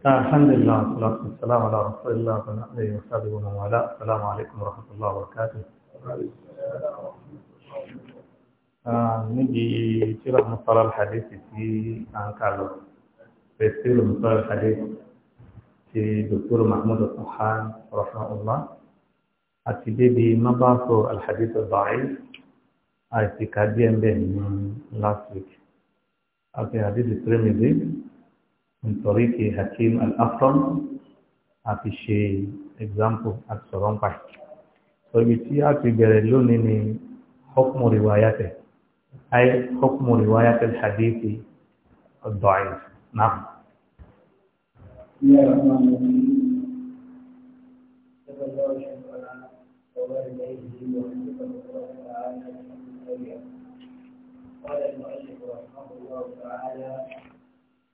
الحمد لله والصلاة والسلام على رسول الله وعلى آله وصحبه ومن والاه السلام عليكم ورحمة الله وبركاته آه، نجي ترى مصطلح الحديث في أنكارلو تفسير مصطلح الحديث في دكتور محمود الصحان رحمه الله أتدي بمباحث الحديث الضعيف أي في كاديان بين last week أتي حديث الترمذي من طريق حكيم الأفرم أفشي إجزامبو أكسرون باي سويتي أكي بيرلوني ني حكم رواياته أي حكم رواية الحديث الضعيف نعم قال المؤلف رحمه الله تعالى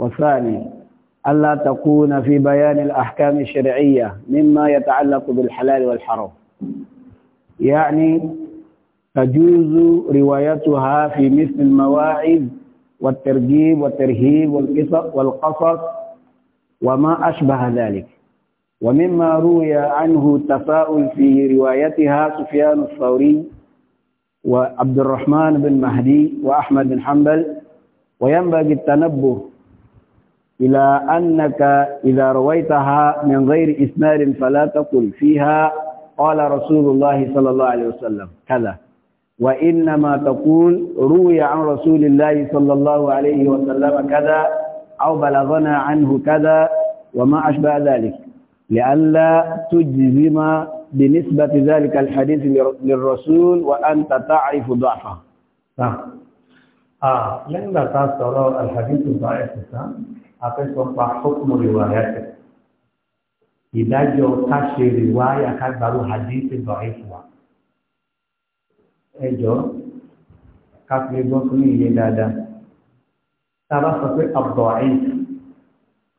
والثاني ألا تكون في بيان الأحكام الشرعية مما يتعلق بالحلال والحرام يعني تجوز روايتها في مثل المواعظ والترجيب والترهيب والقصص والقصص وما أشبه ذلك ومما روي عنه تفاؤل في روايتها سفيان الثوري وعبد الرحمن بن مهدي وأحمد بن حنبل وينبغي التنبه إلى أنك إذا رويتها من غير إسناد فلا تقل فيها قال رسول الله صلى الله عليه وسلم كذا وإنما تقول روي عن رسول الله صلى الله عليه وسلم كذا أو بلغنا عنه كذا وما أشبه ذلك لئلا تجزم بنسبة ذلك الحديث للرسول وأنت تعرف ضعفه. صح. نعم. آه لأن لا الحديث ضعيف afẹ́sọ̀pá fọ́kùnmọ̀ rìwáyà tẹ̀. ìdájọ́ ká ṣe rìwáyà ká gbàrú hadith bàáyé fún wa. ẹ jọ ká fi gbọ́ fún ìyẹ dáadáa. tá a bá sọ pé abdu'aif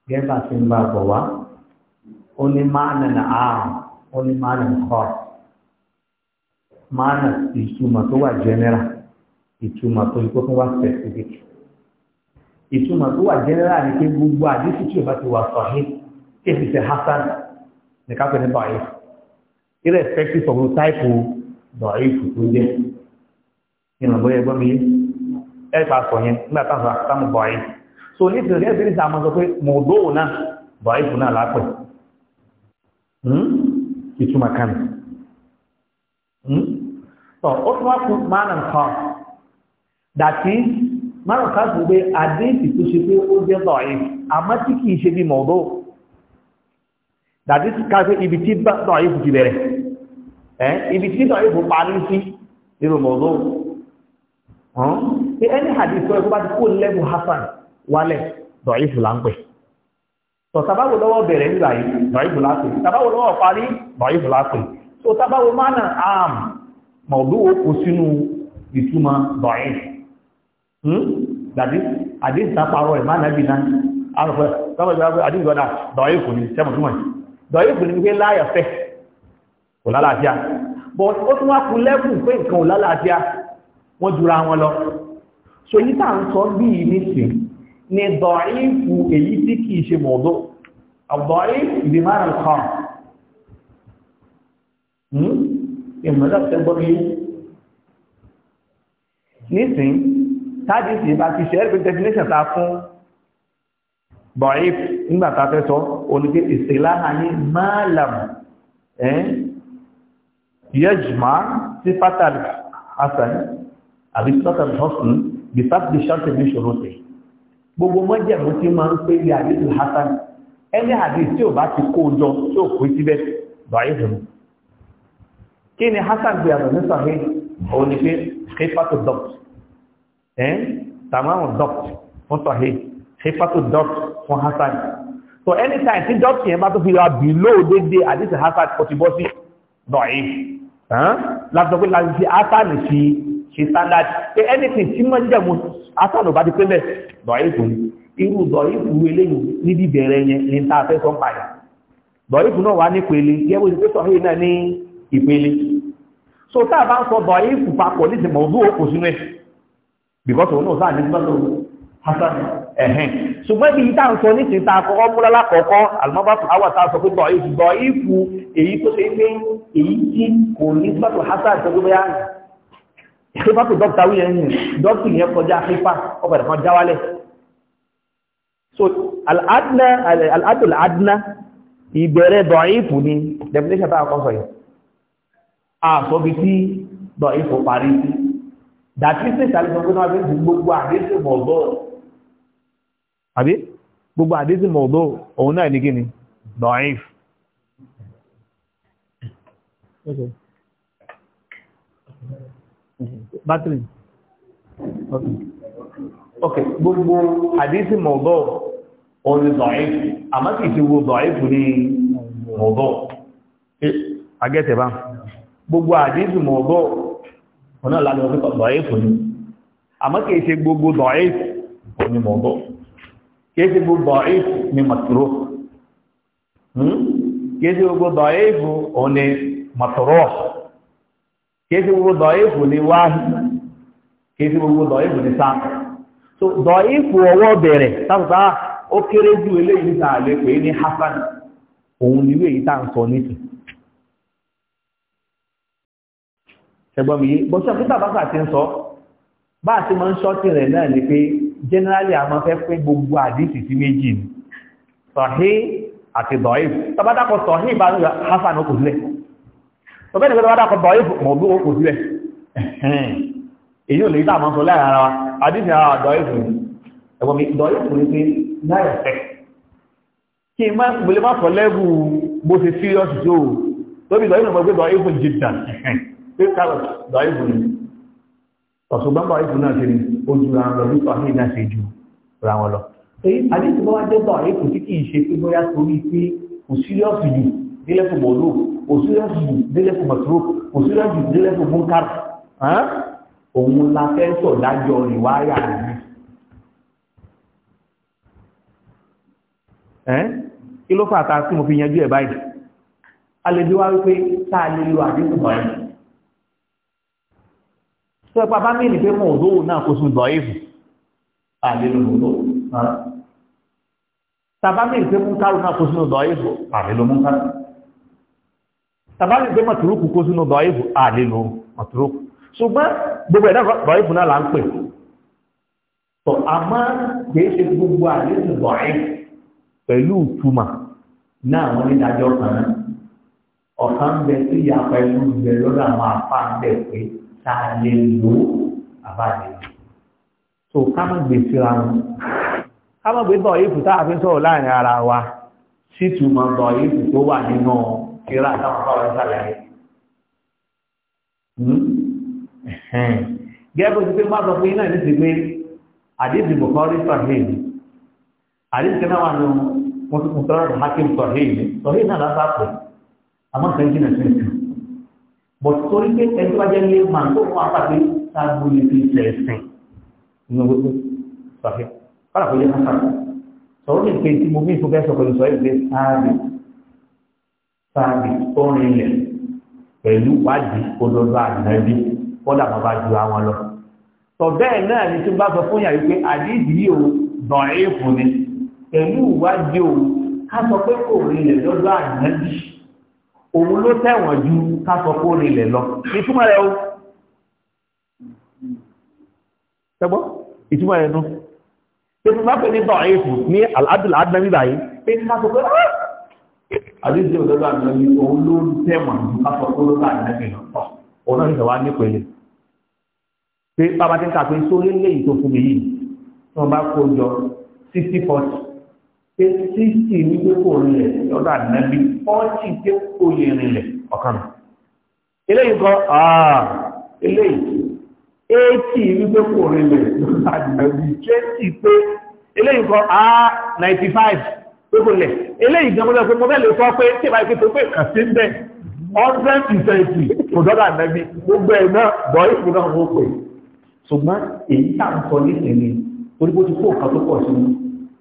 gẹ́gbà tí ń bá bọ̀ wá ó ní máàna nà áà ó ní máàna nǹkọ́ máàna ìtumọ̀ tó wà general ìtumọ̀ tó yẹ kó fún wa ìtumọ̀ tó wà jẹ́nẹ́rà ní pé gbogbo àdísí tí o bá ti wà sọ̀hí tí èsì ṣe hasan ní kápẹ́ ní báyìí irrespective of the type báyìí tó jẹ́ ìrànlọ́yẹ gbọ́n mi ẹ pa sọ nígbà táwọn àtàmù báyìí so ní ìsìn rẹ̀ bíi sàmọ́ sọ pé mọ̀ọ́dọ́ òun náà báyìí fún náà lápẹ̀ hmm? ìtumọ̀ kan tọ́ hmm? ó tún wá fún man and that is márùn ká sọ pé àdéhìsì tó ṣe pé ó jẹ́ dọ̀yìn àmọ́ tí kìí ṣe bí mọ̀ọ́dọ́ dàdí ká pé ibi tí dọ̀yìn ti bẹ̀rẹ̀ ẹ́ ibi tí dọ̀yìn fún parí sí nínú mọ̀ọ́dọ́ hàn pé ẹni àdéhìsì tó bá ti kó lẹ́bù hasan wálẹ̀ dọ̀yìn fún láńpẹ́ tọ tabawo lọ́wọ́ bẹ̀rẹ̀ nígbà yìí dọ̀yìn fún láńpẹ́ tabawo lọ́wọ́ parí so tabawo mánà àm mọ̀ọ́dọ́ kò sínú ìtumọ̀ dọ̀yìn gbàdí àdí ìtàpàrọ̀ ẹ̀ máa nàbì náà arọ̀fẹ́ tọ́bọ̀jọ́ àdí ìgbọ́nà dọ̀ọ́yìnkù ní sẹ́mọ̀túnmọ̀ dọ̀ọ́yìnkù ní wípé láyàfẹ́ kò lálàáfíà but ó tún wá kú lẹ́kùn pé nǹkan ò lálàáfíà wọ́n jura wọn lọ so èyí tá à ń sọ bí i nísìn ni dọ̀ọ́yìnkù èyí tí kì í ṣe mọ̀ọ́dọ́ dọ̀ọ́yìnkù ìdìmára nǹkan hmm? ìmọ̀lẹ́fẹ́ gbọ́ nísìn tádìsì bá ti ṣe ẹ̀rẹ́ definition ta fún bọ̀ìf nígbàtà fẹ́ sọ olùgbé ìsìláhà ní máàlàm yẹjùmá sí pátàlì hasan àbí pátàlì hasan bí sáàtì ṣáàtì ní ṣòro tẹ̀ gbogbo mọ́jẹ̀mú tí máa ń pè ní àdìsì hasan ẹni àdìsì tí ò bá ti kó jọ kí ni hasan bí àtọ̀ ní òun ni pé kí pátó dọ̀tí tamamu dọ́pt fún tọ́hí ṣífàtù dọ́pt fún hasan so anytime tí dọ́pt yẹn bá tó fi ra below dédé àdísì hasan kò ti bọ́ sí dọ̀í látọ̀ pé láti fi hasan fi ṣe standard pé anything tí mọ́ jẹ́ mo hasan ò bá ti pé bẹ́ẹ̀ dọ̀í fún irú dọ̀í fún eléyìí níbi bẹ̀rẹ̀ yẹn ní ta fẹ́ sọ́n padà dọ̀í fún náà wà ní ìpele yẹ bó ti pé tọ́hí náà ní ìpele so tá a bá ń sọ dọ̀í fún papọ̀ nísìmọ̀ ọdún òkú sínú ẹ̀ bìkọ́tù wọn náà sáà ní gbọ́dọ̀ hasan ẹ̀hẹ́n ṣùgbọ́n ibi ìta ń sọ ní ti ta àkọ́kọ́ múlá lákọ̀ọ́kọ́ alimọ́bàtù awàta sọ pé tọ̀ ìfùgbọ́ ìfù èyí tó ṣe pé èyí tí kò ní gbọ́dọ̀ hasan tó gbé yára ìfipápò dókítà wíyẹn ní dókítà yẹn kọjá fífà ọ̀pẹ̀rẹ̀ kan jáwálẹ̀ so al'adna al'adul adna ìbẹ̀rẹ̀ dọ̀ ìfù ni definition tá a kọ́ sọ yẹn àsọ̀bi tí dọ̀ dàtí sí ìtàlẹ́sọ̀gbọ́n náà fi gbogbo àdéhùn mọ̀ọ́dọ́ àbí gbogbo àdéhùn mọ̀ọ́dọ́ òun náà ní kí ni dọ̀ọ́ìf bátìrì ok gbogbo àdéhùn mọ̀ọ́dọ́ òun ni dọ̀ọ́ìf àmọ́ kì í ṣe wo dọ̀ọ́ìf ní mọ̀ọ́dọ́ agẹ́tẹ̀ eh, bá gbogbo àdéhùn mọ̀ọ́dọ́ ọ̀nà lálẹ́ ọ̀fẹ́ dọ̀ẹ́fù ni àmọ́ kìí ṣe gbogbo dọ̀ẹ́fù òní mọ̀ọ́dọ́ kìí ṣe gbogbo dọ̀ẹ́fù ni màtúrò hmm? kìí ṣe gbogbo dọ̀ẹ́fù òní màtúrò kìí ṣe gbogbo dọ̀ẹ́fù ni wáhì kìí ṣe gbogbo dọ̀ẹ́fù ni sáà so dọ̀ẹ́fù ọwọ́ bẹ̀rẹ̀ sáfùsá ah, ó kéré ju eléyìí sáà lè pè é ní hasan òun ni ìwé tá à ń sọ nísìnyí ṣẹgbọ́n mi yé bọ́sọ̀ pé bàbá kà ti ń sọ bá a ti máa ń ṣọ́ọ̀tì rẹ̀ náà ni pé generally a máa fẹ́ pé gbogbo àdìsí sí méjì ni sọ̀hí àti dọ̀ìf tọ́bádákọ̀ sọ̀hí bá ń hasan ó kò sílẹ̀ tọ́bẹ́ni pé tọ́bádákọ̀ dọ̀ìf mọ̀ bí ó kò sílẹ̀ èyí ò lè dá àwọn sọ láàrin ara wa ara dọ̀ìf ni ẹ̀wọ̀n mi dọ̀ìf ni pé láyọ̀ fẹ́ kí n má gbọ́lé má sọ lẹ́bù bó ṣe pé kárọ̀tì dọ̀ìbù ni ọ̀ṣùgbọ́n dọ̀ìbù náà ṣe ni ó ju ra wọn lọ nípa ní ìná ṣe ju ra wọn lọ. èyí àdéhùn bá wá dé dọ̀ìbù tí kì í ṣe pé bóyá torí pé kò síríọ̀sì jù délẹ̀ fún mọ̀lú kò síríọ̀sì jù délẹ̀ fún mọ̀tòrò kò síríọ̀sì jù ìwáyà rẹ̀ ẹ́ kí ta sí mo fi yanjú ẹ̀ báyìí a wá wípé tá a lè báyìí tó ẹ̀pá bá mí nìfẹ́ mọ̀ òdó náà kó sún dọ̀ ìfù àlélòmòdó tàbá mí nìfẹ́ mú kárù náà kó sún dọ̀ ìfù àlélòmòdó tàbá mí nìfẹ́ mọ̀ tùrùkù kó sún dọ̀ ìfù àlélòmòdó ṣùgbọ́n gbogbo ẹ̀dá dọ̀ ìfù náà là ń pè tọ̀ àmọ́ kìí ṣe gbogbo àlélòmòdó dọ̀ ìfù pẹ̀lú ìtumà náà wọ́n ní dájọ́ kan náà ọ̀kan bẹ sí ìyá pẹ̀lú ìbẹ̀rẹ̀ lọ́dọ̀ àwọn àpá ń tá a lè lò àbá so ká má gbé síra wọn ká má gbé bọ̀ ìfù tá sọ̀rọ̀ láàrin ara wa sí ìtumọ̀ bọ̀ ìfù tó wà nínú kíra táwọn bá wọn sàlàyé hmm? gẹ́gẹ́ bó pé má sọ fún yín náà ní ti pé àdéhùn sọ̀hìn àdéhùn kí náà wà nù wọ́n kún hákìm sọ̀hìn sọ̀hìn náà àmọ́ bọ̀ torí pé ẹni wájá ní ẹgbà tó fún apáṣẹ sáàbù ibi ilẹ̀ ẹ̀sìn inú gbogbo sọfẹ́ kọ́lá kò yẹ ká sàkó sọ̀rọ̀ ní pé tí mo bí ìfúnfẹ́ sọ pẹ̀lú sọ̀rọ̀ ìgbé sáàbì sáàbì tó rin ilẹ̀ pẹ̀lú wádìí olódó àdínábí kọ́lá bàbá ju àwọn lọ. sọ bẹ́ẹ̀ náà ni tí bá sọ fún yàrá pé àdídì yìí dàn éèfù ni pẹ̀lú ìwádìí ò ká sọ pé kò rin ilẹ̀ lọ́dọ̀ àdínábí òun ló tẹ̀wọ̀n ju kásọpó nílẹ̀ lọ ìtumọ̀ rẹ̀ o ṣẹgbọ́ ìtumọ̀ rẹ̀ nú tẹ́tù bá pè ní tọ̀ ẹ̀fù ní aládùlá adìmẹ́bí báyìí pé ní kásọpó ah! àdíjẹ́ òdọ́dọ́ àdìmẹ́bí òun ló tẹ̀wọ̀n ju kásọpó lọ́dọ̀ àdìmẹ́bí lọ òun náà ṣẹ̀wá nípele pé bàbá ti ń kà pé sórí lẹ́yìn tó fún mi yìí tí wọ́n bá kó jọ sixty forty pé sísì ní pé kò rinlẹ̀ lọ́dọ̀ ànábì pọ́ńtì pé kò lè rinlẹ̀ ọ̀kan eléyìí kan eléyìí eighty wípé kò rinlẹ̀ lọ́dọ̀ ànábì twenty pé eléyìí kan ninety five pé kò lẹ̀ eléyìí gan mọ́tò pé mo bẹ́ẹ̀ lè sọ pé tí ìbáyé pé tó pé kà sí ṣùgbọ́n èyí tá sọ nísìnyí torí bó ti kó nǹkan tó pọ̀ sí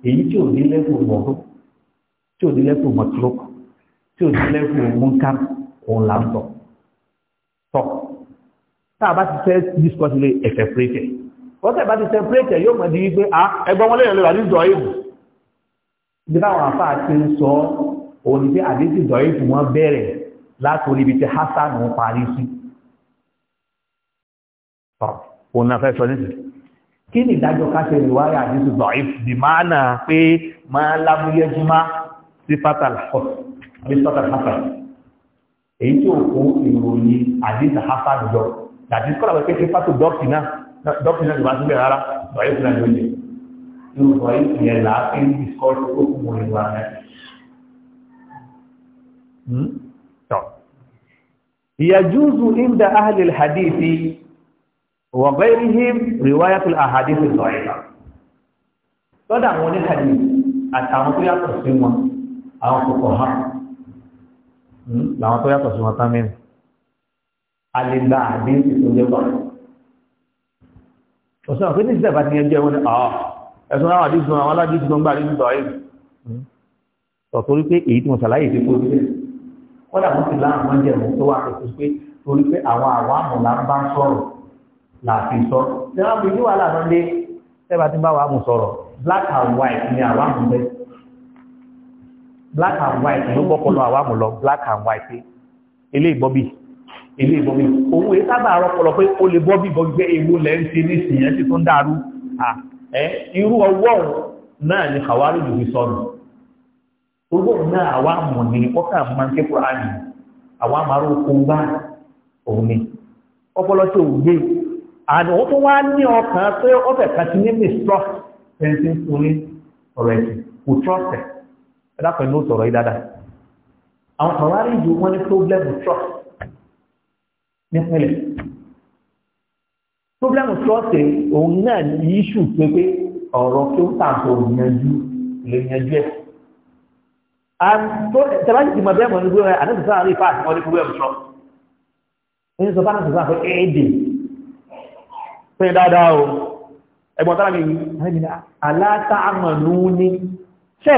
èyí tí ò ní lẹ́kùn mọ̀tò tí ò ní lẹ́kùn mọ̀tò tí ò ní lẹ́kùn múnkà òun là ń sọ tọ tá a bá ti fẹ́ discuss ilé ẹ̀fẹ̀ pírẹ́tẹ̀ wọ́n tẹ̀ bá ti fẹ́ pírẹ́tẹ̀ yóò mọ̀ di wípé a ah, ẹgbọ́n wọn lẹ́yìn lọ́wọ́ àdíjọ ìbù bí báwọn afá ti ń sọ òun ni pé àdíjọ ìbù wọn bẹ̀rẹ̀ látòrí ibi tí hasan ń parí sí òun náà fẹ́ sọ nísìnyí kí ni ìdájọ́ káṣẹ ìwárí àdísù dọ̀if di máa náà pé máa lábúyẹ́ jímá sí fatalhassar èyí tí ó kó ìròyìn àdísù hassar jọ dàbí kọ́lá wọ́n pé sí fatu dọ́kìnà dọ́kìnà ìwà síbẹ̀ rárá dọ̀if náà ló lè irú dọ̀if yẹn láàfin discourse tó kún mọ́ hmm? hadithi wa ghayrihim riwayatul ahadith ad-da'ifa lọ́dọ̀ àwọn oníhàdí àtàwọn tó yàtọ̀ sí wọn àwọn kòkò ha hmm, làwọn tó yàtọ̀ sí wọn tán mẹ́rin alẹ́gbà àdéhùn tó jẹ́ bọ̀ ọ̀sán àwọn kéde ìsìlẹ̀ ti yẹn wọn ni ọ̀ ẹ̀sùn àwọn àdéhùn àwọn aládéhùn tó gbà nínú dọ̀ọ́yìn tọ̀torí hmm. pé èyí tí mo ṣàlàyé ti kó sílẹ̀ kọ́dà mo ti láwọn máa jẹ́ mo tó wà pẹ̀lú pé torí pé àwọn àwọn àmọ̀lá ń bá sọ̀rọ̀ láti sọ ṣe wọ́n fi ní wàhálà náà dé ẹbà tí bá wà mú sọ̀rọ̀ black and white ni àwa mú bẹ́ black and white ló gbọ́kọlọ àwa mú lọ black and white ilé ìbọ́bì ilé ìbọ́bì òun èyí sábà rọpọlọ pé ó lè bọ́bì bọ́bì pé èwo lẹ́ ń ṣe nísìnyí ẹtí tó ń dàrú irú ọwọ́ náà ni kàwárí ló fi sọnù owó náà àwa mú ni wọ́n kà máa ń ké kúrò àná àwa máa ń kó bá òun ni ọpọlọ tí òun gbé àdùn ó tún wá ní ọkàn pé ó fẹ̀ kàtí ní mistrust ẹni fún ní ọ̀rọ̀ ẹ̀sìn kò trust ẹ̀ ẹ̀dá pẹ̀lú sọ̀rọ̀ yìí dáadáa àwọn kan wárí ju wọn ní problem trust nípínlẹ̀ problem trust òun náà ní issue pé pé ọ̀rọ̀ kí ó tààtò yanjú lè yanjú ẹ̀ tẹ̀lájú ti mọ̀ bẹ́ẹ̀ mọ̀ ní gbé rẹ̀ àdéhùn sáà rí fáà ní ní problem trust ní sọ fáà ní sọ fáà pé éèdè pé dáadáa o ẹgbọ́n tára mi ní alátàmọ̀nú ní ṣe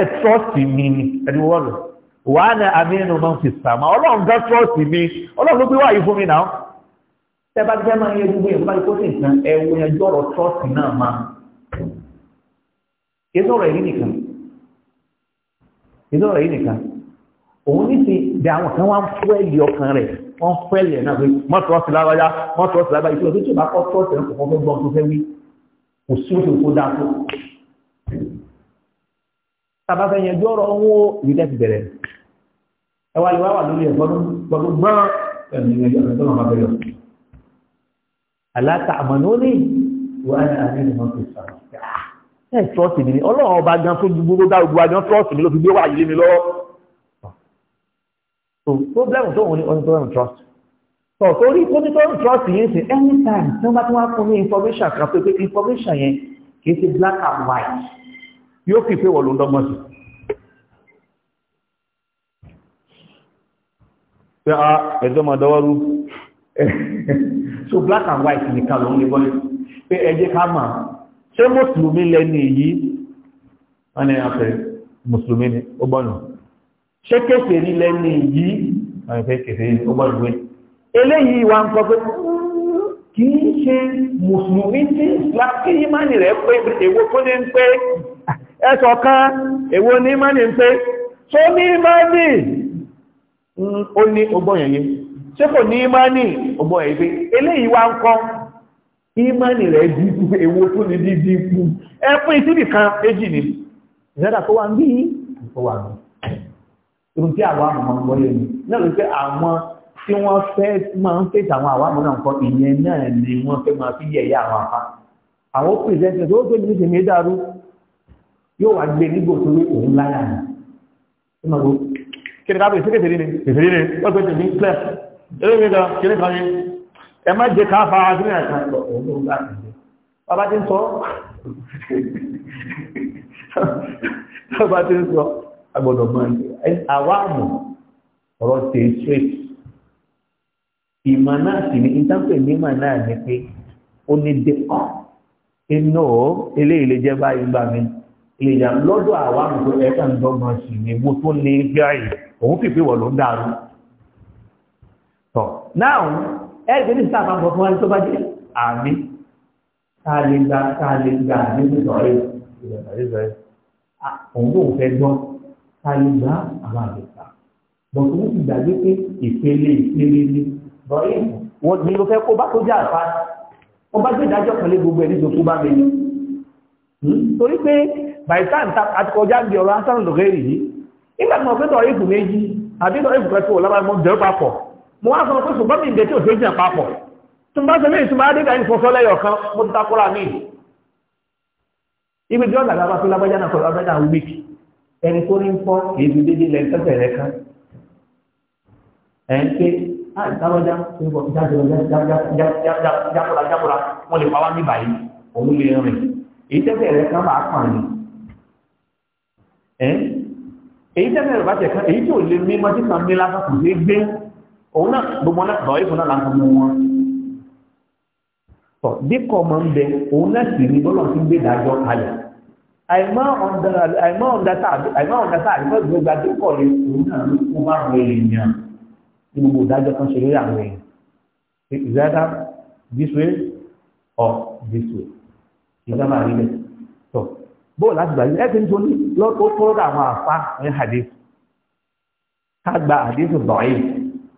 mi ni ẹni wọ́lù wà ní àmínú mọ́ fi sàmà ọlọ́run gá trọ́ọ̀tì mi ọlọ́run ló gbé wáyé fún mi náà tẹ́ bá jẹ́ máa ń yẹ gbogbo yẹn bá kó náà máa nìkan nìkan òun ní ti bí àwọn kan wá ń rẹ̀ wọ́n fẹ́lẹ̀ náà pé mọ́tò ọ̀sẹ̀ lágbájá mọ́tò ọ̀sẹ̀ lágbájá ìṣòro tó bá kọ́ tọ́ọ̀sẹ̀ náà kò fẹ́ gbọ́n tó fẹ́ wí kò sí òṣèlú kó dáa tó. tàbá fẹ́ yẹn jọ́rọ̀ ń wó ìlú tẹ́sí bẹ̀rẹ̀ ẹ wá lè wá wà lórí ẹ̀fọ́ gbọ́dọ̀ gbọ́n ẹ̀mí ẹ̀jọ̀ ẹ̀mí tó máa bẹ̀rẹ̀ aláta àmọ́nóní wà ní àmínú mọ́tò sọ̀rọ̀ ẹ̀ tọ́ọ̀sì mi ọlọ́run ọba gan tó gbogbo dá gbogbo àjọ tọ́ọ̀sì mi ló fi gbé so problem tó wọn ní ongoing trust so torí ongoing trust yìí ṣe anytime tí wọn bá tún wá fún ní information kan pé pé information yẹn kìí ṣe black and white yóò fi pé wọn ló ń dọ́gbọ́n sí. pé a ah, ẹjọ́ máa dọ́wọ́ so black and white nìkan ló ń lè bọ́lé pé ẹ jẹ́ ká mọ̀ ṣé mùsùlùmí lẹ́nu èyí wọn ni a mùsùlùmí ni ó gbọ́nà ṣé kéfè ní lẹ́nu èyí ọ̀rẹ́fẹ́ kéfè ní ó gbọ́dọ̀ gbé eléyìí wa ń kọ́ pé kì í ṣe mùsùlùmí tí islam kí ìmánì rẹ̀ pé èwo tó ní ń pé ẹ̀sọ̀ kan èwo ní ìmánì ń pé tó ní ìmánì ó ní ọgbọ́n yẹn ṣé kò ní ìmánì ọgbọ́n yẹn pé eléyìí wa ń kọ́ ìmánì rẹ̀ dídú èwo tó ní dídí kú ẹ̀fún ìtìbì kan méjì ni ìrẹ́dà tó wà ń bí ìfọwà ń bí irú tí àwọn àmọ́ ń wọlé ni náà ló pé àwọn tí wọ́n fẹ́ máa ń fèsì àwọn àwọn àmọ́ náà nǹkan ìyẹn náà ni wọ́n fẹ́ máa fi yẹ̀yẹ́ àwọn afá àwọn pèsèntì tó tó ní tèmi dàrú yóò wá gbé nígbò tó ní òun láyà ni ó máa gbó kí ni ká bèèrè sí kèfèrè ni kèfèrè wọ́n pè é tèmi clef eré mi gan kí ni kan yín ẹ má jẹ ká fa sí ní ló ń bá agbọ́dọ̀ mọ́ àwáàmù ọ̀rọ̀ tẹ̀ straight ìmọ̀ náà sì ní ìtànpẹ̀ mímọ̀ náà ni pé ó ní dẹ́kọ̀ iná eléyìí lè jẹ́ báyìí gbà mí ìyà lọ́dọ̀ àwáàmù tó ẹ̀ka ń dọ́gba sí ni mo tó ní báyìí òun fìfì wọ̀ ló ń dàrú. tọ́ náà ẹgbẹ́ ní sáà máa ń bọ̀ fún wa tó bá jẹ́ àmì káàlé gba káàlé gba àmì nítorí ìyàtọ̀ òun ló fẹ́ gbọ́n kàlùbá àwọn àgbẹ̀ká bọ̀tún wọ́n ti gbàgbé pé ìpele ìpele ni bọ́ọ̀lù wọn ni ló fẹ́ kó bá tó jẹ́ àfa wọn bá gbé ìdájọ́ kan lé gbogbo ẹ̀ nítorí kó bá mi ní. Hmm? torí pé bàìtá àtikọjá ń di ọ̀rọ̀ asán lọ́gẹ́rì yìí nígbà tí wọ́n fẹ́ tọ̀rọ̀ ìfù méjì àbí tọ̀rọ̀ ìfù kẹtù ọ̀lá máa ń jẹ́ papọ̀ mo wá sọ pé ṣùgbọ́n mi ìdẹ́tí òṣèlú jẹ́ papọ̀ tí mo ẹni tó ní pọ́ kì í ju dédé lẹ́yìn tẹ́fẹ̀ rẹ kán ẹ̀ ń pé á ìtàlọ́jà ń bọ̀ jákòrà jákòrà wọ́n lè pa wá ní báyìí òun lè rìn èyí tẹ́fẹ̀ rẹ kán máa pàn ní ẹ̀ èyí tẹ́fẹ̀ rẹ bá tẹ̀ kán èyí tí ò lè mí mọ́ tí kan mí lásán kò sí gbé òun náà gbogbo náà lọ́ọ́ ìfún náà lásán mọ́ wọn tọ̀ bí kọ́ ọmọ ń bẹ òun náà sì ní bọ́lọ̀ tí ń gbé ìdájọ́ kalẹ̀ àìmọ́ ọ̀dátà àìmọ́ ìgbà tó kọ̀ lè kú náà ló kú márùn èèyàn ní gbogbo ìdájọ́ kan ṣe lórí àwọn èèyàn is either this way or this way ìjọba máa rí bẹ́ẹ̀ tọ̀ bóòlù láti gbà ẹ́ ti ń tóní lọ́tọ́ fọ́lọ́dà àwọn àfa ní hadith ká gba hadith bọ̀ọ̀yì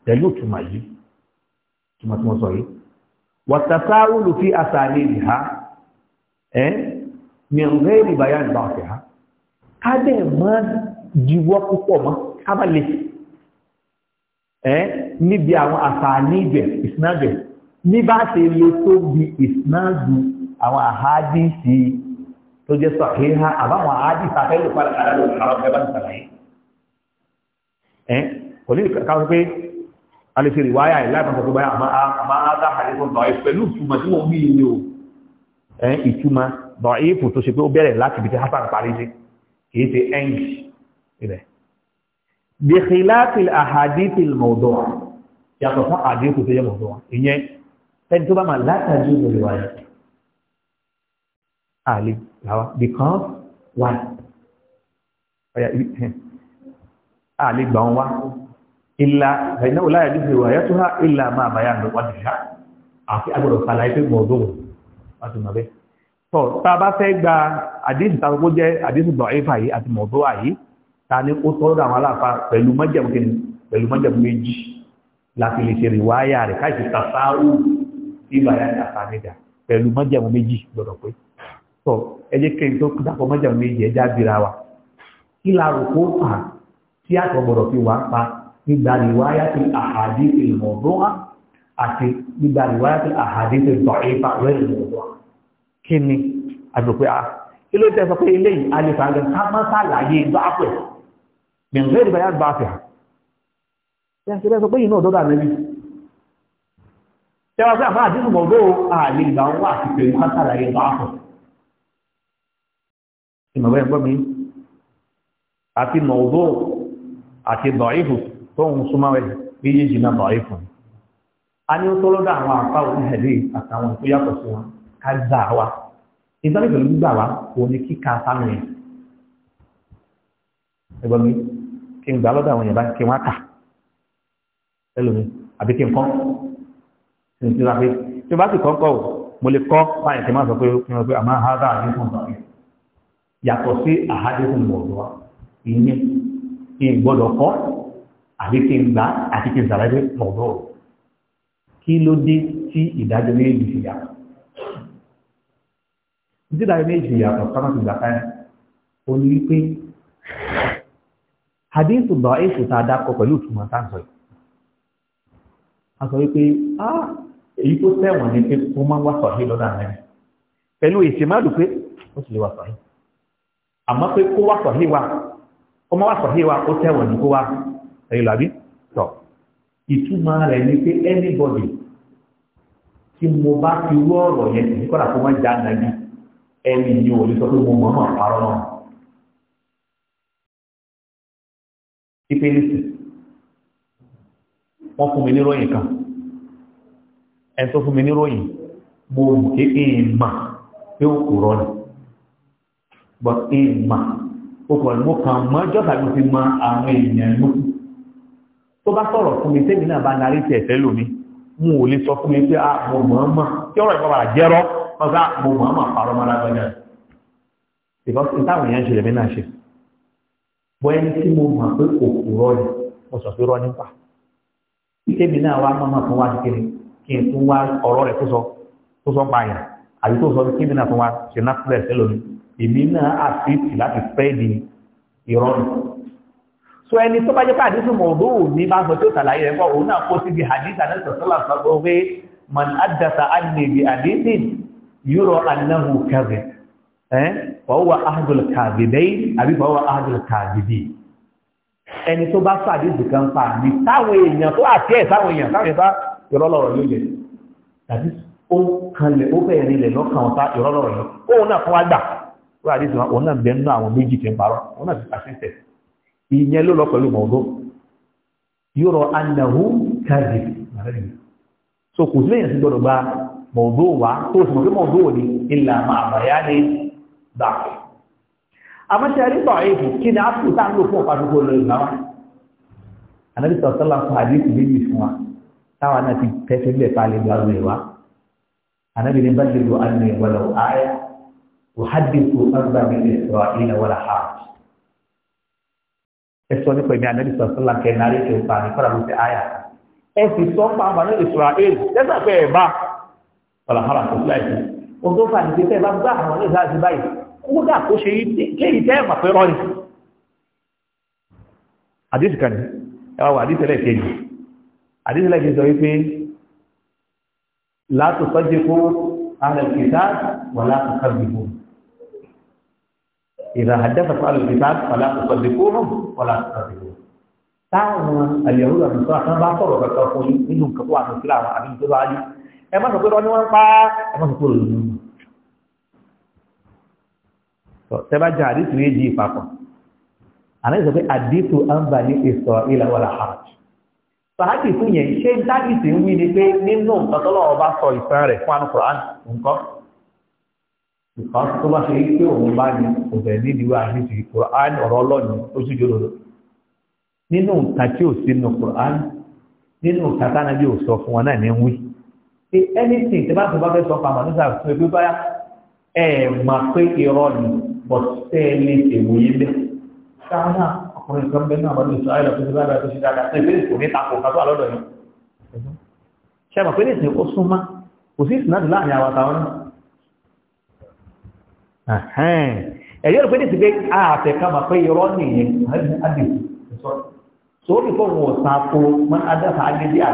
pẹ̀lú ìtumọ̀ yìí ìtumọ̀ tí wọ́n sọ yìí wọ́tàsáwùlù mìíràn ìbáyà ìgbà ọ̀fẹ́ ha ká dẹ̀ máa jíwọ́ púpọ̀ mọ́ ká má lè ẹ́ níbi àwọn àfààní ibẹ̀ ìsinádẹ̀ ní bá ṣe lè tó bí ìsinádù àwọn àhádìsí tó jẹ́ sàkéhá àbáwọn àhádìsí àfẹ́lò padà kára lórí àwọn ọ̀fẹ́ bá ń sàlàyé ẹ́ kò ní káwọn pé a lè ṣe rìwáyà ìlànà tó báyà àmọ́ àádá àdéhùn náà pẹ̀lú ìtumọ̀ tí wọ́n wí ni o ìtumọ̀ dọ̀ífù tó ṣe pé ó bẹ̀rẹ̀ láti ibi tí hasan parí sí kìí ṣe end rẹ̀ bí khilafi àhàdìtì mọ̀dọ̀ yàtọ̀ fún àdìkù tó yẹ mọ̀dọ̀ ìyẹn ẹni tó bá máa látàjú ìrìnwá yìí because why àlè gbà wọn wá ìlà ìnáwó láyà ní ìrìnwá yàtú ha ìlà máa bàyà lọ wá dùn yá agbọ̀dọ̀ sàlàyé pé mọ̀dọ̀ wọn bẹ́ẹ̀ tọ́ tá a bá fẹ́ gba àdéhùn tá a kókó jẹ́ àdéhùn dọ̀ ẹ́fà yìí àti mọ̀tò wà yìí ta ni ó tọ́ lọ́dọ̀ àwọn aláfa pẹ̀lú mọ́jẹ̀mú kìíní pẹ̀lú mọ́jẹ̀mú méjì láti lè ṣe rìwáyà rẹ̀ káàkiri tàfáàrù ìgbà yàtà àtàmìdà pẹ̀lú mọ́jẹ̀mú méjì gbọ́dọ̀ pé tọ́ ẹjẹ́ kẹ́yìn tó dàpọ̀ mọ́jẹ̀mú méjì ẹjá bíra wa kí la rò kó ìfà rẹ̀ ìlmọ̀dúnwá kí ni a ilé ah, tẹ́ sọ pé ilé yìí a lè fà ń ká má sàlàyé bá pẹ̀ gbẹ̀ngẹ́ ìdìbò yára bá fẹ̀ ṣe lẹ́sọ pé ìnú ọ̀dọ́dà mẹ́rin tẹ́wọ́ sí àfáà dínú mọ̀dọ́ àti má sàlàyé ìmọ̀wé ẹ̀gbọ́n mi àti àti tó ń súnmọ́ ẹ̀ a ní ó tọ́lọ́dọ̀ àwọn àpá òní ká gbà wá ìtọ́jú pẹ̀lú gbígbà wá òun ni kíka sáwọn yẹn ẹgbọ́n mi kí n gbà lọ́dọ̀ àwọn yẹn bá kí wọ́n kà ẹlòmí àbí kí n kọ́ kí n ti ra pé tí o bá sì kọ́ kọ́ o mo lè kọ́ báyìí kí n má sọ pé kí n sọ pé àmọ́ àhádà àdéhùn sọ pé yàtọ̀ sí àhádéhùn mọ̀ọ́dọ́ wa ìyẹn kí n gbọ́dọ̀ kọ́ àbí kí n gbà àti kí n sàlàyé mọ̀ọ́dọ́ kí ló dé tí ìdájọ́ méjì fi yàtọ̀ dídá méjì yàtọ̀ sọ́nà ti gbà káyà ó ní wípé hadithu dọ̀ èsì tá a dákọ̀ pẹ̀lú ìtumọ̀ tá a sọ yìí a sọ wípé á èyí tó tẹ̀wọ̀n ni pé kó máa ń wá sọ̀hí lọ́dà mẹ́rin pẹ̀lú ìsìnmáàlù pé ó sì lè wá sọ̀hí àmọ́ pé kó wá sọ̀hí wa kó máa wá sọ̀hí wa ó tẹ̀wọ̀n ni kó wá ẹ̀yìn làbí tọ̀ ìtumọ̀ rẹ̀ ni pé anybody tí mo bá fi wọ́ ọ̀rọ̀ yẹn kí kọ́dà kó ẹni yìí ò lè sọ pé mo mọ̀ náà parọ́ náà. ipe wọ́n fún mi ní ròyìn kan ẹni tó fún mi ní ròyìn mo mọ̀ pé èèmà pé ó kò rọ́ọ̀nì but èèmà ó kọ̀ mo kàn mọ́ jọ́sà ló fi mọ àwọn èèyàn inú tó bá sọ̀rọ̀ fún mi tẹ́mi náà bá narí tiẹ̀ fẹ́ lómi mo ò lè sọ fún mi pé a ah, mo mọ̀ ọ́n ọ̀rọ̀ ìfọwọ́ àjẹrọ́ ọ̀gá mo mọ̀ àmà parọ́ mọ́ lágbájá because ìtàwọn èèyàn ṣẹlẹ̀ mí náà ṣe bọ́ ẹni tí mo mọ̀ pé òkúrọ́ ni mo sọ pé rọ́ nípa tèmi náà wá mọ́mọ́ tó wá kékeré kí n tún wá ọ̀rọ̀ rẹ̀ tó sọ tó sọ pa àyà àbí tó sọ pé tèmi náà tún wá ṣe náà fúlẹ̀ sẹ́lómi èmi náà àfíìsì láti fẹ́ di irọ́ nù so ẹni tó bá jẹ́ pé àdísùn mọ̀ ọ̀dọ́ òní bá sọ tí ó tàlàyé rẹ̀ pọ̀ òun náà kó síbi àdísà náà sọ̀tọ́là yúrọ̀ annahu kẹ́bẹ̀ ẹ́ fọwọ́ ahadul kàbìbẹ́ àbí fọwọ́ ahadul kàbìbì ẹni tó bá sàdé ìdìkan ń ní táwọn èèyàn tó àti ẹ̀ táwọn èèyàn táwọn èèyàn bá ìrọ́lọ́rọ̀ yóò jẹ tàbí ó kanlẹ̀ ó bẹ̀rẹ̀ nílẹ̀ lọ́kàn ọ̀tá ìrọ́lọ́rọ̀ yóò òun náà fún ó òun náà bẹ́ẹ̀ nú àwọn méjì tẹ̀ ń parọ́ òun náà ti pàṣẹ tẹ̀ ìyẹn ló lọ pẹ̀lú mọ̀ọ́dọ́ yúrọ̀ annahu kàbìbì so mọ̀dó wá tó sì mọ̀ pé mọ̀dó ní ilà máa bàyá ní bàkì àmọ́ṣẹ́ rí tọ̀ èdè kí ni ápù tá ń lò fún ọ̀pàdúgbò lọ ìgbà wa ànábì sọ sọ́lá fún àdéhùn méjì fún wa táwa náà ti tẹ́sí lẹ̀ pa lè gbà lè wá ànábì ní bá lè lo àmì ìwọlọ̀ ààyè òhádìkù ọgbà mi lè sọ ilẹ̀ wọlà ha ẹ sọ nípa ìmí ànábì sọ sọ́lá kẹ náà rí kẹ ọ̀làhàrà kò sí láìsí ohun tó fà ní pé tẹ́ bá gbá àwọn oníṣẹ́ àti báyìí kódà kó ṣe kéyìí tẹ́ mà pé rọ́ọ̀nì àdéhùn kan ní ẹ wá wọ àdéhùn ẹlẹ́ẹ̀kejì àdéhùn ẹlẹ́ẹ̀kejì sọ wípé látò sọ́jẹ́ kó alẹ́kìtà wà látò kábìbò ìrà àdẹ́fẹ̀fẹ́ alẹ́kìtà wà látò sọ́jẹ́ kó wà látò kábìbò táwọn àlẹ́hùn àti sọ́jẹ́ bá sọ̀rọ̀ kọ̀ọ̀kan fún nínú nǹkan tó wà ní ẹ má sọ pé ọdún wọn ń pa ẹ sọ pé òòlù ní wọn. tẹ bá jẹ yé di ìpapọ̀ àná ìsọ pé àdìsù àǹbà ní ìsọ ilẹ̀ wọlé àràjù. sàájì fún yẹn ṣé dájìsì ń wí ni pé nínú nǹkan tó lọ́wọ́ bá sọ ìfẹ́ rẹ̀ fún anukuran nǹkan nǹkan tó bá ṣe pé òun bá ní òbẹ̀ nídìí wà nídìí kuran ọ̀rọ̀ ọlọ́ọ̀ni ó sì jòlò lọ nínú nǹkan tí ò sí nínú kuran nínú nǹkan tánàbí ò sọ fún wọn náà ní wí pé anything tí bá tó bá fẹ́ sọ pàmò nígbà fún ẹgbẹ́ báyà ẹ mà pé irọ́ ni but tẹ́lẹ̀ èwò yìí bẹ́ẹ̀ sáárà ọkùnrin kan bẹ́ẹ̀ náà wọ́n ti sọ ayọ̀ tó ti bá bẹ́ẹ̀ tó ti dáadáa tó ìgbésẹ̀ kò ní takò kátó àlọ́dọ̀ yìí ṣe àmọ̀ pé ní ìsìn ó súnmá kò sí ìsìn láti láàrin àwọn àtàwọn náà ẹ̀yẹ́ rẹ̀ pé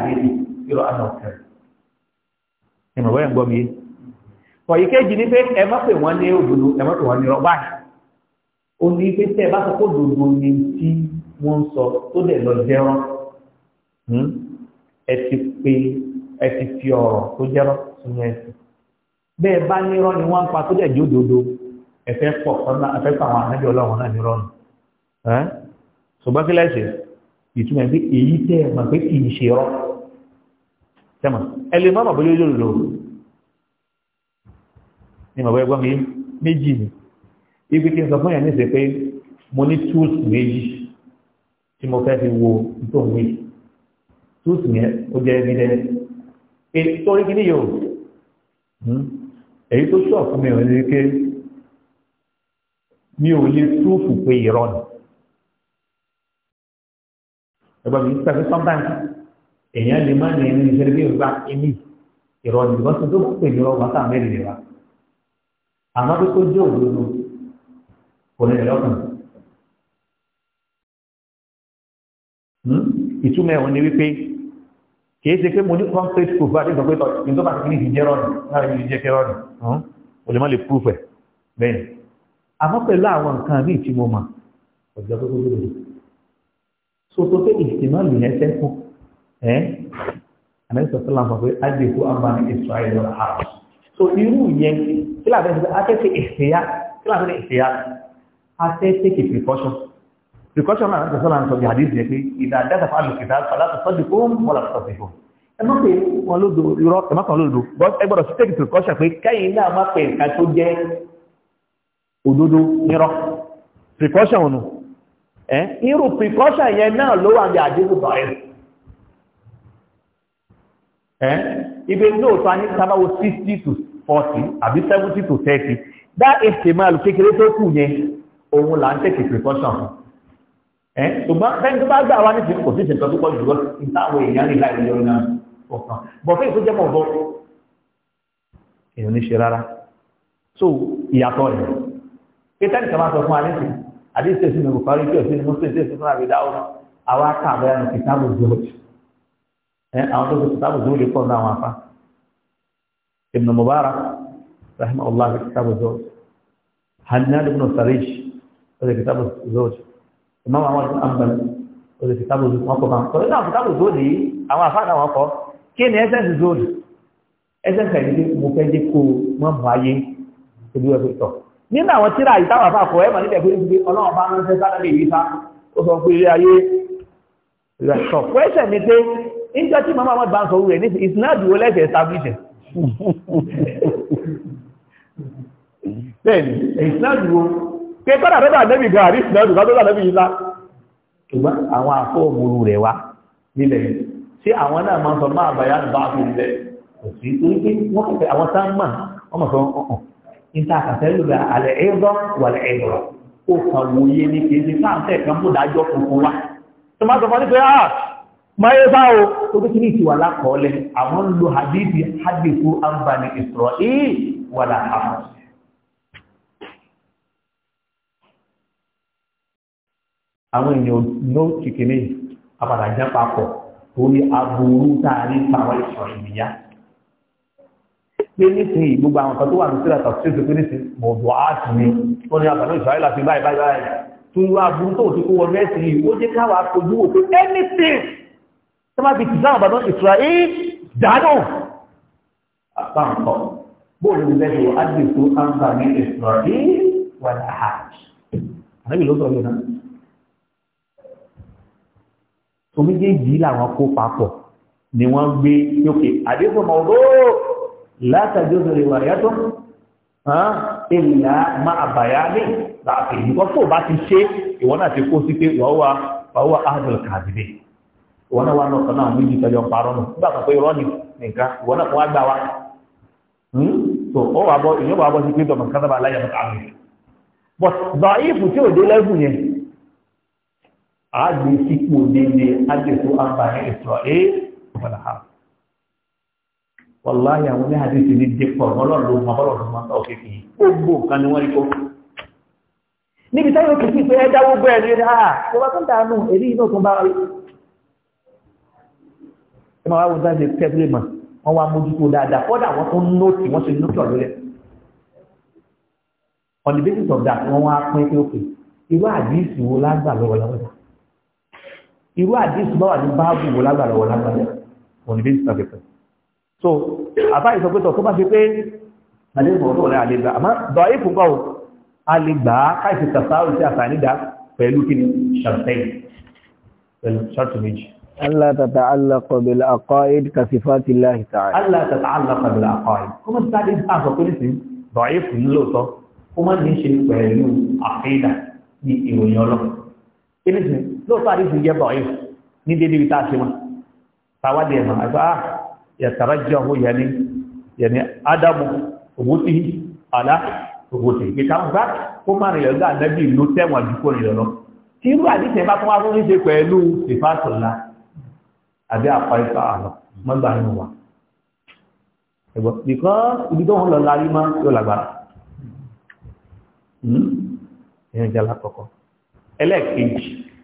ní ìsìn ìmọ̀wẹ́ ń gbọ́ mi pọ̀ ìkéjì ní pé ẹ má pè wọ́n ní òdodo ẹ má pè wọ́n ní rọ́bà ó ní pé tẹ́ ẹ bá sọ pé òdodo ni tí wọ́n ń sọ tó dẹ̀ lọ jẹ́rọ́ hmm? ẹ ti pe ẹ ti fi ọ̀rọ̀ tó jẹ́rọ́ sínú ẹ̀sìn bẹ́ẹ̀ bá nírọ́ ni wọ́n ń pa tó dẹ̀ jó òdodo ẹ fẹ́ pọ̀ ọ̀nà ẹ fẹ́ pa àwọn ànájọ́ ọlọ́run náà nírọ́ nù ṣùgbọ́n kí lẹ́sìn ìtumọ̀ tẹ́mọ̀ ẹlẹ́ mọ́mọ̀ bóyá olóòlò ní mọ̀ ẹgbọ́n mi méjì ni ibi kí n sọ fún yàn ní ìsẹ̀ pé mo ní tools méjì tí mo fẹ́ fi wo tó wí tools yẹn ó jẹ́ evidence pé torí kí ni yóò èyí tó ṣọ́ hmm? fún mi ò ní pé mi ò lè túùfù pé irọ́ ni ẹgbọ́n mi sọ fún sometimes èèyàn lè má ní ẹni ìṣẹ́lẹ̀ bí ìgbà ẹni ìrọ̀ nìkan tó dókòó pè ní ọgbà tá mẹ́rin lè wa àmọ́ bí kò jẹ́ òdodo kò ní ẹlọ́kàn. Hmm? ìtumọ̀ ẹ̀wọ̀n ni wípé kìí ṣe pé mo ní concrete proof bá a ti sọ pé tọ́ ní tó bá ti kí ní ti jẹ́ rọ́ọ̀nù náà ní ti jẹ́ kẹ́rọ́ọ̀nù hmm? o lè má lè proof ẹ̀ bẹ́ẹ̀ àmọ́ pẹ̀lú àwọn nǹkan míì tí mo mọ̀ ọ̀jọ̀ tó tó lóde. sọ tó pé ìsìnmọ́ lè yẹn sẹ́kù ẹ́ eh? àmẹ́sọ̀ sọ́lá sọ pé ájì fún àbáni Israel lọ́la àrùn so irú yẹn kí láti ṣe afẹ́fẹ́ ìṣẹ́yà kí láti ṣe ìṣẹ́yà afẹ́fẹ́ kì precaution precaution náà láti sọ́lá sọ bí àdéhùn yẹn pé ìdá dáta fún àlùkìtà fàlà tó sọ́dí kó mọ́ láti sọ́dí kó ẹ má pè wọn lódo irọ́ ẹ má kàn lódo but ẹ gbọ́dọ̀ take precaution pé kẹ́yìn náà má pè nǹkan tó jẹ́ òdodo nírọ́ precaution nù eh? irú precaution yẹn náà ló wà ní ibi lóòtọ́ a ní sábáwo 60 to 40 àbí 70 to 30 That dá èsè máa lù kékeré tó kù yẹn òun là ń tẹ̀kì precaution ṣùgbọ́n bẹ́ẹ̀ tó bá gbà wá ní kò sí ìṣẹ̀tọ́ tó pọ̀ jùlọ ìtàwọn èèyàn ní láì like náà ọ̀kan bọ̀ fẹ́ ìtó jẹ́ mọ̀ bọ́ èèyàn ní ṣe rara. so ìyàtọ̀ rẹ̀ pété nìkan máa sọ fún alẹ́ sí àdéhùn tẹ̀sí mi kò parí tí ò sí ní mọ́tò tẹ̀sí fún àbídá ọ̀rọ̀ àwa kà bẹ́ẹ̀ ní kìtàbù george Eh, àwọn tó fi kìtàbù zuhuri pọ̀ náà wọn fa ibn mubarak rahma allah fi kìtàbù zuhuri hannad ibn sarish ó fi kìtàbù zuhuri imam ahmad ibn ambal ó fi kìtàbù zuhuri wọn kọ máa ń kọ nínú àwọn kìtàbù zuhuri àwọn àfa náà wọn kọ kí ni ẹsẹ̀nsì zuhuri ẹsẹ̀nsì ẹni pé mo fẹ́ jẹ́ kó wọ́n mọ ayé ojú ẹ̀ fi tọ̀ nínú àwọn tíra yìí táwọn àfa kọ ẹ̀ mà nílẹ̀ pé ọlọ́run bá ń fẹ́ sáré lè yí sá ó sọ pé ilé ayé ìrẹsọ̀ pẹ́sẹ̀ ni pé níjọ tí màmá wọn bá ń sọ orú rẹ̀ ní ìsinájú ó lẹ́sẹ̀ establishing bẹ́ẹ̀ni ìsinájú ó pé kọ́dà tó bá nẹ́bì gan àrí ìsinájú kọ́ tó bá nẹ́bì ńlá ṣùgbọ́n àwọn afọ́ọ̀mùrù rẹ̀ wá nílẹ̀ yìí ṣé àwọn náà máa ń sọ máa bàyá ń bá fi lẹ̀ kò sí torí pé wọ́n kọ̀ pé àwọn tá ń mà ọmọ sọ ọ̀hún níta àkàtẹ́lù rẹ̀ alẹ́ ẹ̀rọ wà lẹ́ ẹ̀rọ ó kàn wòye ní kì í ṣe fáńtẹ̀ kan mú dájọ́ funfun wá tó má sọ fún máyé báwo tó bí kí ní ìtìwà lákọọ́lẹ̀ àwọn lo hadithi hadifu ambani Israel wà láàmù àwọn èèyàn ló kìkìní àpàdàjá papọ̀ torí aburú táàrí pàwọn ìṣọ̀rọ̀ ìyá pé nísìnyí gbogbo àwọn kan tó wà ní sílẹ̀ tàbí tó pé nísìnyí mọ̀dọ̀ áàtì ni wọ́n ní àbànú ìṣọ̀rọ̀ láti báyìí báyìí tó ń lo aburú tó ti kó wọ mẹ́sìn yìí ó jẹ́ káwàá kojú wò anything tó bá fi tì sáwọn bàbá Israel dànù àpapọ̀ bóòlù ní bẹ́ẹ̀ wọ adìsú àǹfà ní Israel wà láhàj àrẹ́bì ló sọ yóò náà tó méjèèjì làwọn kó papọ̀ ni wọ́n gbé yókè àdéhùn mọ̀ọ́dọ́ látàjọ́ sọ̀rọ̀ ìwà rẹ̀ yàtọ̀ ìlà máa bàyá ní láàfin nǹkan tó bá ti ṣe ìwọ náà ti kó sí pé wàá wà ìwọ náà wà náà kan náà méjì tẹjọ parọ́ nù nígbà kan pé irọ́ ni nìkan ìwọ náà kan wá gbà wá hmm? so ó wà bọ́ ìyẹn wà bọ́ sí pé tọmọ nǹkan sábà láyé àmì àmì but bàáyìfù tí ò dé lẹ́gùn yẹn á gbé sípò dédé ágbèsó àǹfààní ìṣọ̀ ẹ́ wọ́n ha wàláyé àwọn ní àdéhùn ní dépọ̀ ọlọ́run ló mọ ọlọ́run ló máa ń tọ́ òkè fìyí gbogbo nǹkan ni wọ́n rí kó níbi táyọ̀ kìí pé ẹ dáwó gbẹ́ ẹ̀ ní ẹ̀ ah, tó ń dànù èrí inú tó ń bá máa wá wọ́n dáṣe tẹ́gbẹ́ mọ̀ wọ́n wá mójútó dáadáa kọ́dà wọ́n tún nóòtì wọ́n ṣe nóòtì ọ̀lọ́lẹ̀ on the basis of that wọ́n wá pín pé òkè irú àdìsí wo lágbà lọ́wọ́ lágbà irú àdìsí báwà ní báàbù wo lágbà lọ́wọ́ lágbà on the basis of it so àbá ìsọpẹ́tọ̀ tó bá fi pé àdéhùn ọ̀tọ̀ rẹ̀ àlegbà àmọ́ Allah ta ta'allaqa bil aqaid ka sifati Allah ta'ala. Allah ta ta'allaqa bil aqaid. Kó mọ́ sáré bá sọ pé nísìn da'if ní lóòótọ́, kó mọ́ ní ṣe pẹ̀lú àfíìdà ní ìròyìn ọlọ́run. Kí nísìn lóòótọ́ àdé ti jẹ́ da'if ní dédé ibi tá a ṣe wọn. Tàwádìí ẹ̀mọ̀ àti ah yàtàrà jẹ́ ọ̀hún yẹni yẹni àbí àpá ìfà àlọ́ mọ́gbà nínú wa ẹ̀gbọ́n bìkọ́ ibi tó ń lọ láyé máa yóò lágbára ìyẹn jẹ́ alákọ̀ọ́kọ́ ẹlẹ́ẹ̀kejì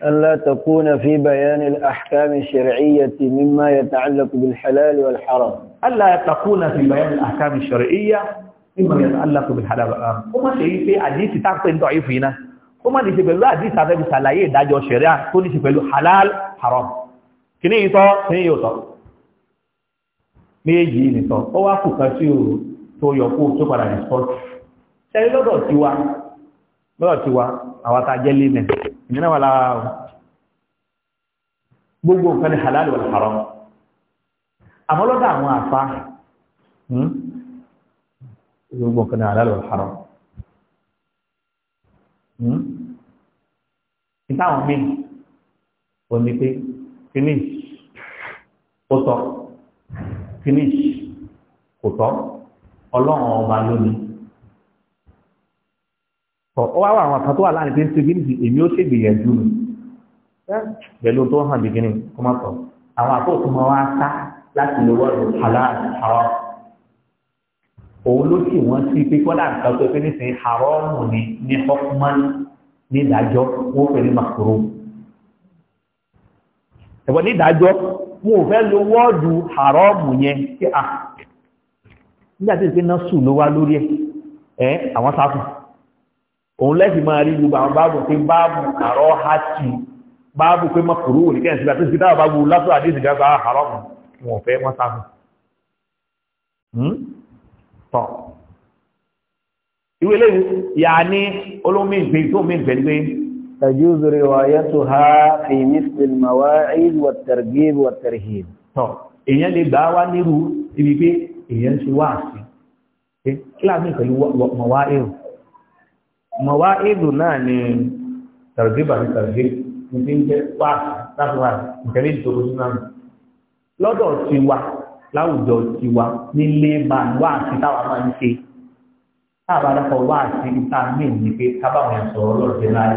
ألا تكون في بيان الأحكام الشرعية مما يتعلق بالحلال والحرام ألا تكون في بيان الأحكام الشرعية مما يتعلق بالحلال والحرام ó má ṣe haram kí ní ìtọ́ tí yóò tọ́ méjì nìtọ́ ó wá kù kan tí ó tó yọ tó padà ní sport ṣẹ́rí lọ́dọ̀ tí wa lọ́dọ̀ tí wa àwọn ta jẹ́ lé mẹ́rin ìmìnira gbogbo nǹkan ní halal wal haram àmọ́ lọ́dọ̀ àwọn àfa hmm? gbogbo halal wal haram hmm? ìtàwọn míì ò ní pé finish ó finish kò tọ́ ọlọ́run ọba lónìí ọ wá wà àwọn kan tó wà láàrin pé ń ṣe gínísì èmi ó ṣègbìyànjú mi pẹ̀lú tó hàn bí gíní kó má tọ̀ àwọn àkókò máa wá sá láti lè wọ́ọ̀dù halal haram òun ló sì wọ́n sí pé kọ́dà nǹkan tó pé nísìnyí haram ni ní hokman ní ìdájọ́ wọ́n pè ní makoro ẹ̀wọ̀n ní ìdájọ́ mo ò fẹ́ lo wọ́ọ̀dù haramu yẹn pé à nígbà tí ìpín náà sùn ló wá lórí ẹ̀ ẹ́ àwọn sáfù òun lẹ́sìn máa rí gbogbo àwọn báàbù pé báàbù àrọ́ hàtì báàbù pé mọ́kùrú òní kẹ́yìn sígbà tó ti dáwà báàbù látọ̀ àdéhùn ìgbàgbà تجوز روايتها في مثل المواعيد والترغيب والترهيب tó èyàn lè gbà wá nírú ibi pé èyàn ṣe wá sí pé kíláàmì pẹ̀lú mọ̀wá èrò mọ̀wá èrò náà ni tàrùdébà ní tàrùdé ní ti ń jẹ́ wá láti wá ìtẹ́lẹ̀ ìṣòro sí náà lọ́dọ̀ tiwa láwùjọ tiwa nílé máa wá sí táwa máa ń ṣe táàbà dákọ̀ wá sí ìta míì ní pé kábàámọ̀ sọ̀rọ̀ lọ́dẹ láyé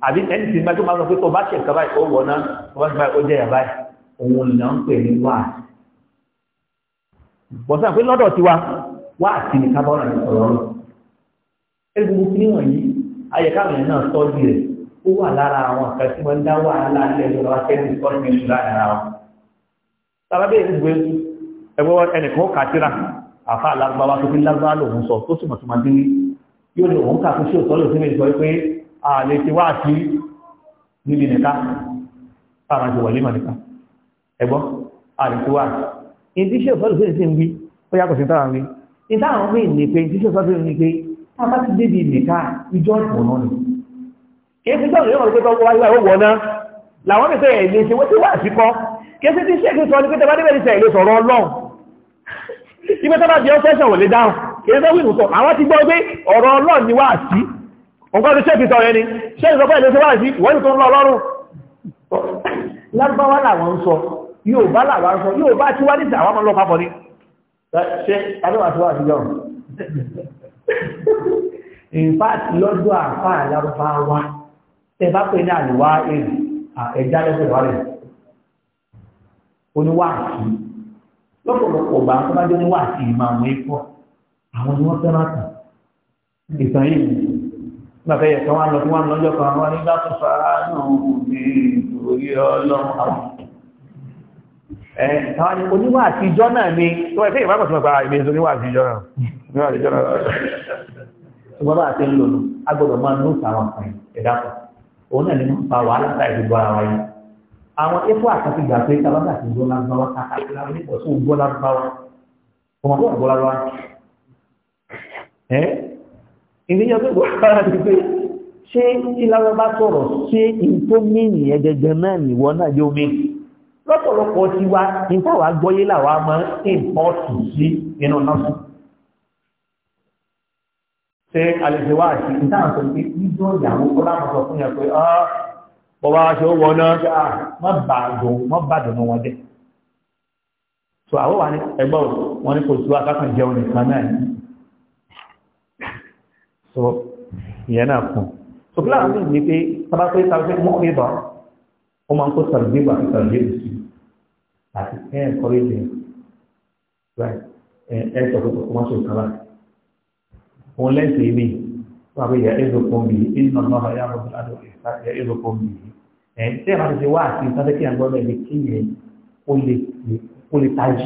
àbí ẹni tí máa tó máa sọ pé tó bá ṣe nǹkan báyìí ó wọ̀ náà tó bá ṣe báyìí ó jẹ́ yà báyìí òun là ń pè ní wà. bọ̀sán pé lọ́dọ̀ tiwa wà àti ní kábọ́ọ̀nà ìsọ̀rọ̀ rẹ̀. ẹ gbogbo kí níwọ̀n yìí ayẹ̀ká àwọn náà tọ́jú rẹ̀ ó wà lára àwọn kan tí wọ́n dá wàhálà ilẹ̀ ìjọba tẹ́lẹ̀ ìkọ́nìmẹ̀sì láàárín àwọn. sábàbẹ̀ ìgbé ẹgbẹ́ ẹnìkan kàtírà àfa alágbáwá tó fi lágbáwá lòun sọ tó ààlè ti wá àti níbi nìka sáàmà ti wọlé mà nìka ẹgbọ́ ààlè ti wá àti ìdíṣẹ́ ìfọ́lùfẹ́ sí ń wí ó yàtọ̀ sí tára ń wí ìdáhùn mí ní pé ìdíṣẹ́ ìfọ́lùfẹ́ ní pé tábà ti débi nìka ìjọ ìwọ̀nà ni kìí fi sọ́ọ̀lù yóò rọ̀ pé tọ́wọ́ wáyé wọ́n náà làwọn mi fẹ́ ẹ̀lẹ́ ṣe wọ́n ti wá àsìkọ́ kìí fi tíṣẹ́ kí sọ ní pé tẹ́bá débẹ̀ ní sẹ̀lẹ̀ sọ̀rọ̀ ọlọ́run ibi tẹ́bá bí ọ́ sẹ́ṣọ̀ wò lè dáhùn kìí fẹ́ wí nù sọ àwọn ti gbọ́ pé ọ̀rọ̀ ọlọ́run ni wá àsìkọ́ nǹkan tó ṣẹ́kì sọ̀rọ̀ ẹni ṣẹ́kì sọ pẹ́lú ṣíwá sí ìwọ́n tó ń lọ lọ́rùn lágbàwà làwọn sọ yóò bá làwọn sọ yóò bá tí wá ní àwọn ọmọ lọ́pàá ní ṣe alẹ́wàtíwà sí yọrùn in fact lọ́dọ̀ àfà alárúbáwá tẹ bá pè ní àlùwá èrè ẹ̀dá lẹ́sẹ̀ wà rẹ̀ oníwàásí lọ́pọ̀lọpọ̀ bá tó bá jẹ́ oníwàásí ìmọ̀ àwọn ikọ̀ àwọn ni wọ́n fẹ́ràn ìtàn yìí Bàbẹ́ ẹ̀kan wá lọ fún wá lọ́jọ́ kan wá nígbà tó fara náà ní orí ọlọ́run àwọn. Ẹ̀ẹ̀kan ni oníwà àtijọ́ náà ni tó ẹ̀fẹ́ ìbábọ̀ tó mẹ́pàá ìbí ẹ̀sọ́ níwà àtijọ́ náà. Níwà àtijọ́ náà. Ṣùgbọ́n bá àti ń lò lò, a gbọ́dọ̀ máa ní ìtàwọn kan ẹ̀dá kan. Òun náà ni wọ́n pa wàhálà táì gbogbo ara láwọn onípọ̀ tó gbọ́ lágbáwá. Ọmọ ìrìyàn tó gbọ́ ara ti pé ṣé ìlànà bá sọ̀rọ̀ ṣé ìtó mìíní ẹ̀jẹ̀jẹ̀ náà nìwọ náà yóò mí lọ́pọ̀lọpọ̀ ti wá ìtawà gbọ́yé làwà máa ń pọ̀tù sí inú náà ṣe alẹ́sẹ̀wá àti ìtàǹsọ̀ pé ìjọ ìyàwó kọ́lámọ̀sọ̀ fún yẹn pé ọ́ ah, bọ́bá ṣe ó wọ́n náà ṣáà ah, má bà dùn má bà dùn wọn dẹ̀. tó àwọn wà ní ẹgbọ́n wọn ni kò sí wá jẹun nìkan náà so ìyẹn na fún so kíláà ní ní pé sábà pé sábà pé mọ́ ìbá ó máa ń kó sàrìdébà sàrìdébù sí àti ẹ̀ ń kọ́lé jẹ ẹ̀ ẹ̀ sọ pé kò má ṣe ìkàlà òun lẹ́sìn ìmí wọ́n àbẹ̀ yà ẹ̀zọ̀ kan bì í nínú ọ̀nà ọ̀yà ọ̀dọ̀ àdó yà ẹ̀zọ̀ kan bì í ẹ̀ tẹ́ ẹ̀ máa ṣe wá àti sáfẹ́ kí àgbọ̀ bẹ̀ ní kí yẹn ó lè ó lè tají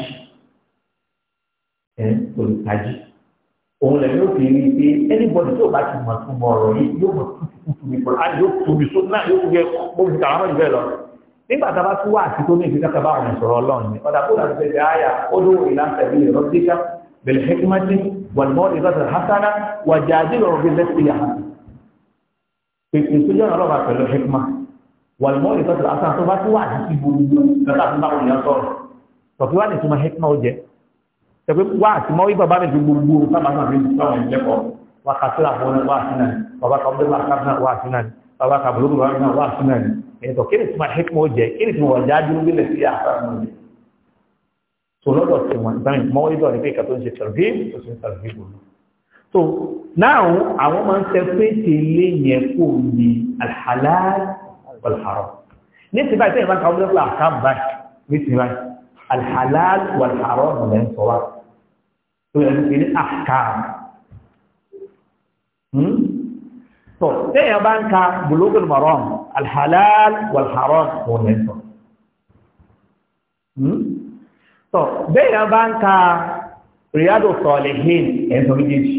ẹ̀ ó lè tají òun lè yóò fi rí i pé anybody tó bá ti mọ̀ tún mọ̀ ọ̀rọ̀ yìí yóò mọ̀ tuntun ní kọ̀ọ̀rọ̀ àti yóò tóbi só náà yóò yẹ kó fi kàwọn ọmọdé bẹ́ẹ̀ lọ. nígbà tá a bá tún wá àti tó ní ìdíkà tá a bá wọn sọ̀rọ̀ ọlọ́run ni ọ̀dà bóòlù àti bẹ̀rẹ̀ àyà ó dó ìlànà tẹ̀lé ìrọ̀ díkà bẹ̀rẹ̀ hekimati wàlúmọ́ ìgbàsẹ̀ hasana wàjà àdìlọ̀rọ̀ bí lẹ́sẹ̀ yà hàn. pèpè sójú ọ̀nà ọlọ́ba pẹ̀lú hekima wàlúmọ́ ìgbàsẹ̀ hasana tó bá tún wá àti ti gbogbo tẹ̀pẹ́ wá àti mọ́ wí bàbá mi fi gbogbo sábà náà fi sáwọn ìlẹ́kọ̀ọ́ wá kàtílà fún wá sí náà bàbá kan bẹ́ẹ̀ máa kábínà wá sí náà bàbá kan bẹ́ẹ̀ máa kábínà wá sí náà ẹ̀tọ́ kí ni tí máa hẹ́kí mọ́ so now àwọn máa ń separate ilé alhalal wal haram ní ti báyìí sẹ́yìn bá ń ka alhalal wal haram lẹ́ olùyẹ̀dù pé ní àkàrà tó téèyàn bá ń ka bulugul maram alhalal walharam kò lè sọ tó béèyàn bá ń ka riyadu salihin ẹ̀sọ́ méjèèjì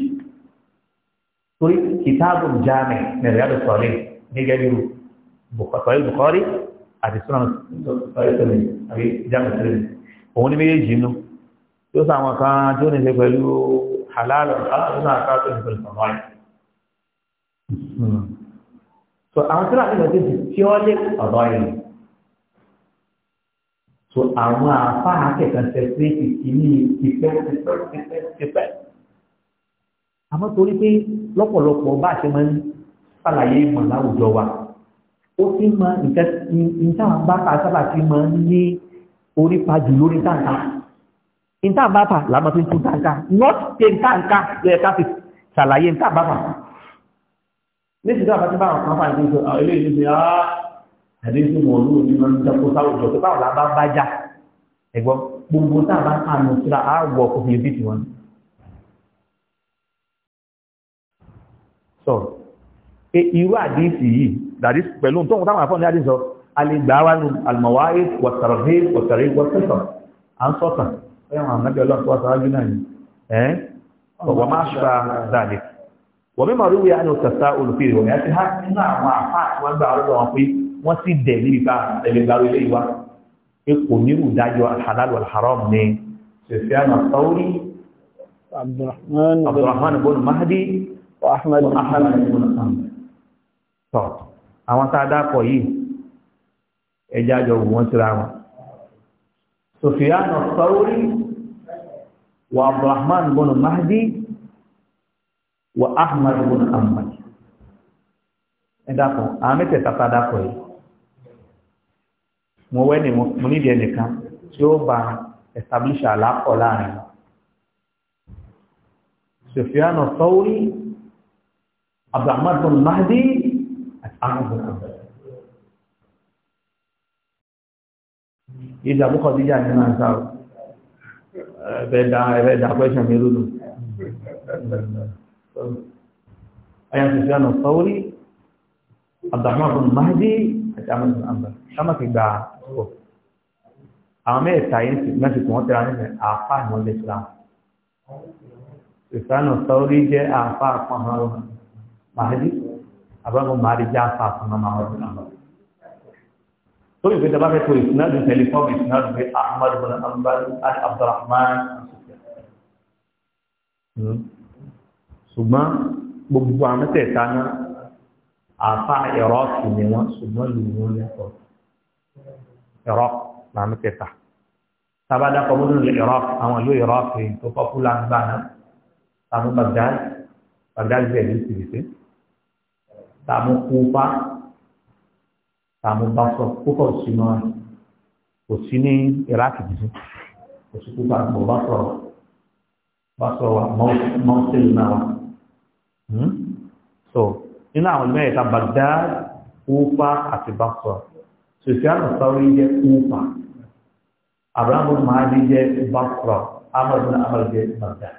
torí kìtàbù jáàmì ní riyadu salihin gẹ́gẹ́ bí sọ̀rọ̀ Bukhari àti sọ̀rọ̀ sọ̀rọ̀ sọ̀rọ̀ àbí jáàmì sọ̀rọ̀ òun ni méjèèjì nù tó sàwọn kan tó ní ṣe halal aláàbùnà kan tó ní pẹ̀lú sọ̀rọ̀ hmm. so àwọn tó láti lọ tí ó lé so àwọn afá akẹ́kọ̀ọ́ sẹ́kírẹ́tì kìíní tipẹ́ tipẹ́ tipẹ́ tipẹ́ àmọ́ torí pé lọ́pọ̀lọpọ̀ bá a ṣe máa ń ṣàlàyé mọ̀ láwùjọ wa ó ti máa nǹkan nǹkan bá a sábà ti máa ìtàbátà lámọ́ tí ń tún tàǹkà not ṣe tàǹkà lẹ́yẹ ká fi ṣàlàyé ìtàbátà nítorí àwọn àti báwọn kan fàájú sọ àwọn ilé ìlú ti á ẹ̀dí sí mọ̀ olú ní wọn jẹ́ kó sáwùjọ tó báwọn lábá bá já ẹ̀gbọ́ gbogbo tàbá àmì síra á wọ̀ kó fi ibi tiwọn. sọ irú àdìsí yìí dàdí pẹ̀lú tóun táwọn afọ́ ní àdìsọ alẹ́ gbà wá nù àlùmọ̀wá wọ̀sàrọ̀hẹ́ ẹ̀wọ̀n ànábì ọlọ́run tó wá sáájú náà ni ẹ́ ọ̀wọ́ máa ṣùgbà dáadé wọ́n mímọ̀ orí wíyá ní òtẹ̀sá olùfèrè wọ̀n yá ti há nínú àwọn àfá àti wọ́n gbà ọlọ́run wọn pé wọ́n sì dẹ̀ níbi ká ẹ̀lẹ́ gbàrú ilé ìwá pé kò ní ìdájọ́ halal wal haram ni Sufyan Thawri Abdurrahman ibn Mahdi Ahmad ibn àwọn tá a dákọ̀ yìí ẹjá jọ wọ́n síra wọn Sufyan Thawri wa Abdurrahman bin Mahdi wa Ahmad bin Ahmad ẹ dákun àwọn mẹ́tẹ̀ẹ̀ta tá a dákọ̀ yìí mo wẹ́ ni mo nídìí ẹnìkan tí ó bá establish àlápọ̀ láàrin wọn Sufyan Thawri Abdurrahman bin Mahdi Ahmad bin Ahmad. Ìjà búkọ̀ díjà ní Nàìjíríà ẹ̀fẹ́ dá pẹ́ṣẹ̀ mi lónù ẹ̀yà tó fíànà sọ́wọ́rí abdulhamid mahdi àti ahmed amba sámàkì gba ọ̀ àwọn mẹ́ta yìí sì mẹ́sì tí wọ́n tẹ́ra nílẹ̀ àáfà ní ọdẹ islam ìfẹ́nà sọ́wọ́rí jẹ́ àáfà àpọ̀nà mahdi abdulhamid mahdi jẹ́ àáfà àpọ̀nà mahdi tó kita pakai bá fẹ́ tó ìsinádùn tẹlifọ́ọ̀mù ìsinádùn pé ahmad bin ambali àti abdulrahman hmm. ṣùgbọ́n gbogbo àmọ́tẹ̀ẹ̀ta náà àfa ìrọ́ọ̀kì ni wọ́n ṣùgbọ́n lù wọ́n lẹ́kọ̀ọ́ ìrọ́ọ̀kì làmọ́tẹ̀ẹ̀ta tabada kọmọdún lè iraq àwọn ìlú iraq tó pọpúlà ń gbà náà tàbí bagdad bagdad bẹ́ẹ̀ ló ti rí sí tàbí kúfà tààmú bá sọ púpọ̀ sínú kò sí ní iraq tuntun kò sí púpọ̀ àpò bá sọ̀rọ̀ bá sọ̀rọ̀ mọ́tẹ́lì náà wà. Hmm? so nínú àwọn mẹ́rin ta Baghdad kúfà àti bá sọ̀rọ̀ sùfìànù sáwìrì jẹ́ kúfà abrahamu mahadi jẹ́ bá sọ̀rọ̀ amadu na amadu jẹ́ Baghdad.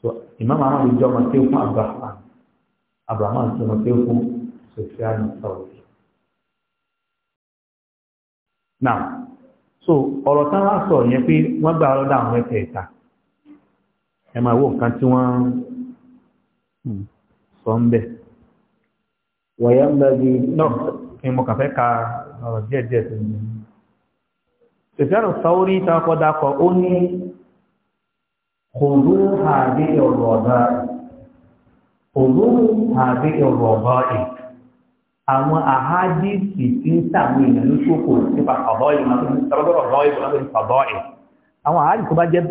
so ìmáàmù amadu jọ́ ọmọ tí ó fún abrahamu abrahamu sọ̀rọ̀ tí ó Sufyan Thawri. Now, so ọ̀rọ̀ tán wá sọ yẹn pé wọ́n gbà ọ́dọ̀ àwọn ẹ̀fẹ̀ ẹ̀ta. Ẹ máa tí wọ́n hmm, sọ ń bẹ̀. náà kí ka ọ̀rọ̀ tó ní. kọ́ ó ní àwọn àhádìsì tí ń sàwọn èèyàn ló ṣòkò nípa ọ̀dọ́ ìlú tọ́lọ́dọ́ ọ̀dọ́ ìlú lọ́dọ̀ ní ọ̀dọ́ ẹ̀ àwọn àhádìsì tó bá jẹ́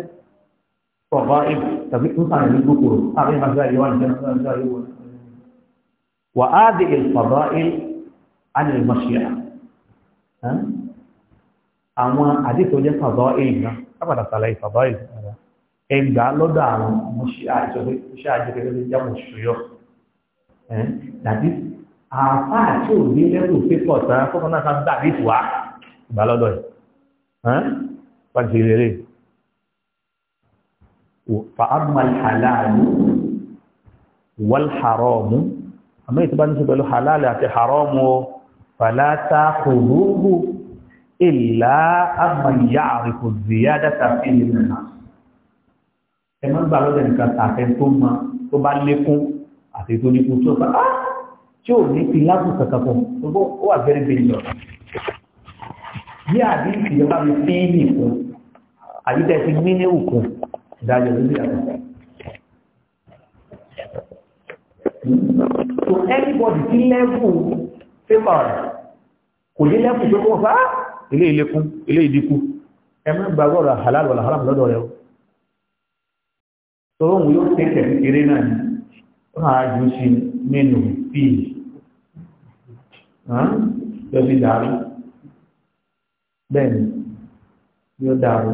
ọ̀dọ́ ìlú tàbí ń sàwọn èèyàn ló ṣòkò àwọn èèyàn máa ń wà ní ìjọba wà á di ìfọ̀dọ́ ìlú á ní àfa àti òbí lẹ́rù pépọ̀ tán kọ́kọ́ náà sáà dàbí ìtùwá ìgbà lọ́dọ̀ yìí wọ́n ti rere fa amma alhalalu wal haramu àmọ́ ètò bá ní ṣe pẹ̀lú halali àti haramu o fala ta'khudhuhu illa amman ya'rifu ziyadata fil nas ẹ má gbà lọ́dọ̀ nìkan tàfẹ́ tó mọ tó bá lékún àti tó ní kú tó bá á ah, tí ò ní fi lágùn kankan fún gbogbo ó wà very very lọ. bí àbí ìjọba mi fi ń nìkan àbí tẹ́ fi mí ní òkun ìdájọ́ lórí àkọ́kọ́. so anybody ti lẹ́fù pépà rẹ̀ kò ní lẹ́fù tó kọ́ fà á ilé ìlékún ilé ìdínkù ẹ má gbàgbọ́ ra halal wàlá haram lọ́dọ̀ rẹ o. sọ̀rọ̀ òun yóò tẹ̀kẹ̀ kékeré náà ni ráàjù sí mẹ́nu bíi yóò sì dàrú bẹ́ẹ̀ ni yóò dàrú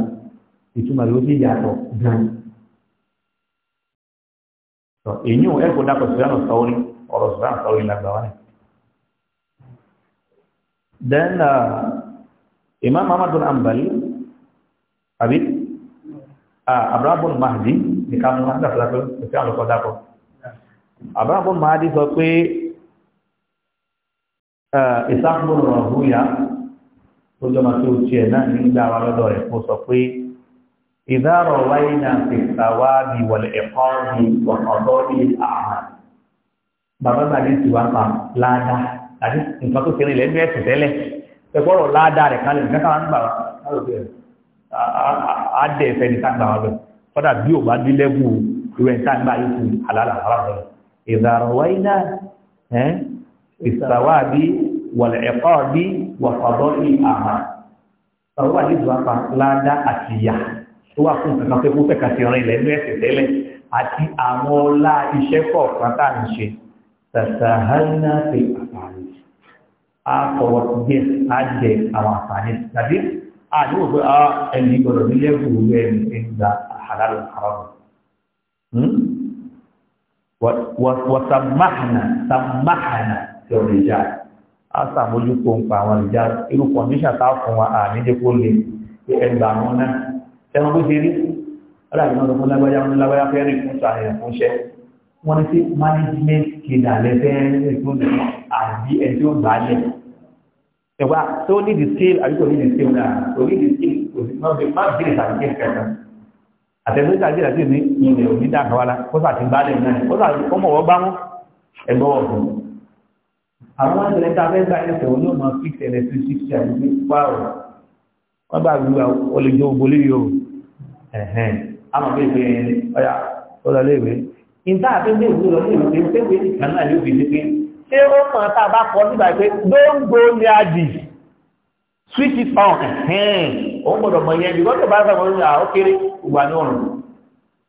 ìtumọ̀ ló sì yàtọ̀ gan-an èyí ò ẹ̀kọ́ dàpọ̀ sùdánù sáwọ́rí ọ̀rọ̀ sùdánù sáwọ́rí lágbàwá ni. then uh, imam ahmad bin ambali àbí uh, abraham mahdi ní ká mú àdàpọ̀ dàpọ̀ sí àwọn ọkọ̀ dàpọ̀. àbúrábọ̀ mahadi sọ pé ìsáàkùnrin ọ̀rọ̀ húyà tó jọmọ tó tiẹ̀ náà nígbà wa lọ́dọ̀ rẹ̀ kó sọ pé ìdárọ̀ wáyé náà ti sàwáàbí wọlé ẹ̀kọ́ bí ọ̀dọ́ bí àmà bàbá mahadi ti wá pa láàdá àti nǹkan tó kéré lẹ́nu ẹ̀sìn tẹ́lẹ̀ ẹgbọ́rọ̀ láàdá rẹ̀ kalẹ̀ nǹkan kan gbà á dẹ̀ ẹ̀fẹ́ nìkan gbà lọ kọ́dà bí ò bá gbà fún ìdàrọ̀wáyínà ìsàwádìí wàlẹ̀ẹ̀kọ́ọ̀dí wàfàdọ́ ìhàmà ọ̀rọ̀ wà nídùú apá ládá àti ìyà tó wà fún ìtàn pé kó fẹ̀ka ti rìn lẹ́nu ẹ̀sẹ̀ tẹ́lẹ̀ àti àwọn ọlá iṣẹ́ kọ̀ọ̀kan tá à ń ṣe tàtàhánà ti àfààní àkọ̀wọ̀ díẹ̀ á jẹ àwọn àfààní tàbí àdúgbò pé ẹni gbọdọ̀ nílẹ̀ gbòòrò ẹni tí ń gba àhàlà lọ́kàrọ̀ wàsàmáhànà sàmáhànà tí ó rìjà á sàmójútó ń pa àwọn rìjà irú kọ̀ndíṣà tá a fún wa àmì jẹ́ kó lè pé ẹgbà àwọn náà ẹran bó ti rí aláàbí náà lọ́kún lágbáyá ń lágbáyá fẹ́ fún sàrẹ̀ fún iṣẹ́ wọ́n ní sí management kìdà lẹ́fẹ́ rí fún àbí ẹ̀ tí ó gbà á lẹ̀ ẹ̀wá tó ní the scale àbí kò ní the scale náà kò ní the scale kò sí má bí má bí kẹta àtẹ̀lẹ́sà jẹ́ àti ní ilẹ̀ ònídà kawàlá kọ́sà ti gbálẹ̀ náà kọ́sà ọmọ wọ́n gbá wọn ẹgbọ́wọ̀ fún àwọn ẹ̀lẹ́ta fẹ́ta ẹ̀sẹ̀ olóòmọ̀ fíkẹ̀ rẹ̀ sí síkẹ̀ àti pààrọ̀ wọ́n bá rú olùjọ ogbólé yóò ẹ̀hẹ́n àmọ̀ pé pé ọya ó lọ léèwé ìta àti ilé ìwé lọ léèwé pé pé ìkan náà yóò pé ó gbọ́dọ̀ mọ̀ yẹn bíkọ́ tó bá sọ wọn àwọn ah, kéré ìgbà ní ọ̀run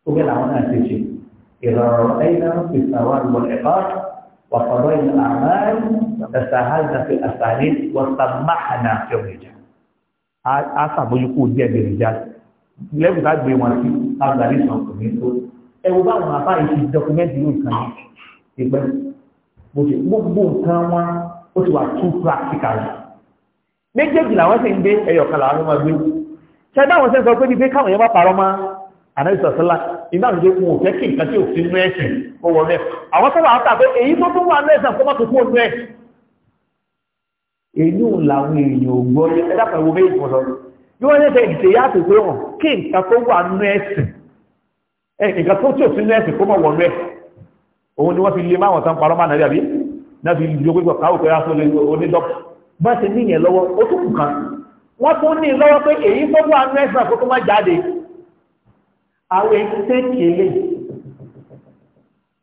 tó bẹ́ẹ̀ làwọn náà ti ṣe ìrọ̀rọ̀ ẹ̀yìn náà fi sàwọn àgbọ̀n ẹ̀kọ́ وقضينا الأعمال وتساهلنا في الأساليب وسمحنا في الرجال aṣàbójúkú díẹ̀ bẹ̀rẹ̀ já lẹ́bùn ká gbé wọn sí agbárí sàn kò ní tó ẹwọ báwọn afá yìí ti dọkumẹ́ntì yóò kàn yìí ti pẹ́ gbogbo nǹkan wọn ó ti wà too practical méjèèjì làwọn sì ń gbé ẹyọ̀kan làwọn ọmọ gbé ṣẹ́dá àwọn sẹ́sọ pé níbi káwọn yẹn bá parọ́ máa ànáìsọ̀sọ́lá iná ìjọ kún ò fẹ́ kí nǹkan tí ò fi mú ẹ̀sìn ó wọ rẹ̀ àwọn sọ́wọ́ àwọn tàbí èyí tó tún wà lẹ́sàn kó má tó kún ó rẹ̀ èyí ò làwọn èèyàn ò gbọ́ yẹ ẹ̀dá pẹ̀lú owó méjì mọ̀sọ́ bí wọ́n yẹ́sẹ̀ ìdìtẹ̀ yá tó pé wọn kí nǹkan tó wà nú ẹ̀sìn nǹkan tó tí ò mú ẹ̀sìn kó mọ̀ rẹ̀ òun ni wọ́n fi lé máwọn tán parọ́ máa nàrí àbí náà fi lè bá ti ní ìyẹn lọ́wọ́ ó tún kàn wọ́n tún ní lọ́wọ́ pé èyí tó wà ní ẹ̀sìn àkókò má jáde àwọn èyí tẹ́ kéèlè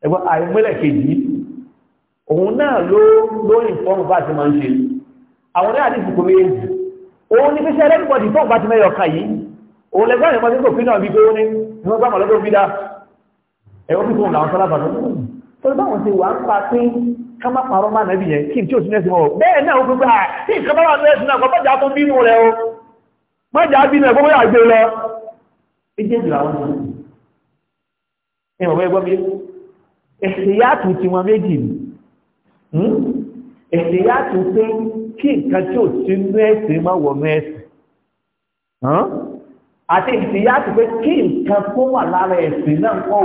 ẹ̀gbọ́n àìmọ́lẹ̀ kejì òun náà ló ló ìfọ́nù bá ti máa ń ṣe àwọn náà ní ìsìnkú méjì òun ní fíṣẹ́ everybody tó bá ti mẹ́yọ̀ kan yìí òun lẹ́gbọ́n ìmọ̀ tí kò fi náà bí pé ó ní ìwọ́n gbàmọ̀ lọ́gbọ́n fi dá ẹ̀wọ́n fi fún òun làwọn sọ́lá ká má parọ́ máa nàbí yẹn kí n tí ò sí nẹ́sìn wọn bẹ́ẹ̀ náà ó gbogbo à tí n kábàlá nẹ́sìn náà kọ́ mọ́jà tó bínú rẹ̀ o mọ́jà bínú ẹ̀ gbogbo àgbé lọ méjèèjì làwọn ọmọ ẹ mọ̀ bẹ́ẹ̀ gbọ́ mi ẹ̀sìn yàtù ti wọn méjì ni hmm? ẹ̀sìn yàtù pé kí nǹkan tí ò sí nẹ́sìn má wọ mẹ́sìn àti ẹ̀sìn yàtù pé kí nǹkan tó wà lára ẹ̀sìn náà kọ́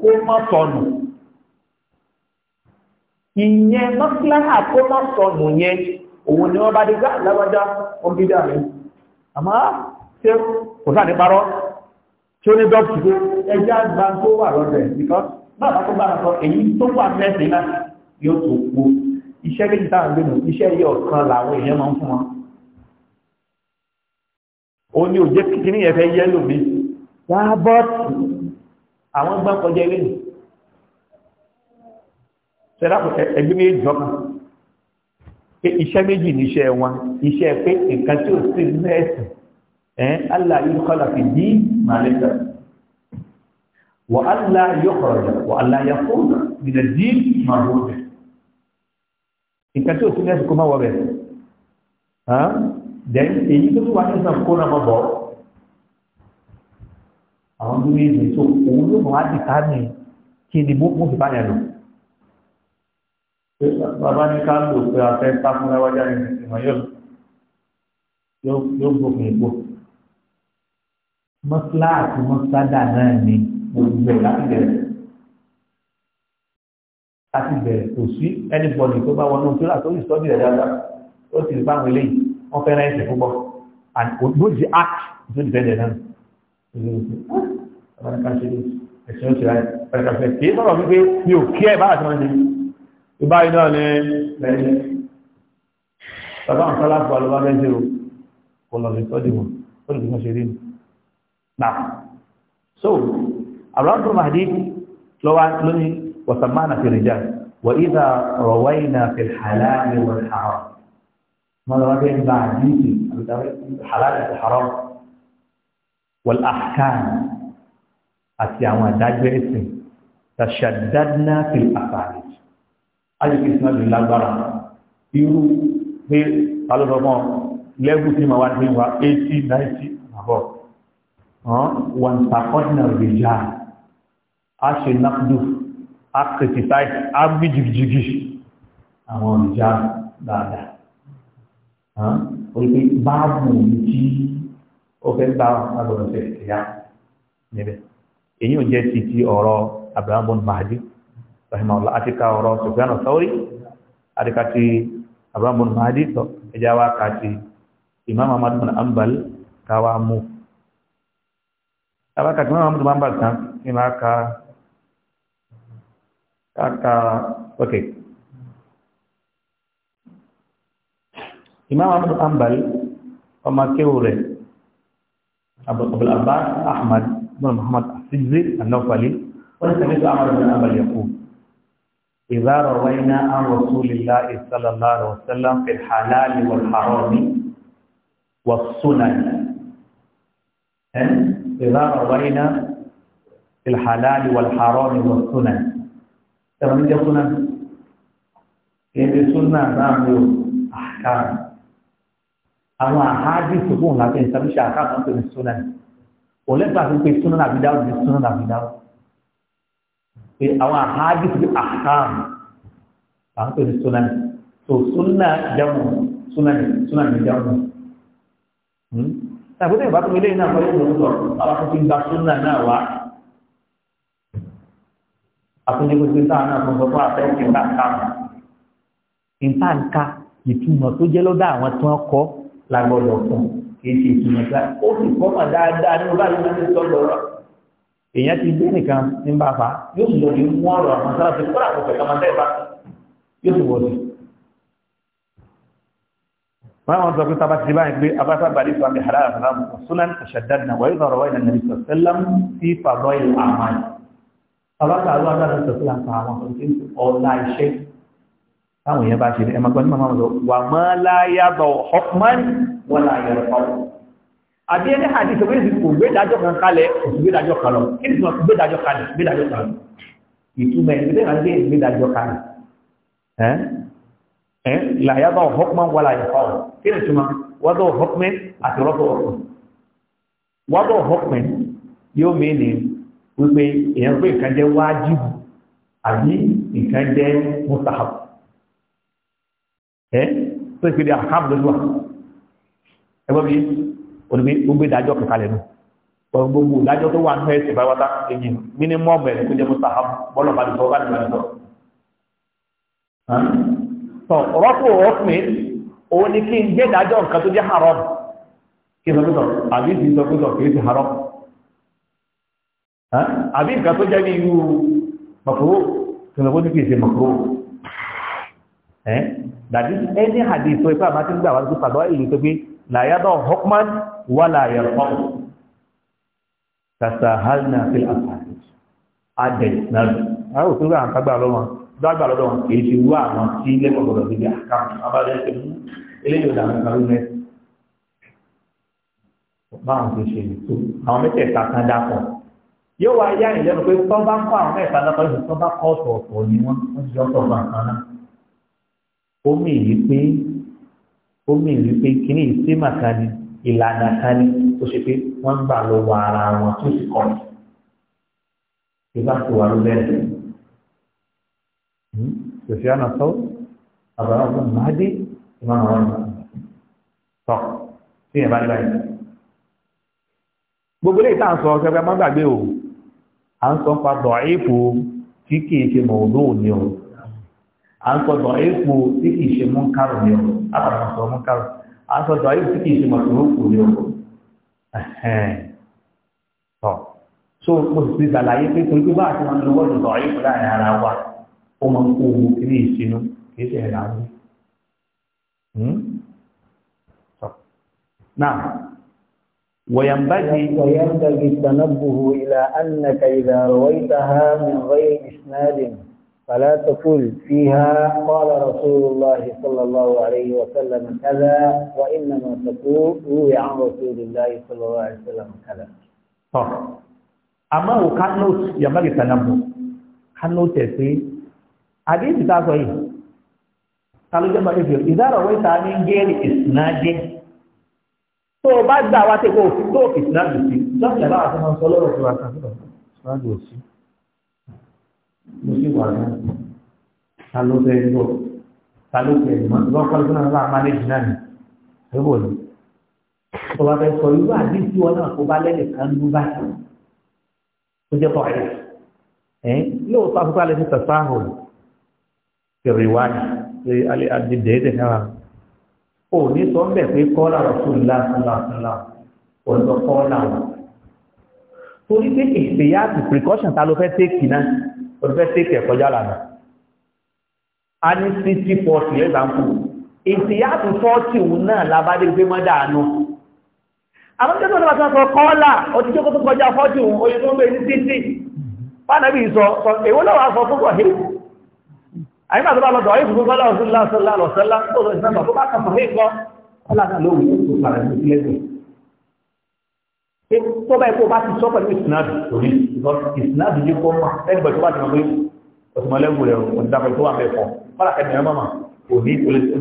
kó má sọnù ìyẹn mọ́síláhà tó mọ́ sọnù yẹn òun ni wọ́n bá dé lábájá ọgbídà rẹ̀ àmọ́ ṣe kò sáà ní parọ́ tí ó ní dọ́pù pé ẹjá gba tó wà lọ́dẹ̀ because bàbá tó bá sọ èyí tó wà mẹ́sìn náà yóò tó kú iṣẹ́ méjì táwọn gbé nù iṣẹ́ yìí ọ̀kan làwọn èèyàn máa ń fún wọn ó ní òjé kíní yẹn sẹ́dáàpù ẹgbẹ́ méjì jọ́kàn pé iṣẹ́ méjì ní iṣẹ́ wọn iṣẹ́ pé nǹkan tí ó sì mẹ́ẹ̀sì ẹ̀ allah yóò kọ́lá fi dí màlẹ́sà wà allah yóò kọ̀rọ̀jà wà allah yà fún nínú dí màlúùbẹ̀ nǹkan tí ó sì mẹ́ẹ̀sì kó má wọ bẹ̀ dẹ̀ èyí tó tún wà ní sàn kó náà mọ̀ bọ̀ àwọn tó méjì tó òun ló mọ̀ á dì ká ní kí ni mo fún ìbáyà náà bàbá ní ká lò pé afẹ́ sáfúnláwájá ní ìmọ̀ yóò gbòkun ìgbò mọ́sálá àti mọ́sádà náà ni gbogbo ẹ̀ láti bẹ̀rẹ̀ láti bẹ̀rẹ̀ kò sí ẹnìbọ̀dì tó bá wọnú tó láti ìsọ́jú rẹ̀ dáadáa ó sì rí fáwọn eléyìí wọ́n fẹ́ràn ẹ̀sìn púpọ̀ and ògbójì act tó ti bẹ̀rẹ̀ náà ẹ̀sìn ó ti ráyè pẹ̀lú kí ẹ bá àti máa ń ṣe yìí ìbáyìí náà ni ẹ̀yìn bàbá ń sọ́lá fún alùbá mẹ́jẹ́ o kò lọ sí tọ́jú wọn ó lè mọ́ ṣe rí nù náà so àbúrò mahdi lọ́wọ́ lónìí wọ̀sánmánà fi rìjà wà ìdá rọ̀wáìnà fi hàlàlì wà hàrọ̀ mọ́ lọ́wọ́ bẹ́ẹ̀ bá àdìsí hàlàlì àti hàrọ̀ wà áhkàn àti àwọn àdájọ́ ẹ̀sìn tàṣàdádná fi àfààní alìkí sinadì lágbára irú pé alọ́dọ̀mọ́ lẹ́gùn tí ma wá ní wa 80 90 àbọ̀ wọn takọ́dínà rèjà a ṣe náàdù a criticize a bí jìgìjìgì àwọn rèjà dáadáa orí báàbù tí ó fẹ́ bá agbọ̀nọ̀sẹ̀ ìyá níbẹ̀ èyí ò jẹ́ ti ti ọ̀rọ̀ Abraham Mahdi rahimahullah àti ka ọ̀rọ̀ sufyan as-sawri àti ka ti abraham bin mahdi sọ ẹja wa imam ahmad bin ambal ka wa mu imam ahmad bin ambal tán ni ma ka imam ahmad bin ambal ọmọ kéwù rẹ̀ abdul abbas ahmad bin muhammad asijzi an-nawfali Oleh sebab itu, tó ahmad bin ambal yaqub إذا روينا عن رسول الله صلى الله عليه وسلم في الحلال والحرام والسنن إذا روينا في الحلال والحرام والسنن تمام يا سنن كيف سنة نعمل أحكام àwọn àhádi ìsòkòhùn láti ìsàbíṣà àkáàtúntò ní sunan òlẹ́gbàá fi pé sunan àbídáwò ní sunan àbídáwò pé àwọn àhádìsì bí àhám à ń pè ní sunan so sunan jamu sunan sunan ní jamu tàbí tó ìbátan ilé náà wọlé ìlú sọ àwọn tó ti ń gba sunan náà wá àtúndégbé pé táwọn náà fún sọfún àfẹ́ òkè ńlá káàmù ìta nǹka ìtumọ̀ tó jẹ́ lọ́dọ̀ àwọn tí wọ́n kọ́ la gbọ́dọ̀ fún kì ìtumọ̀ tí wọ́n kọ́ èèyàn ti gbé nìkan ní bàbá yóò sì lọ bí mú ọ̀rọ̀ àwọn sáláṣí kó làkó fẹ kàmá tẹ̀lé bá yóò sì wọlé. wọn àwọn sọ pé sábà ti báyìí pé abáta bàdí sọ àmì halal haram sunan ṣàdánà wàyí sọ̀rọ̀ wáyé nàní sọ sẹlẹm sí fàbọ ìlú àmàlì. abáta àlọ́ àdáta sọ sílá pa àwọn ọ̀la iṣẹ́ táwọn èèyàn bá ṣe ẹ̀ máa gbọ́ ní màmá wọn àbí ẹni àti ìṣòwò ìsìn kò gbédájọ́ kan kalẹ̀ òsì gbédájọ́ kan lọ kí ni ìtumọ̀ gbédájọ́ kalẹ̀ gbédájọ́ kan lọ ìtumọ̀ ẹni bẹ́ẹ̀ máa gbédájọ́ kalẹ̀ ẹ́ ẹ́ làyàbá ọ̀họ́pọ̀ wà láyà fọ́ kí ni ìtumọ̀ wádọ̀ ọ̀họ́pọ̀ àti rọ́pọ̀ ọ̀họ́ wádọ̀ ọ̀họ́pọ̀ yóò mí ni wípé èèyàn pé nǹkan jẹ́ wájìbù àbí nǹkan jẹ́ mustahab ẹ́ tó ìpínlẹ̀ àhábùdọ́lùwà ẹgbẹ́ onígbé gbogbo ìdájọ́ kankan lẹ́nu ọ̀rọ̀ gbogbo ìdájọ́ tó wà nínú ẹ̀sìn bá wáta èyí mínímọ́ọ̀mù ẹ̀ kó jẹ́ mọ́tà bọ́lọ̀ bá ti sọ bá ti sọ. tọ rọ́pò ọ̀pẹ òun ni kí n gbé ìdájọ́ nǹkan tó jẹ́ haram kí n sọ pé sọ àbí ti sọ pé sọ kì í ti haram àbí nǹkan tó jẹ́ ní irú mọ̀kúrò kí n sọ pé ní kì í ṣe mọ̀kúrò dàbí ẹni àdìsọ ìfẹ́ àbá gbà wá la yadau hukman wa la yarfa'u tasahalna fil asahi ade na awo to ran kagba lo won do agba lo won e ti wa won ti le ko do bi aka aba de se mu ele yo da ka lu ne ba won ti se ni to àwọn mete ta kan da ko yo wa ya ni le pe to ba ko àwọn mẹ́ta na ko to ba ko to to ni wọ́n wọ́n jo to ba kan na o mi yi pe ó mì rí pé kíní ìsímà kan ni ìlànà kan ni tó ṣe pé wọ́n gbà lọ wọ ara wọn tó sì kọ́ ìbá tó wà ló bẹ̀rẹ̀ hmm? bá dé báyìí. gbogbo eléyìí tá à ń sọ ọ̀sẹ̀ pé a máa gbàgbé o à ń sọ nípa dọ̀ à ń sọ dọ̀ ipò tí kì ṣe mú kárò ní ọ̀rọ̀ látàrí sọ mú kárò à ń sọ dọ̀ ipò tí kì í ṣe mọ̀tòrókò ní ọ̀rọ̀ tọ̀ so mo sì ti ṣàlàyé pé torí pé bá àti wọn lọ́wọ́ ìdọ̀ ipò láàrin ara wa ó máa ń kó owó kiri ìṣinú kì í ṣe ẹ̀rọ àwọn نعم وينبغي وينبغي التنبه إلى أنك إذا رويتها من غير إسناد فلا تقول فيها قال رسول الله صلى الله عليه وسلم كذا وإنما تقول روي عن رسول الله صلى الله عليه وسلم كذا طب أما هو كان نوت ينبغي تنبه كان نوت يسي حديث تاسو قالوا جمع إفير إذا رويت عن غير إسناد tó o bá gbà wá tẹ́kọ̀ọ́ tó o fi sinadu sí lọ́sẹ̀ láwọn àti mo sì wà lọ ta ló fẹ́ lọ ta ló fẹ́ mọ lọkọ ló náà máa máa léjì náà ni ẹwọ ni tó bá fẹ́ sọ irú àdéhùn wọn náà kó bá lẹ́nu kan ló bá tó ó jẹ kọ ẹ ẹ yóò fa akókò alẹ ti àhùn kiri wáyé ṣe alẹ adi dèédè náà ò ní sọ bẹ́ẹ̀ pé kọ́lá rọ̀ṣùlá ṣùlá ò ní sọ kọ́lá wọn torí pé èsì yá àti precaution ta ló fẹ́ tẹ́kì náà òṣìṣẹ́ tètè kọjá lànà a ní sixty forty example ìsìyàtò tọ́ọ̀tì òun náà labádé gbé mọ́ dànù àwọn tó tọ́lá tó sọ kọ́ọ́là òtítọ́ tó kọjá fọ́ọ̀tì òun oye tó ń bẹ ní títì fánàbí sọ èwo lọ́wọ́ sọ fún ọ̀hìn àyíká tó bá lọ dọ̀ ìfún fọ́lá ọ̀sán lọ́sọ́lá lọ́sọ́lá tó sọ ìsìnàbà tó bá kà sọ fún ìkọ́ kọ́lá náà lóòrùn tó fara ní ilé pé tó bá ẹ̀kọ́ bá ti sọ pẹ̀lú ìsìnàdì torí ìsìnàdì yìí kọ́ mọ́ ẹgbẹ̀ tó bá ti mọ̀ pé ọ̀tùmọ̀lẹ́gùn rẹ̀ ọ̀dàpẹ̀ tó wà mẹ́fọ́ fọ́lá kẹ́mẹ̀ ọmọ mà kò ní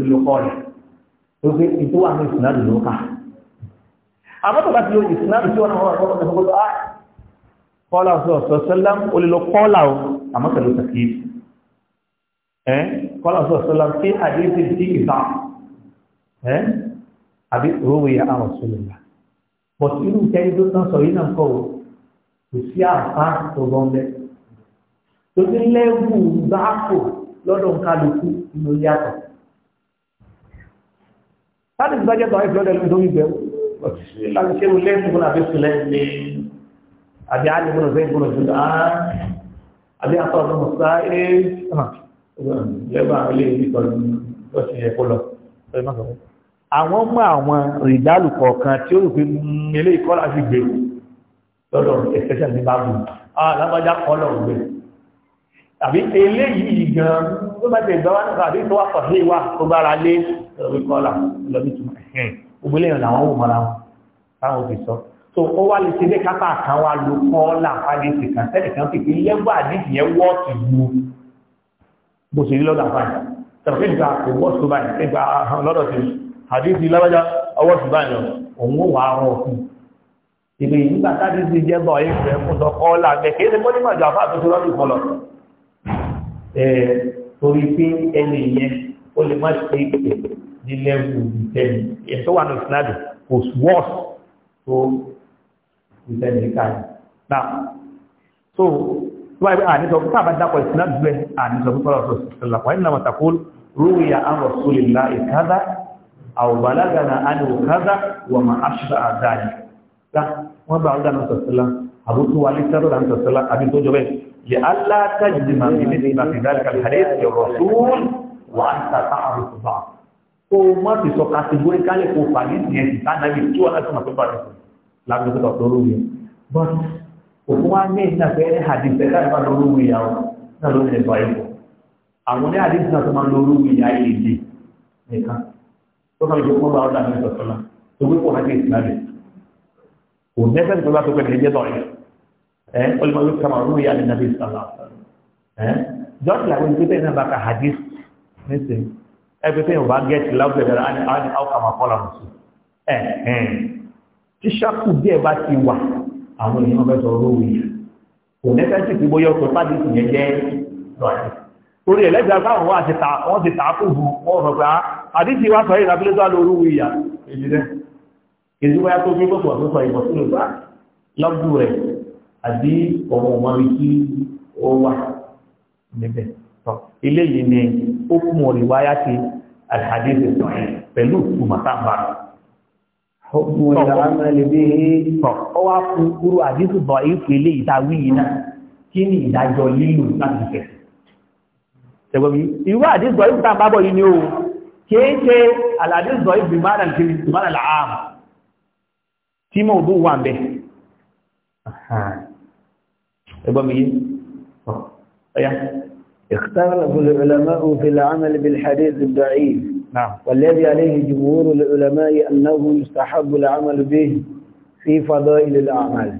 olùkọ́ rẹ̀ tó pé ìtò wà ní ìsìnàdì ló kà. àmọ́ tó bá ti lo ìsìnàdì tí wọ́n náà wọ́n ah, fọ́ kọ́lá ọ̀sọ̀ sọ́lá olùlọ kọ́lá o àmọ́ pẹ̀lú tàkì ẹ́ kọ́lá ọ̀sọ̀ sọ́lá but irú tẹ́lẹ̀ tó tán sọ yìí náà kọ́ o kò sí àbá tó bọ́ ńlẹ̀ tó ti lẹ́wù báàkò lọ́dọ̀ nkálukú ló yàtọ̀ láti ti bájẹ́ tó àyè lọ́dọ̀ ẹ̀lú ìdómi bẹ̀rù láti ṣe wọlé ìfúnná àbí sílẹ̀ ní àbí àlùmọ́nà fẹ́ ìfúnná sí i àbí àtọ̀ ọ̀dọ́ mọ̀sá ẹ̀ lẹ́gbàá ilé ìdíkọ̀ lọ́sẹ̀ ẹ̀kọ́ lọ àwọn mọ́ àwọn ìdálù kọ̀ọ̀kan tí ó rò pé ilé mm, ìkọ́lá sí gbé lọ́dọ̀ ẹ̀fẹ́sẹ̀ ní bá gùn alábájá ah, kọ́lọ̀ gbé tàbí eléyìí gan ló bá tẹ̀ ìgbọ́wà náà tàbí tó wà pàṣẹ ìwà tó bára lé ìkọ́lá lọ́bí tó ògbélé ìrìn le òun mọ́ra wọn táwọn ti sọ so ó wá lè ṣe lé kápá kan wá lo kọ́lá fàdíìsì kan sẹ́lẹ̀ kan fi pé lẹ́gbà àdíjì yẹn wọ́ọ̀tì lu bó ṣe rí lọ́dọ̀ àfáàjà tẹ̀wọ́n nígbà kò wọ́ọ̀tì tó báyìí nígbà lọ́dọ̀ ti àdífi lábájá ọwọ́ sí báyìí òun ó wà rọ̀ fún ìgbè nígbà táti ti jẹ́ bọ̀ ayé rẹ̀ fún ọkọ̀ lábẹ́ kìí ṣe mọ́ nígbà jù àfáà tó tó lọ́dún kan lọ torí pé ẹni yẹn ó lè má ṣe ìpè ní lẹ́wù ìtẹ́ni ẹ̀tọ́ wà ní ìsinadì kò wọ́s tó ìtẹ́ni káyì náà so tó báyìí àní sọ fún أو بلغنا أنه كذا وما أشبع ذلك لا ما بعد أن تصل أبو طوالي سر أن تصل أبي توجب لألا تجزم بمثل في ذلك الحديث الرسول وأنت تعرف بعض وما في سو كاتيجوري كالي كو فاليس ني كان نبي تو انا كما تو بالي لا بده تو ضروري بس وكما ني نا غير حديث كان ما ضروري يا نا ضروري بايبو àwọn ní àdíjìnà tó máa lórú ìyá ilé nìkan tó sọ ìjọba ọba ọdún àti ìsọsọlá tó gbé kóhà sí ìsìlámù kò nẹsẹ nípa bá tó pẹ nìyẹn dọrin ẹ olùmọlú kama ọdún yà ní nàbí ìsàlá ẹ jọsí làwọn ìgbé bẹ́ẹ̀ náà bá ka hadith nísì ẹgbẹ tẹyìn ọba gẹẹsì láwùjọ dára á ní á ní àwòkàmà kọlà mùsùn ẹ ẹ tíṣàkù díẹ̀ bá ti wà àwọn èèyàn bẹ sọ olówó yìí kò nẹsẹ torí ẹ̀lẹ́gbẹ̀ agbáwọn wá ti tàà wọ́n ti tàà kò bù wọ́n rọ̀ pé ah, àdíjì wá sọ ìrìnà pílẹ́tọ́ lórí ìyà èjìdẹ́ ìjúwáyá tó gbé gbọ́sọ̀ tó sọ ìbọ̀sílò bá lọ́gbù rẹ̀ àbí ọmọ ọmọrí kí ó wà níbẹ̀ tọ́ ilé yìí ni ó kún orí wáyá ti alhadith sọ̀rọ̀ pẹ̀lú kùmọ̀tàbà ọwá fún gúrú àdíjì bọ̀ ìfẹ́ ilé ìtawí yìí náà kí ni ìdájọ́ lílù láti fẹ̀sẹ̀ tẹ̀wọ̀mí ìwọ́ àdíṣọ́ ìpùtà bábọ̀ yìí ni ó kéèké àlàdíṣọ́ ìbìmọ́nà kiri ìbìmọ́nà làámù tí mọ̀ òdó wà bẹ́ yìí اختلف العلماء في العمل بالحديث الضعيف نعم والذي عليه جمهور العلماء أنه يستحب العمل به في فضائل الأعمال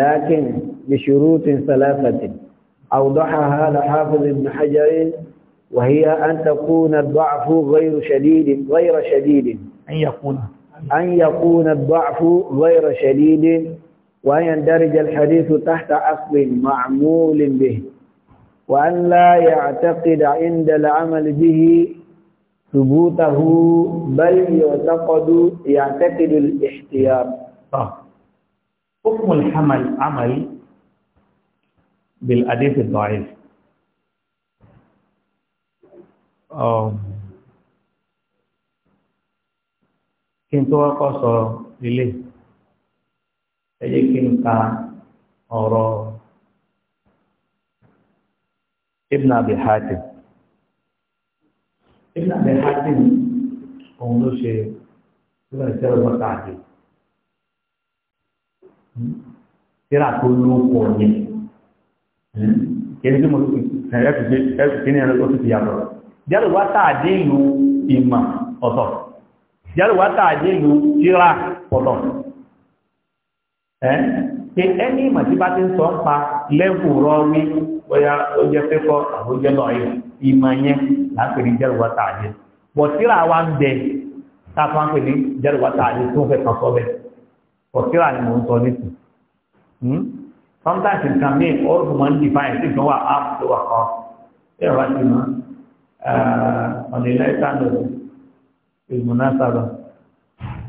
لكن بشروط ثلاثة أوضحها لحافظ ابن حجر وهي أن تكون الضعف غير شديد غير شديد أن يكون أن يكون الضعف غير شديد وأن يندرج الحديث تحت أصل معمول به وأن لا يعتقد عند العمل به ثبوته بل يعتقد يعتقد الاحتياط آه. حكم الحمل عمل بالحديث الضعيف um, kí n tó kọ́kọ́ sọ ilé ẹ jẹ́ kí n ka ọ̀rọ̀ ibn abi hatim ibn abi hatim òun ló ṣe ìgbà ìṣẹ́rọ̀ bọ́ta àdé tíra tó lóko yẹn. kẹ́ni tí mo kíní ya yàtọ̀ jẹ́rù wá tààdé ọ̀tọ̀ jẹ́rù wá tíra ọ̀tọ̀ ẹ́ pé ẹni bá ti ń sọ ń pa lẹ́kùn rọrí ó jẹ́ pẹ́kọ́ àbójẹ́ náà yìí ìmọ̀ yẹn láti ní jẹ́rù tíra wa ń bẹ táfà ń pè ní jẹ́rù tó fẹ́ sometimes nǹkan míì ó rò mọ́ ní divine tí nǹkan wà up tó wà kọ́ bí ọ̀rọ̀ ti mọ́ ọ̀nà ilẹ̀ ìtànà ìgbìmọ̀nà sábà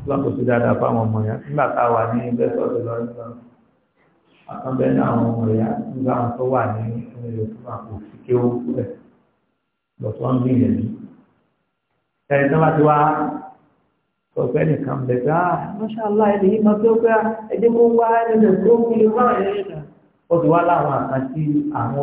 lọ́kùn sí dáadáa fáwọn ọmọ yẹn nígbà tá a wà ní ilé sọ́ọ̀tì lọ́sọ̀ àkànbẹ́ ní àwọn ọmọ yẹn nígbà tó wà ní ilé tó wà kò sí rẹ̀ lọ́tọ́ ń gbìyànjú. ẹ̀rí tí wọ́n ti wá ọ̀fẹ́ nìkan bẹ̀ dáa mọ́ṣálá ilé yìí máa tó gbá ẹjẹ́ kó wá ẹni lè kó wí lè wá ẹ̀yẹ́ náà ó ti wá láwọn àkàn tí àwọn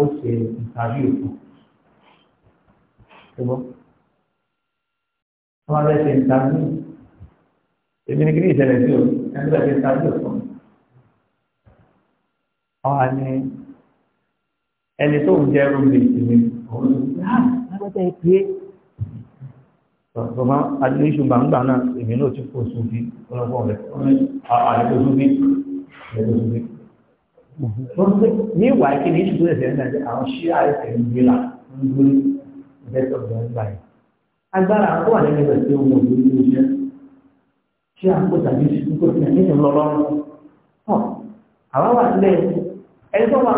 ó tọ̀tọ̀má adíléṣù gbangba náà èmi náà ti kó sóbi ọlọ́pọ̀ rẹ̀ àyẹ̀kó sóbi àyẹ̀kó sóbi. ní ìwà ìkí ní ìṣùgbọ́n ẹ̀sẹ̀ náà ṣe àwọn ṣí àìsàn ń gbé là ń gbórí ìdẹ́tọ̀ gbangba yìí. agbára àwọn wà nínú ẹ̀sẹ̀ ohun ọ̀gbìn ní iṣẹ́ ṣé àpò tàbí ìṣùkò sí ẹ̀yìn lọ́lọ́run. àwọn wà sílẹ̀ ẹni tó máa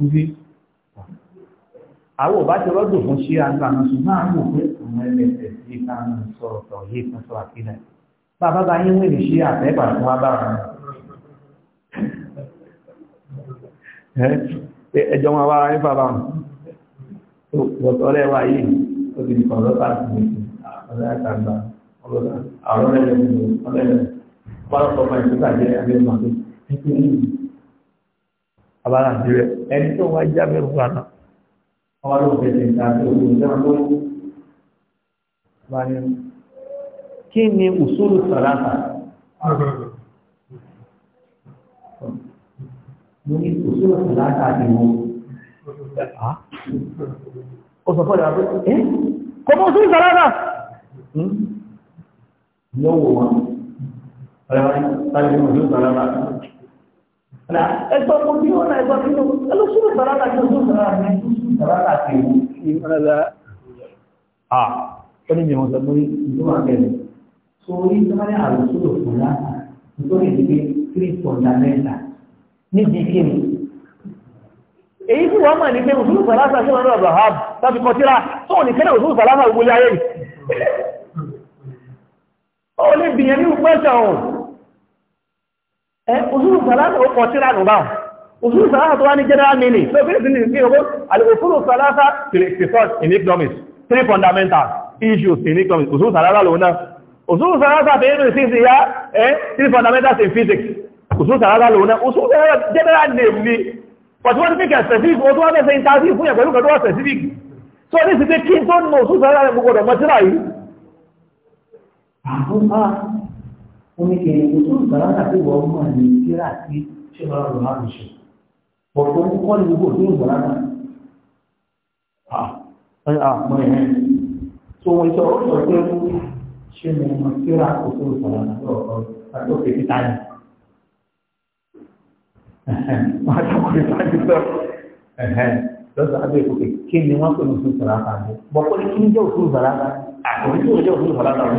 ń àwọn ò ti rọ́dò fún ṣí àgbà náà ṣùgbọ́n àwọn pé àwọn ẹlẹ́sẹ̀ sí káàmù sọ̀rọ̀ yìí fún sọ àkílẹ̀ bàbá bá yín wèrè ṣí àtẹ́gbà fún wa bára ẹjọ́ wọn wá ní bàbá wọn lọ́tọ́ rẹ̀ wá yìí ó ti di kan lọ́tà sí ọ̀rẹ́ àtàgbà ọlọ́tà àwọn ọ̀rẹ́ rẹ̀ ọ̀rẹ́ rẹ̀ pálọ̀pọ̀ máa ń tó tàjẹ́ abẹ́rẹ́ màdó ẹni tó wá jábẹ́rù wa náà àwọn olóògbé ti ń ta sí ojú ìjọba tó ń bá ní. kí ni usulu salata? mo ní usulu salata ti wo. ó sọ fọ́ọ̀dà pé ẹ́ kò mọ usulu salata. yóò wò wọn. ọ̀rẹ́ wa ní sáré ní usulu salata. Nah, ẹgbẹ́ ọmọdé wọn náà ẹgbẹ́ ọmọdé wọn, ẹlọ́sùn ìbára láti ọdún ìbára láti ìbára láti ìbára láti ah, ó ní ìwọ̀n sọmọ ìlú àgbẹ̀rẹ̀. So, orí sọ́mọ́lẹ́ àlùsùn òfin láta, nítorí ìdíje three fundamental níbi kíni. Èyí tí wọ́n mọ̀ ní pé òṣùlù Fàlásà sí wọn lọ́dọ̀ Hab tàbí Kọtíra, tó ò ní kẹ́lẹ̀ òṣùlù Fàlásà gbogbo ayé yìí. Ó lè bìyànjú pẹ́sàn òṣùrù sàlátà ó kọ̀ síra nù báwọn òṣùrù sàlátà tó wá ní general meaning so fílẹ̀ sí ní ọgbọ́ òṣùrù sàlátà till economics in economics three fundamental issues in economics òṣùrù sàlátà lòun náà òṣùrù sàlátà tó yẹ́nu sí ìyá three fundamentals in physics òṣùrù sàlátà lòun náà òṣùrù sàlátà general name ni but wọ́n ti fi kẹ̀ specific o tó wá fẹ́ sẹ́ interview fún yẹn pẹ̀lú oníkèrè kò tó ìgbà láti àtìwọ̀ ọmọ ní kíra àti ṣẹ́wọ́n lọ máa ń ṣe pọ̀pọ̀ ń kọ́ ní gbogbo tó ìgbà láti àpọ̀ ẹ̀ tó wọ́n sọ ọ́ pé ṣé mo mọ kíra kò tó ìgbà láti ọ̀rọ̀ àti òkè títà ni wọ́n á dákọ̀ ìgbà láti sọ lọ́sọ̀ abẹ́ ìkókè kí ni wọ́n pè ní òṣù sàràkà ní bọ̀pọ̀ ní kí ni jẹ́ òṣù sàràkà àkòrí tí ó jẹ́ òṣù sàràkà ní.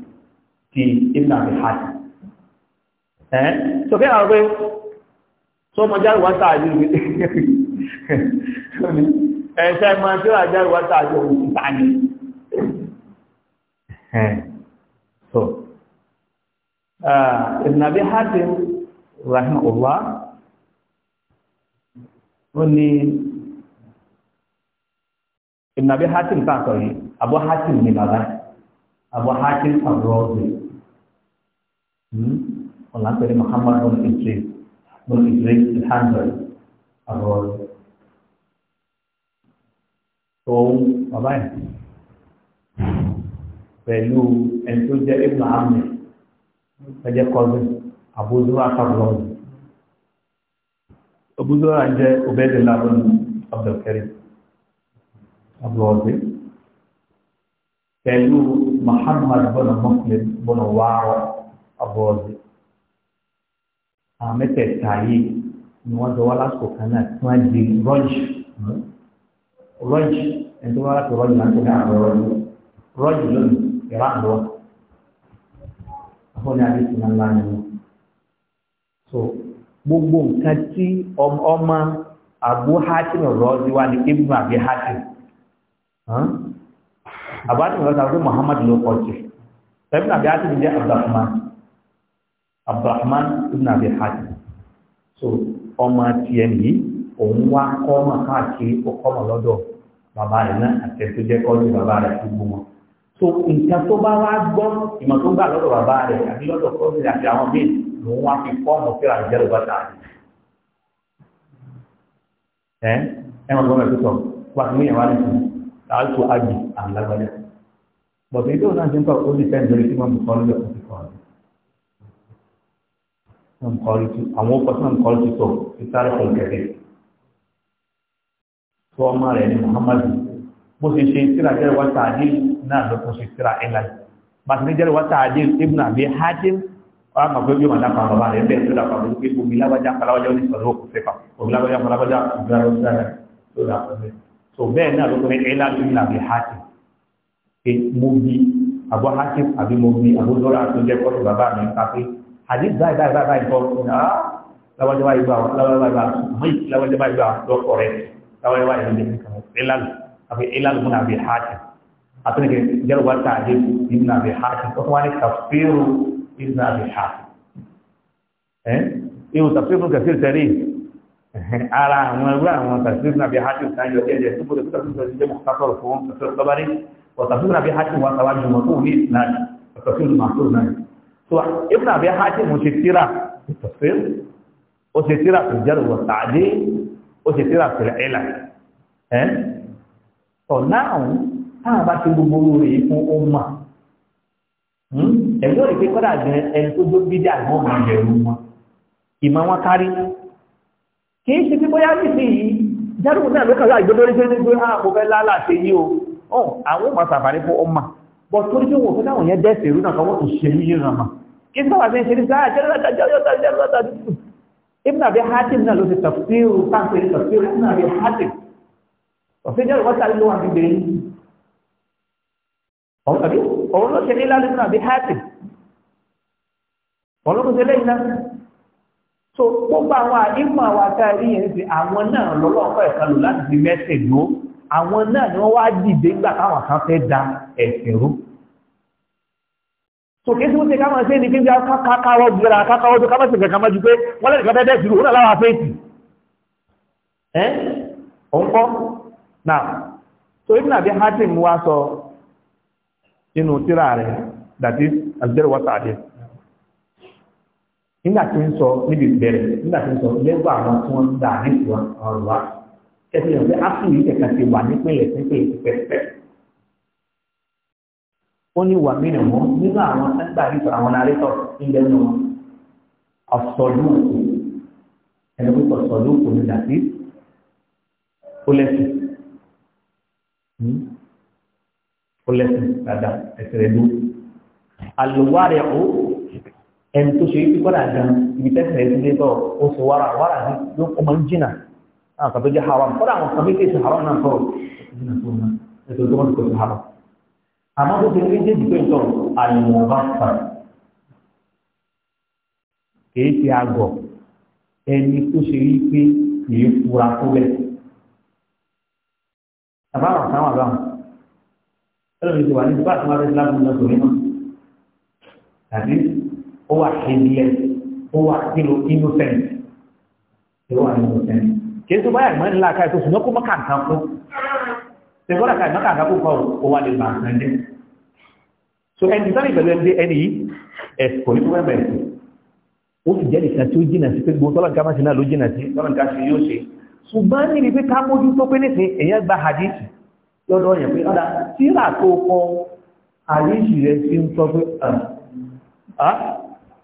Di ibn abi hajj ẹ́ tó kí àwọn pé tó mọ járuwá sáàjú rí ẹ̀ṣẹ́ mọ tí ó rà járuwá sáàjú òun ti ta ni so ibn abi hajj rahimahullah ó ní ibn abi hajj ń tàn sọ yìí abu hajj ní bàbá Abu Hatim Al-Razi ọ̀làn hmm? pẹ̀lú Muhammad bin Idris bin Idris Al-Hanbali Al-Razi òun bàbá yìí pẹ̀lú ẹni tó jẹ́ Ibn Amr ẹjẹ́ kọ́sìn Abu Zur'a Al-Razi Abu Zur'a jẹ́ Ubaydullah bin Abdul Karim Al-Razi. pẹ̀lú Muhammad bọ́nà Muslim bọ́nà wàárọ̀ abọ́ọ̀dì. àwọn yìí ni wọ́n jọ wá lásìkò kan náà tí wọ́n di rọ́jì rọ́jì ẹni tó wá láti rọ́jì láti ní àárọ̀ rọ́jì rọ́jì lónìí ní adé sinmi ńlá nínú. so gbogbo nǹkan tí ọmọ wá ní àbátìmù lọ́ta pé muhammad ló kọ́ jù ibn abi hatim jẹ́ abdulrahman abdulrahman ibn abi hatim so ọmọ tiẹ̀ nìyí òun wá kọ́mọ káàkiri ó kọ́mọ lọ́dọ̀ bàbá rẹ̀ náà àti ẹ̀tọ́ jẹ́ kọ́jú bàbá rẹ̀ gbogbo wọn so nǹkan tó bá wá gbọ́ ìmọ̀ tó gbà lọ́dọ̀ bàbá rẹ̀ àbí lọ́dọ̀ kọ́jú àti àwọn míì lòun wá fi fọ́ọ̀mù fẹ́ra ìjẹ́rù bàtà rẹ̀ ẹ ẹ wọn gbọ́ mẹ́tò sọ wà fún yẹn wá nìkan láàtò àgbì àlágbájá bọ̀dé tó náà ti ń kọ́ ó sì fẹ́ẹ̀ lórí tí wọ́n mú kọ́ lórí ọ̀sán ti kọ́ ọ́ wọ́n kọ́ lórí tí àwọn ọkọ̀ tí wọ́n kọ́ lórí tó ti sáré kọ́ gẹ̀rẹ́ tó ọmọ rẹ̀ ní Muhammadu bó ṣe ṣe tíra jẹ́rìí wá tààdé náà ló tún ṣe tíra ẹ̀ láì bá ti ní jẹ́rìí wá tààdé ibùn àbí hajim wọ́n á mọ̀ pé bí wọ́n dápa bàbá rẹ̀ bẹ́ẹ̀ tó dápa pé omi lábájá palábájá ó ní sọ̀rọ̀ òkú tó bẹ́ẹ̀ náà ló pẹ́ ẹ̀lá tó ní àbí hati pé mo bí àbọ̀ hati àbí mo bí àbọ̀ lọ́rọ̀ àti oúnjẹ kọ́ sí bàbá mi nípa pé àdé báyìí báyìí báyìí báyìí bọ́ láwájá báyìí bá láwájá báyìí bá lọ́kọ̀ rẹ̀ láwájá báyìí ló dé ẹ̀lá àbí ẹ̀lá ló múnà àbí hati àtúnkẹ́ jẹ́rù wá tààdé ìdínà àbí hati ó tún wá ní kàfíìrù ìdínà àbí hati. ẹ̀ ìhùn tàfíìrù kàfíìrù tẹ̀lé ara àwọn ẹrú àwọn tàṣírí nàbí hajj sáyọ ẹ̀jẹ̀ tó bọ̀dọ̀ tó tàṣírí jẹ́ mọ̀kátọ̀rọ̀ fún tàṣírí tọ́bárí ọ̀tàṣírí nàbí hajj wà sáwájú mọ̀ tó ní ìsìnàjì ọ̀tàṣírí màṣúr náà so ibn abi hajj mo ṣe tírà tafsir ó ṣe tírà tó jẹ́rù wọ̀ tàdé ó ṣe tírà tó rẹ̀ ẹ̀là ẹ̀ ọ̀ náà táwọn bá ṣe gbogbo rẹ̀ fún ó mà ẹ̀gbọ́n ìpínkọ́dà kì í ṣe pé bóyá nìsí yìí jẹ́rù náà ló kàrà ìgbẹ́lórí pé nígbé ààbò ah, fẹ́ lálà ṣe yí o ọ̀hún àwọn ò máa sàfàrí fún ọmọ bọ̀ torí pé wọ́n fẹ́ táwọn yẹn dẹ́sẹ̀ ìrú náà kọ́wọ́ tó ṣe ní yìí ràn mà kí sábà fi ń ṣe ní sáà ah, jẹ́rọ̀ta jẹ́rọ̀ta jẹ́rọ̀ta ibùdó àbí hatim náà ló ti tafsiru táǹpé ní tafsiru ibùdó àbí hatim òfin jẹ́rù wọ́n sáré ló wà níbi èyí ọ̀hún ló ṣe ní lálẹ́ ibùdó àbí hatim ọ̀hún ló ṣe lẹ́yìn náà so gbogbo àwọn àdínkù àwọn àtàrí yẹn àwọn náà lọ́lọ́pọ̀ ẹ̀ka láti fi mẹ́sẹ̀ ló àwọn náà ni wọ́n wá dìde gbà kan fẹ́ da ẹ̀sìn so kí símú ti ká máa ṣe ní kíndí kákáwọ́ tó máa ju pé wọ́n náà láwọn afẹ́ẹ̀tì ẹ́ so ibi nàbí hatim sọ inú tíra rẹ̀ nígbà tí ń sọ níbi ìbẹ̀rẹ̀ nígbà tí ń sọ lẹ́gbọ́ àwọn tí wọ́n ń gbà ní ìwà ọ̀rọ̀ wa kẹsì yẹn pé ápù yìí kẹ̀kẹ́ ti wà nípìnlẹ̀ nípìnlẹ̀ pẹ̀pẹ̀. wọ́n ní wà mìíràn mọ́ nínú àwọn sẹ́ńtà yìí sọ̀rọ̀ àwọn arétọ̀ nílẹ̀ nù ọ̀sọ̀lùkù ẹni pé ọ̀sọ̀lùkù ni dàbí ó lẹ́sìn hmm? ó lẹ́sìn dáadáa ẹ̀sẹ̀ rẹ̀ dún ẹni tó ṣe é kíkọ́ náà gan ibi tẹ́sán ẹ̀sìn lé tọ́ ó ṣe wàrà wàrà ní ló kọ́ máa ń jìnà àwọn kan tó jẹ́ haram kọ́dà àwọn kan méjèèjì haram náà kọ́ jìnà tó ná ètò tó wọ́n ti kọ́ sí haram. àmọ́ tó ṣe méjèèjì pé tọ́ àyẹ̀wò bá fà kì í àgọ̀ ẹni tó ṣe é pé kì fura tó bẹ̀. bàbá kan wà báwọn ẹlòmíràn ti wà ní bá àti ìlànà ìlànà ó wà headless ó wà kílò innocent ó wà innocent kì í tó báyà ìmọ̀ nílá ká ètò ṣùgbọ́n kó mọ́kà nǹkan fún ṣègbọ́dà ká ìmọ̀kà nǹkan fún kọ́ ó wà lè bà nǹkan jẹ́ so ẹni sáré pẹ̀lú ẹni ẹni yìí ẹ̀kọ́ yìí tó wẹ́ bẹ̀rẹ̀ ó sì jẹ́ nìkan tí ó jìnà sí pé gbogbo tọ́lọ́nkà máa ṣe náà ló jìnà sí tọ́lọ́nkà ṣe yóò ṣe ṣùgbọ́n níbi pé ká mójú tó pé nísìn èèyàn gba hadith lọ́dọ̀ yẹn pé ọ̀dà tíra tó kọ àríṣì rẹ̀ ti ń sọ pé ah, ah,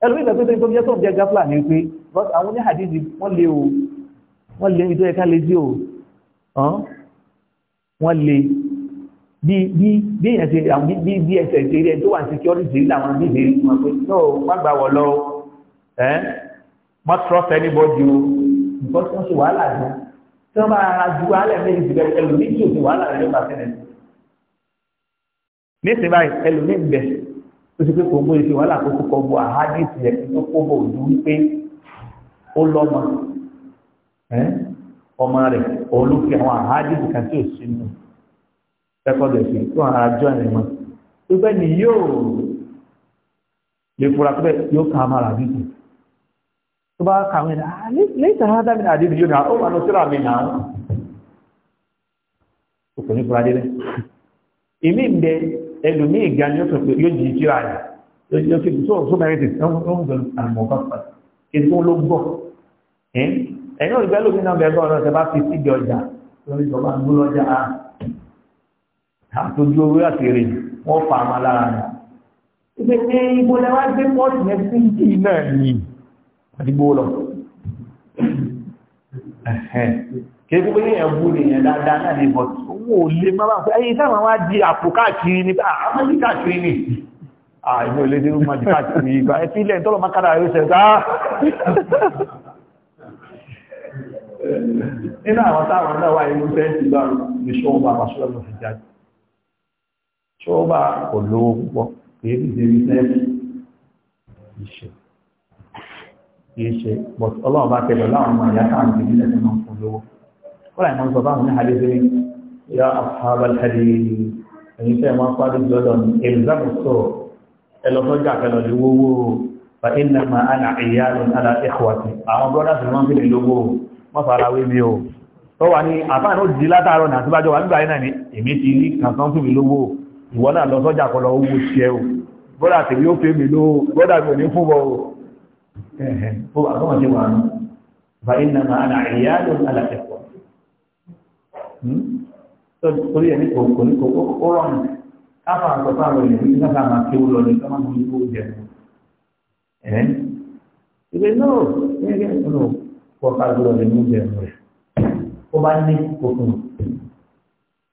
ẹlòmí ìgbà pé tó ń jẹ́ tó ń jẹ́ gáfúlà ní pé àwọn ní hadithi wọ́n lé o wọ́n lé nítorí ká o wọ́n lé bí bí bí èèyàn ṣe àwọn bí bí ẹsẹ̀ ṣe rí ẹ tó wà ní security ṣe rí làwọn bí ṣe rí wọn pé no má gbà wọ̀ lọ ẹ má trust anybody o nǹkan tí wọ́n ṣe wàhálà jù tí wọ́n bá ara ju alẹ́ ó sì pé gbogbo ìṣe wàhálà tó ti kọ́ bu àhádìsì yẹn tó kó bò ojú wípé ó lọ́mọ ọmọ rẹ̀ òun àwọn àhádìsì kan tí ò sí nù rẹ́kọ̀dù ẹ̀sìn tó àwọn àjọ ẹ̀rìn mọ́ pípẹ́ ni yóò lè fura pé yóò kà á máa rà dídì tó bá kàwé ah, ní lẹ́yìn tàhán dámì ní àdébì yóò ní àwọn ọmọ síra mi nà án kò ní fura dé ìmí ń bẹ ẹlòmí ìgbà ni yóò pè yóò jì kíra rẹ̀ yóò fi so so mẹ́rin tètè ó ń gbẹ̀rù àmọ̀ pápá ètò ló gbọ́ ẹ̀yìn òrìgbẹ́ lómi náà bẹ̀rẹ̀ ọ̀rọ̀ tẹ bá fi síbi ọjà lórí ìjọba ń gbó lọ́jà á àtòjú owó àtèrè wọ́n fà á máa lára rẹ̀. ìgbẹ́ ṣe ibo lẹ kéèkú pé ẹ̀bù èèyàn dáadáa náà ní bọ̀t owó olè máa bá ẹ̀yìn sáàmà wá di àpò káàkiri ní àmọ́lì ah, káàkiri ní àìmọ́ ah, ilé tí ó máa di káàkiri ìgbà ẹ̀fí ilẹ̀ tọ́lọ mákàrà yóò ṣẹ̀ sáà ah. nínú àwọn táwọn náà wá inú fẹ́ ti gbà ní ṣọ́ọ̀bà àbáṣọ́lọ́mù fi jáde ṣọ́ọ̀bà kò lówó púpọ̀ kéèkú ti ọlọ́run bá tẹ̀lé láwọn ọmọ ìyá káàkiri nílẹ̀ tó máa kọ́lá ìmọ̀ sọ fáwọn oníhàdé pé ya àfàbàlhàdé ẹ̀yìn tẹ́ wọ́n pàdé lọ́dọ̀ ní ẹ̀lùzámù sọ ẹlọ́sọ́jà kẹlọ̀ lè wówó fa iná ma a nà ìyálò ala ẹ̀kọ́wàtí àwọn bọ́dá sì wọ́n fìlè lówó wọ́n fara wé mi o tó wà ní àfáà ní ó di látàárọ̀ náà tó bá jọ wà nígbà yẹn náà ni èmi ti rí kàǹkan fún mi lówó ìwọ náà lọ́sọ́jà kọlọ̀ owó tiẹ̀ o bọ́dà tèmi ó mi lówó bọ́dà mi ní fún bọ́ o ẹ̀hẹ̀ fún àkọ́mọ̀ sí wà ní fa iná ma a nà ìyálò ala ẹ̀kọ́ Hmm? torí ẹni kò kò ní kò kó rọrùn káfà àtọ́fà rẹ̀ lè fi káfà máa kéwú lọ ní káfà máa kéwú jẹ ẹ ìgbẹ́ náà ní ẹgbẹ́ ìpinnu kọ́ ká lọ lè mú jẹ rẹ̀ kó bá ní kókó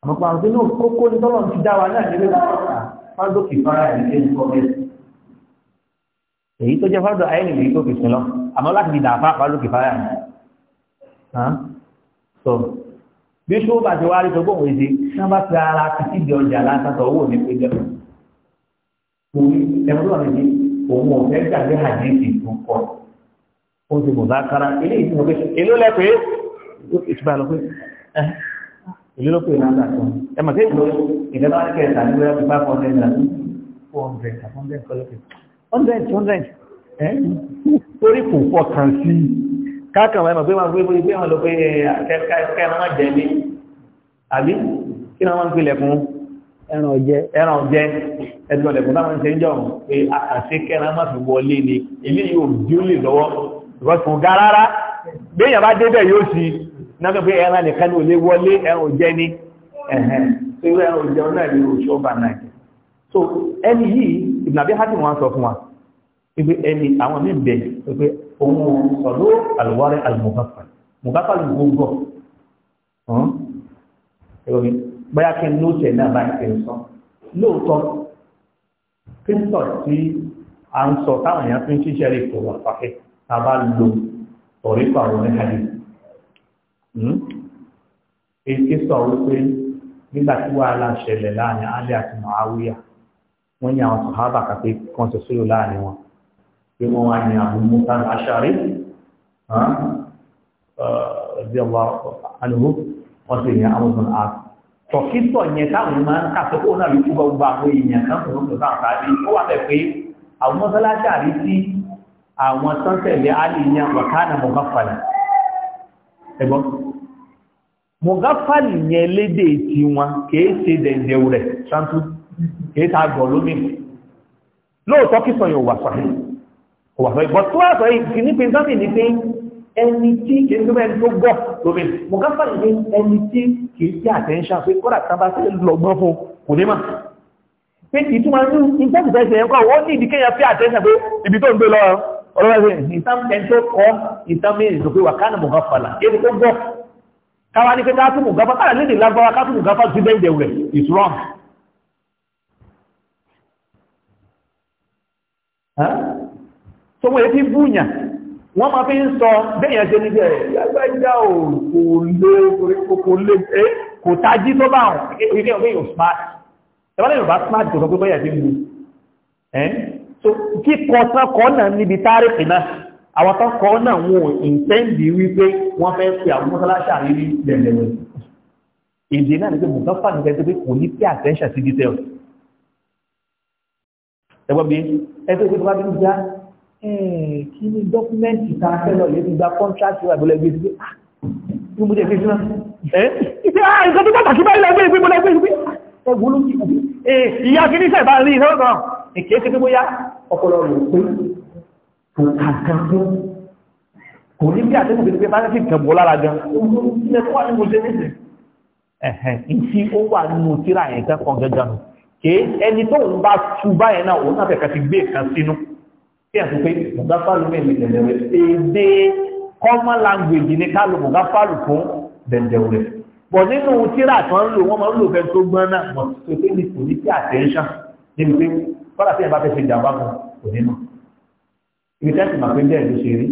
àmọ́ pa àwọn tó náà kókó ní tọ́lọ̀ ti dá wa náà nílé fádó kì fara ẹ̀ ní kéwú kọ́ mẹ́sì èyí tó jẹ́ fádó ayé nìyí tó fi sin lọ àmọ́ láti di bí tó bá ti wá rí sọgbọ́n òun ṣe tí wọ́n bá fi ara títí di ọjà lásàtọ̀ owó ní péjọ torí ẹ̀rọ náà ní òun ò fẹ́ gbàgbé àdéhìí tó kọ́ ó ti bùbá kára eléyìí tí mo fẹ́ èló lẹ pé ìtura lọ pé èló ló pè ní àgbàtọ̀ ẹ mọ̀ kéèkì lórí ìjọba ní kẹta ní wẹ́ẹ́ fipá fún ọdẹ nígbà tó hundred hundred kọlọ́kì hundred hundred ẹ torí kò fọkàn sí i káàkàn wọn ẹmọ̀ pé wọ́n gbé pé wọ́n lọ pé eh, kẹ́ẹ̀rán máa jẹ́ ní àbí kí wọ́n máa ń pìlẹ̀ fún ẹran ọ̀jẹ́ ẹ̀dùn ọ̀lẹ̀kùn táwọn ṣe ń jọ pé àkàṣe kẹ́ẹ̀rán máa fi wọlé ni ilé yóò bí ó lè lọ́wọ́ rọ́sùn ga rárá béèyàn bá débẹ̀ yóò sí náà pé ẹran nìkan ní olé wọlé ẹran ọ̀jẹ́ ni ẹni yìí ìbìnàbí hátìmọ̀ wọn sọ fún wa pé ẹni àwọn mí bẹ̀ pé òun pẹ̀lú àlùwárí àlùmọ̀gáfà mọ̀gáfà ló gbọ́ ẹ̀rọ mi bóyá kí n ló tẹ̀ náà bá ìpè sọ lóòótọ́ píńtọ̀ tí a ń sọ táwọn èèyàn fi ń ṣiṣẹ́ lè kó wà pàkẹ́ tá a bá lo ọ̀rípa àwọn ẹ̀hàdì èké sọ wípé nígbà tí wàhálà ṣẹlẹ̀ láàrin alẹ́ àti màáwíyà wọ́n ní àwọn sọ̀hábà kàpé kan ṣoṣo láàrin wọn pé wọ́n wá ní àbúmú tàbí aṣáre bí ọba alùhù wọ́n sì ní amazon app tọ̀kítọ̀ yẹn táwọn máa ń kàfẹ́ kó náà lókù gbogbo àwọn èèyàn kan tó ń tọ́ta àtàrí ó wà fẹ́ pé àwọn mọ́sálásí àrí sí àwọn tọ́tẹ̀lẹ̀ alìyàn wàkánà mọ̀gáfàlì ẹgbọ́n mọ̀gáfàlì yẹn lédè tí wọn kìí ṣe dẹ̀ndẹ̀ rẹ̀ ṣántú kìí ta gọ̀ lómi lóòtọ́ kí sọ yóò wà sọ̀rọ̀ wà sọ ìbọn tó wà sọ yìí ní pé sọ́ọ̀tì ní pé ẹni tí kì í tó bẹ́ẹ̀ tó gbọ́ lómi mo ká fàyè pé ẹni tí kì í tí àtẹ́ńṣà pé kódà kan bá sílẹ̀ lọ́gbọ́n fún kò ní mà pé kì í tún máa ń ní ìtẹ́sìtẹ́ ìṣẹ̀ yẹn kọ́ wọ́n ní ìdí kéèyàn fi àtẹ́ńṣà pé ibi tó ń gbé lọ́wọ́ ọlọ́wọ́ ṣe ìtàmẹ́ tó kọ́ ìtàmẹ́ ìṣò pé tó wọ́n fi búnyà wọ́n ma fi ń sọ bẹ́yàn ṣe níbẹ̀ lágbàjá ò kò lè kò tají tó bá wọn ilé ọ̀gbẹ́ yóò smart ẹ̀wọ́n yóò bá smart tó sọ pé bẹ́yàn ṣe ń bu so kí kọ̀ọ̀tán kọ́ náà níbi tárìkì náà àwọn tán kọ́ náà wọn ìntẹ́ǹdì wípé wọ́n fẹ́ fi àwọn mọ́sálásà rí lẹ̀lẹ̀lẹ̀ èdè náà ní pé mùsọ́fà ní pé kò ní pé àtẹ́ńṣà sí details ẹgbẹ́ bí ẹgbẹ́ bí wọ́n bá bí ń já Eh, kí ni dọ́kúmẹ́ǹtì tá a fẹ́ lọ lè fi gba kọ́ńtrátì wà bọ́lá ẹgbẹ́ sí pé ní ah, mo jẹ́ fi sí náà ẹ́ ìṣẹ́ tó pàtàkì báyìí lẹ́gbẹ́ ìgbé bọ́lá ẹgbẹ́ sí pé ẹgbẹ́ olóòtú ìkàbí eh, ìyá kìíní sẹ̀ bá rí iná náà èké ṣe pé bóyá ọpọlọ rò pé kò kàkan fún kò ní bí àtẹ́kùn pé pé bá ti kàn bọ́ lára gan ilẹ̀ tó wà ní mo ṣe nísìn ẹ̀hẹ̀n ìfi ó wà nínú tíra yẹn kan kan gẹ́gẹ́ nù kì í ẹni tó ń bá tú báyẹn kí ẹ̀sùn pé mùgáfàlù mi dẹ̀dẹ̀wẹ̀ èdè common language ní ká lo fún dẹ̀dẹ̀wẹ̀ bọ̀ nínú tíra kan ń lò wọ́n máa ń lò fẹ́ tó gbọ́n náà mọ̀ tó pé ní kò ní sí attention níbi pé fọ́nà tí ẹ̀ bá fẹ́ kan kò nínú ibi tẹ́sí màá pé bẹ́ẹ̀ ló ṣe rí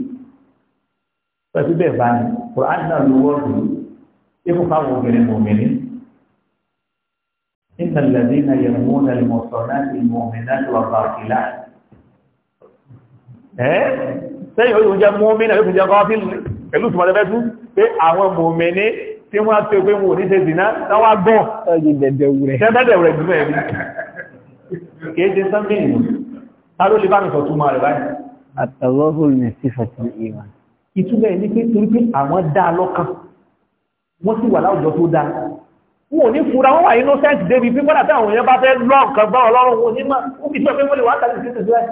pẹ̀lú bẹ́ẹ̀ bá ní Quran náà ló wọ́ọ̀dù ikú káwọn obìnrin mọ̀mìnrin إن الذين يرمون المحصنات المؤمنات والغافلات Eh? sẹ́yìn orí oúnjẹ mọ́mínà yóò fi jẹ gọ́ọ̀fí pẹ̀lú ìtùmọ̀lẹ́fẹ́sú pé àwọn mọ̀mẹ́ni tí wọ́n tó pé wọ́n ní ṣe dìná táwà gbọ́n ṣẹ́bẹ̀dẹ̀ rẹ̀ jùlọ ẹ̀rí kìí ṣe sọ́mìnì ta ló lè bá mi sọ túmọ̀ rẹ̀ báyìí àtàlọ́hùn ní sífàtì ìwà ìtumọ̀ ẹ̀ ní pé torí pé àwọn dá lọ́kàn wọ́n sì wà láwùjọ tó dáa wọn ò ní fura wọn wà innocent débi pé kọ́dà táwọn èèyàn bá fẹ́ lọ́ọ̀kan gbọ́ ọlọ́run wọn ní mà ó fi sọ pé wọ́n lè wá tàbí sí ìtẹ̀síwájú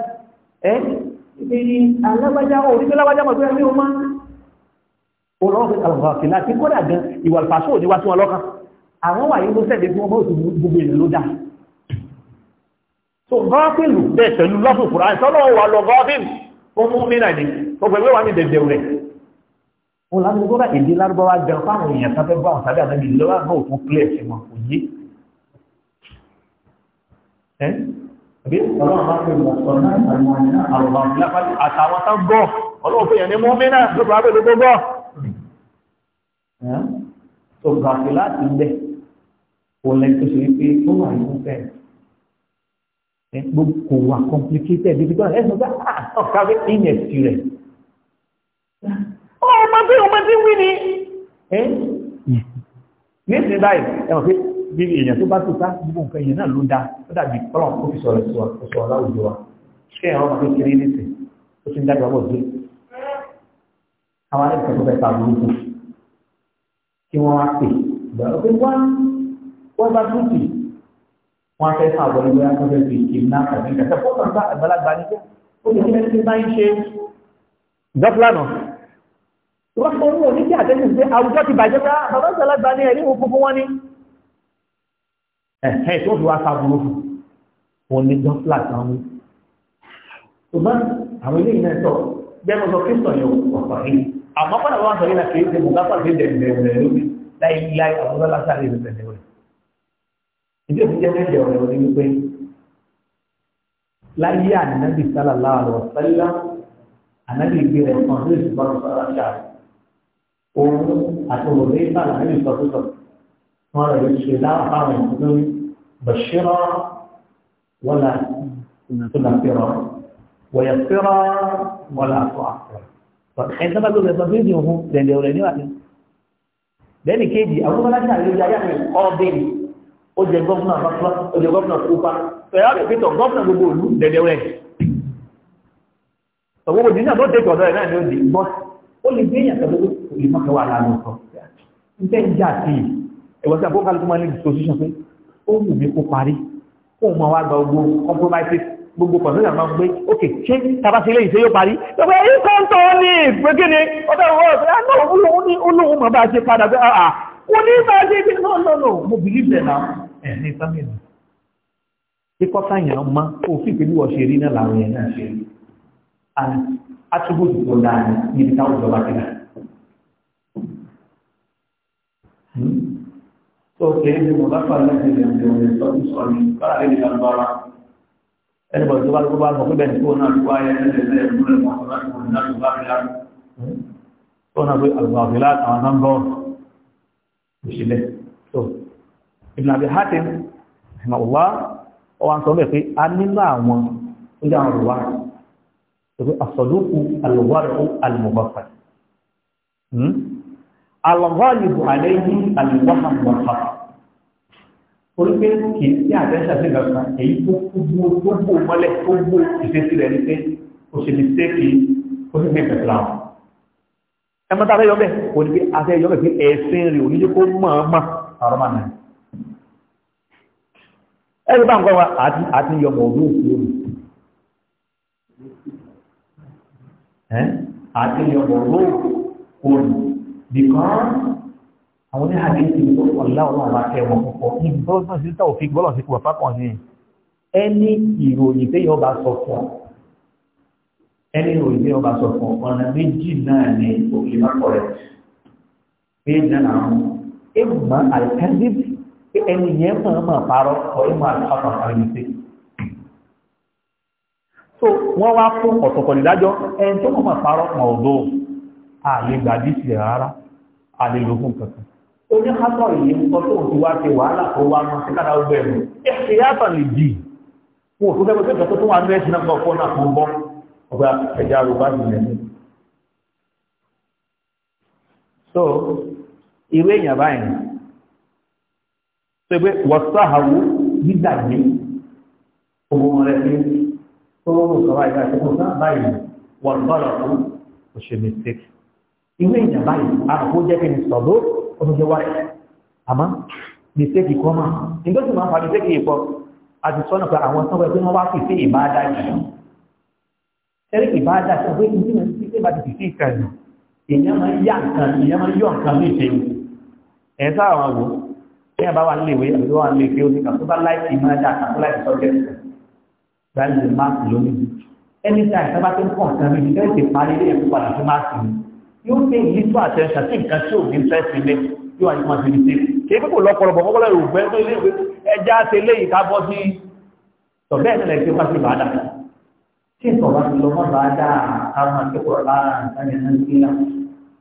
ibi alágbájá orí tó lágbájá mọ̀ tó ẹgbẹ́ o máa ọlọ́run fi kàlùkù àti láti kódà gan ìwà ìfàṣọ òní wá sí wọn lọ́kàn àwọn wà yìí ló sẹ́ẹ̀dẹ̀ fún ọmọ òsì gbogbo ènìyàn ló dá so gọ́ọ̀fìlù bẹ́ẹ̀ pẹ̀lú lọ́sùn fúra ẹ̀ sọ́nà wà lọ gọ́ọ̀fìlù ó mú mí nàìjíríà tó pẹ̀lú wà ní dẹ̀dẹ̀ rẹ̀ wọn láti gbọ́dọ̀ èdè lárúbáwá gan fáwọn èèyàn sáfẹ́ bá wọn sábẹ́ àtàbí ìlọ́wọ́ náà ò tún clear sí wọn kò yé bí ọlọ́run bá fi mọ̀sán náà àwọn àwọn àtàwọn tán gbọ́ ọlọ́run fèèyàn ní mọ́mínà ló bá bẹ̀rẹ̀ gbogbo tó gàfé láti ń bẹ̀ kò lẹ́yìn tó ṣe é pé ó wà nínú fẹ́ gbogbo kò wà complicated ibi tó ẹ̀sùn bá ah, ọ̀ká bí inẹ̀sì rẹ̀ ọmọ tí ọmọ tí wí ni nísìnyí báyìí ẹ̀wọ̀n pé bí èèyàn tó bá tó sá gbogbo nǹkan èèyàn náà ló dá ó dàbí ọlọ́run tó fi sọ̀rọ̀ sí wa ó sọ aláwùjọ wa ṣé ẹ̀rọ ọmọ kékeré nìsín ó ti ń dájú ọgbọ́n dé àwọn alẹ́kọ̀ọ́ tó fẹ́ ta burúkú kí wọ́n á pè bẹ̀rẹ̀ pé wọ́n wọ́n bá tún tì wọ́n á fẹ́ fún àwọn ẹgbẹ́ akọ́fẹ́ fi kì í ná àbí kàtà fọ́tàn bá àgbàlagbà ní kí ó ti kí ẹni bá ń ṣe dọ́pìlánà wọ́n fọ́ ẹ̀hẹ́ tó fi wá sábúrú fún wọn ní gọ́fìlà kan mú. ṣùgbọ́n àwọn ilé ìnáà sọ bẹ́ẹ̀ sọ kí sọ̀yọ̀ ọ̀pọ̀ yìí àmọ́ padà wọ́n sọ yìí kì í ṣe mùgáfà sí dẹ̀ndẹ̀rẹ̀ lórí láìláì àwọn ọlọ́lá ìdí òfin jẹ́ mẹ́jẹ ọ̀rẹ́ òní wípé láyé ànábì sálàlá àlọ́ sẹ́lá ànábì gbé rẹ̀ kan lórí ìṣùgbọ́n sọ́ra ṣáà òun àti òun ní sálàlá wọ́n rẹ̀ ṣe láàpáwọn ìpínlẹ̀ bàṣírà wọ́lá tùnàfíra wọ̀yàfíra wọ́lá àtọ́àfíra ẹni sábà gbogbo ẹ̀sán fídíò ohun lẹ̀lẹ̀ rẹ̀ níwájú lẹ́nì kéjì àwọn ọmọláṣà ló yá yàtọ̀ ọ́bẹ̀rì ó jẹ gọ́fúnà bàbá ó jẹ gọ́fúnà kúpa ẹ̀rọ rẹ̀ pẹ̀tọ̀ gọ́fúnà gbogbo òlú lẹ̀lẹ̀ rẹ̀ ọgbogbo ìdí náà ló dé tọ̀dọ̀ ẹ̀ náà ni ó di bọ́ ó lè gbé yàtọ̀ lórí ìmọ̀kẹ́wà lálẹ́ ọ̀tọ̀ ń tẹ́ ń jà sí i ìwọ̀sí àpò kálukú máa ní disposition pé ó wù mí kó parí ó mọ̀ wá gba gbogbo compromises gbogbo pàṣẹ máa gbé ok ṣé tabasí ilé ìṣe yóò parí lọ́pẹ́ yìí kọ́ ń tọ́ ní ìgbégéni ọ̀dọ̀ ọ̀rọ̀ olóhùn mọ̀ bá ṣe padà bẹ́ àà ah, ah, kò ní bá ṣe bí no no no mo believe ẹ̀ náà ẹ̀ ní sámìnà kíkọ́ sáyẹn ọmọ òfin ìpínlẹ̀ wọ̀ ṣe rí náà làwọn yẹn náà ṣe rí and attribute tó dáa ní ibi táwọn ìjọba ti dà. Hmm? tó kéré ní mo lápá lẹ́sẹ̀ lè ń bẹ̀rẹ̀ sọ ní sọ ní bára lè nìkan bára ẹni bọ̀ tó bá tó bá mọ̀ pé bẹ́ẹ̀ tó náà tó wáyé ẹlẹ́sẹ̀ lẹ́yìn múlẹ̀ mọ̀ tó láti mọ̀ náà tó bá rí láti tó náà pé àgbàgbé láti àwọn náà ń bọ̀ òṣìlẹ̀ tó Ibn Abi Hatim ìmọ̀wá ọwá ń sọ bẹ́ẹ̀ pé a nínú àwọn ó jẹ́ àwọn olùwà pé àsọdúnkù alùwárò alùmọ̀bàfà alùwárò àlẹ́yìn alùwárò àlùmọ̀bàfà torí pé kì í sí àtẹ́ṣà sí ìgbàgbà èyí tó kú bó tó bó mọ́lẹ̀ tó bó ìfẹ́sí rẹ̀ ní pé o ṣe ní sẹ́ẹ̀kì ó sì fẹ́ pẹ̀lú àwọn. ẹ mọ́ta abẹ́yọ bẹ́ẹ̀ kò ní pé afẹ́ yọ bẹ́ẹ̀ pé ẹ̀sìn rẹ̀ oníjẹ́ kó mọ̀ ọ́n mọ̀ ọ̀rọ̀ máa nà. bá ń kọ́ wa àti àti ọdún òkú omi. àti yọ ọdún òkú omi àwọn ní àdéhùn ọ̀la ọ̀la ọ̀la ẹ̀wọ̀n púpọ̀ ìgbọ́sọ̀ hmm, sí tàwọn òfin gbọ́lọ̀ sí pùpà kan ní ẹni ìròyìn pé yọba sọ fún ẹni ìròyìn pé yọba sọ fún ọ̀nà méjì náà ní òkè má kọ̀rẹ́ méjì náà náà ẹ mọ àìkánjú pé ẹni yẹn mọ̀ mọ̀ so wọ́n wá fún ọ̀tọ̀kọ̀ nídájọ́ ẹni tó mọ̀ mọ̀ parọ́ mọ̀ ọ̀dọ́ àlè gbàdí oníkátọ̀ yìí ń tọ́tọ̀ òtù wá ti wàhálà kó wá mọ́ sí kádà ọgbẹ́ ẹ̀mù ẹ̀sì yàtọ̀ lè dì fún òtún fẹ́ pẹ́sẹ̀ tó tún wà ní ẹ̀sìn náà kọ́ náà fún bọ́ ọgbà ẹ̀dà yorùbá nìyẹn so ìwé èèyàn báyìí tó gbé wọ́sáhàwó gbígbàgbé owó rẹ̀ pé tó rọrùn sọ́wọ́ ìgbà tó kún náà báyìí wọ́n bọ́lọ̀ fún òṣèlú ìwé èèyàn báyìí àkójẹ́ kí ni sọ̀dọ́ ọdọ́jọ́ wáyé àmọ́ mistake kọ́ mà nígbà tí wọ́n fa mistake yìí pọ̀ àti sọ́nà pé àwọn sọ́wọ́ ẹgbẹ́ wọn wá sí sí ìbáadá yìí ẹ̀rí ìbáadá sọ pé ìdí mi sí ìbá ti fi sí ìkan yìí èèyàn máa ń yá nǹkan èèyàn máa ń yọ nǹkan ní ìṣe ẹ̀ sáà wọn wò ẹ̀ bá wà nílé ìwé àbí wà nílé ìfẹ́ oníkà tó bá láìsí máa dá àkàtọ́ láìsí sọ́jẹ́sì gbáyé máàkì lónìí ẹni tí àìsàn bá tó ń pọ̀ nǹkan mi ìfẹ́ ìṣèpárí ilé ẹ̀kọ́ padà sí máàkì mi yóò pé ìlísọ àtẹ́ṣà tí nǹkan tí ò ní fẹ́ sí ilé yóò wà ní máa fi ṣe kí pípò lọ́pọ̀lọpọ̀ mọ́kọ́lá ìrùgbẹ́ tó ilé ìwé ẹjá ti lé ìkábọ́ sí tọ̀bẹ́ ìtẹ̀lẹ̀ tí ó bá sí bàádà tí ìtọ̀ bá ti lọ mọ́ bàádà káwọn akẹ́kọ̀ọ́ láàrín sáyẹn náà sí ilá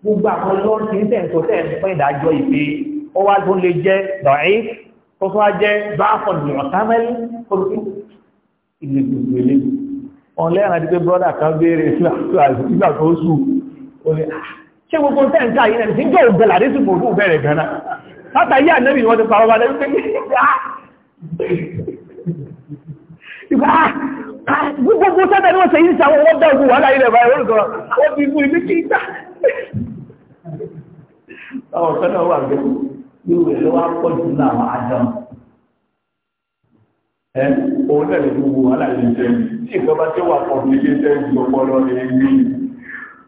gbogbo àwọn lọ́rùn tí ń tẹ̀ ń tó tẹ̀ ń pẹ́ ìdájọ́ ìpè ó wá tó lè jẹ́ dọ̀ẹ́ tó tó wá jẹ́ báfọ̀ nìyọ̀ sámẹ́lì olùkú ìlú gbogbo ilé ọ̀lẹ́rìn àti pé brọ́dà kan béèrè nígbà tó sùn orí ah, ṣe gbogbo tẹ́ǹkà yìí ẹ̀sìn jẹ́ ògbẹ̀lá ní ṣùgbọ́n òkú bẹ̀rẹ̀ gánà látàrí ànẹ́bì wọ́n ti parọ́ bá lẹ́gbẹ́ ah, ah, gbogbo sẹ́tẹ̀ ní wọ́n ṣe yìí ṣàwọn wọ́n dẹ̀gùn wà láyé rẹ̀ báyìí olùkọ́ ó fi fún ilé kí òun náà lè gbogbo wà tí ìjọba tí ó wà pọ̀ nílé tẹ́ ìjọpọ̀ lọ́rẹ̀ ní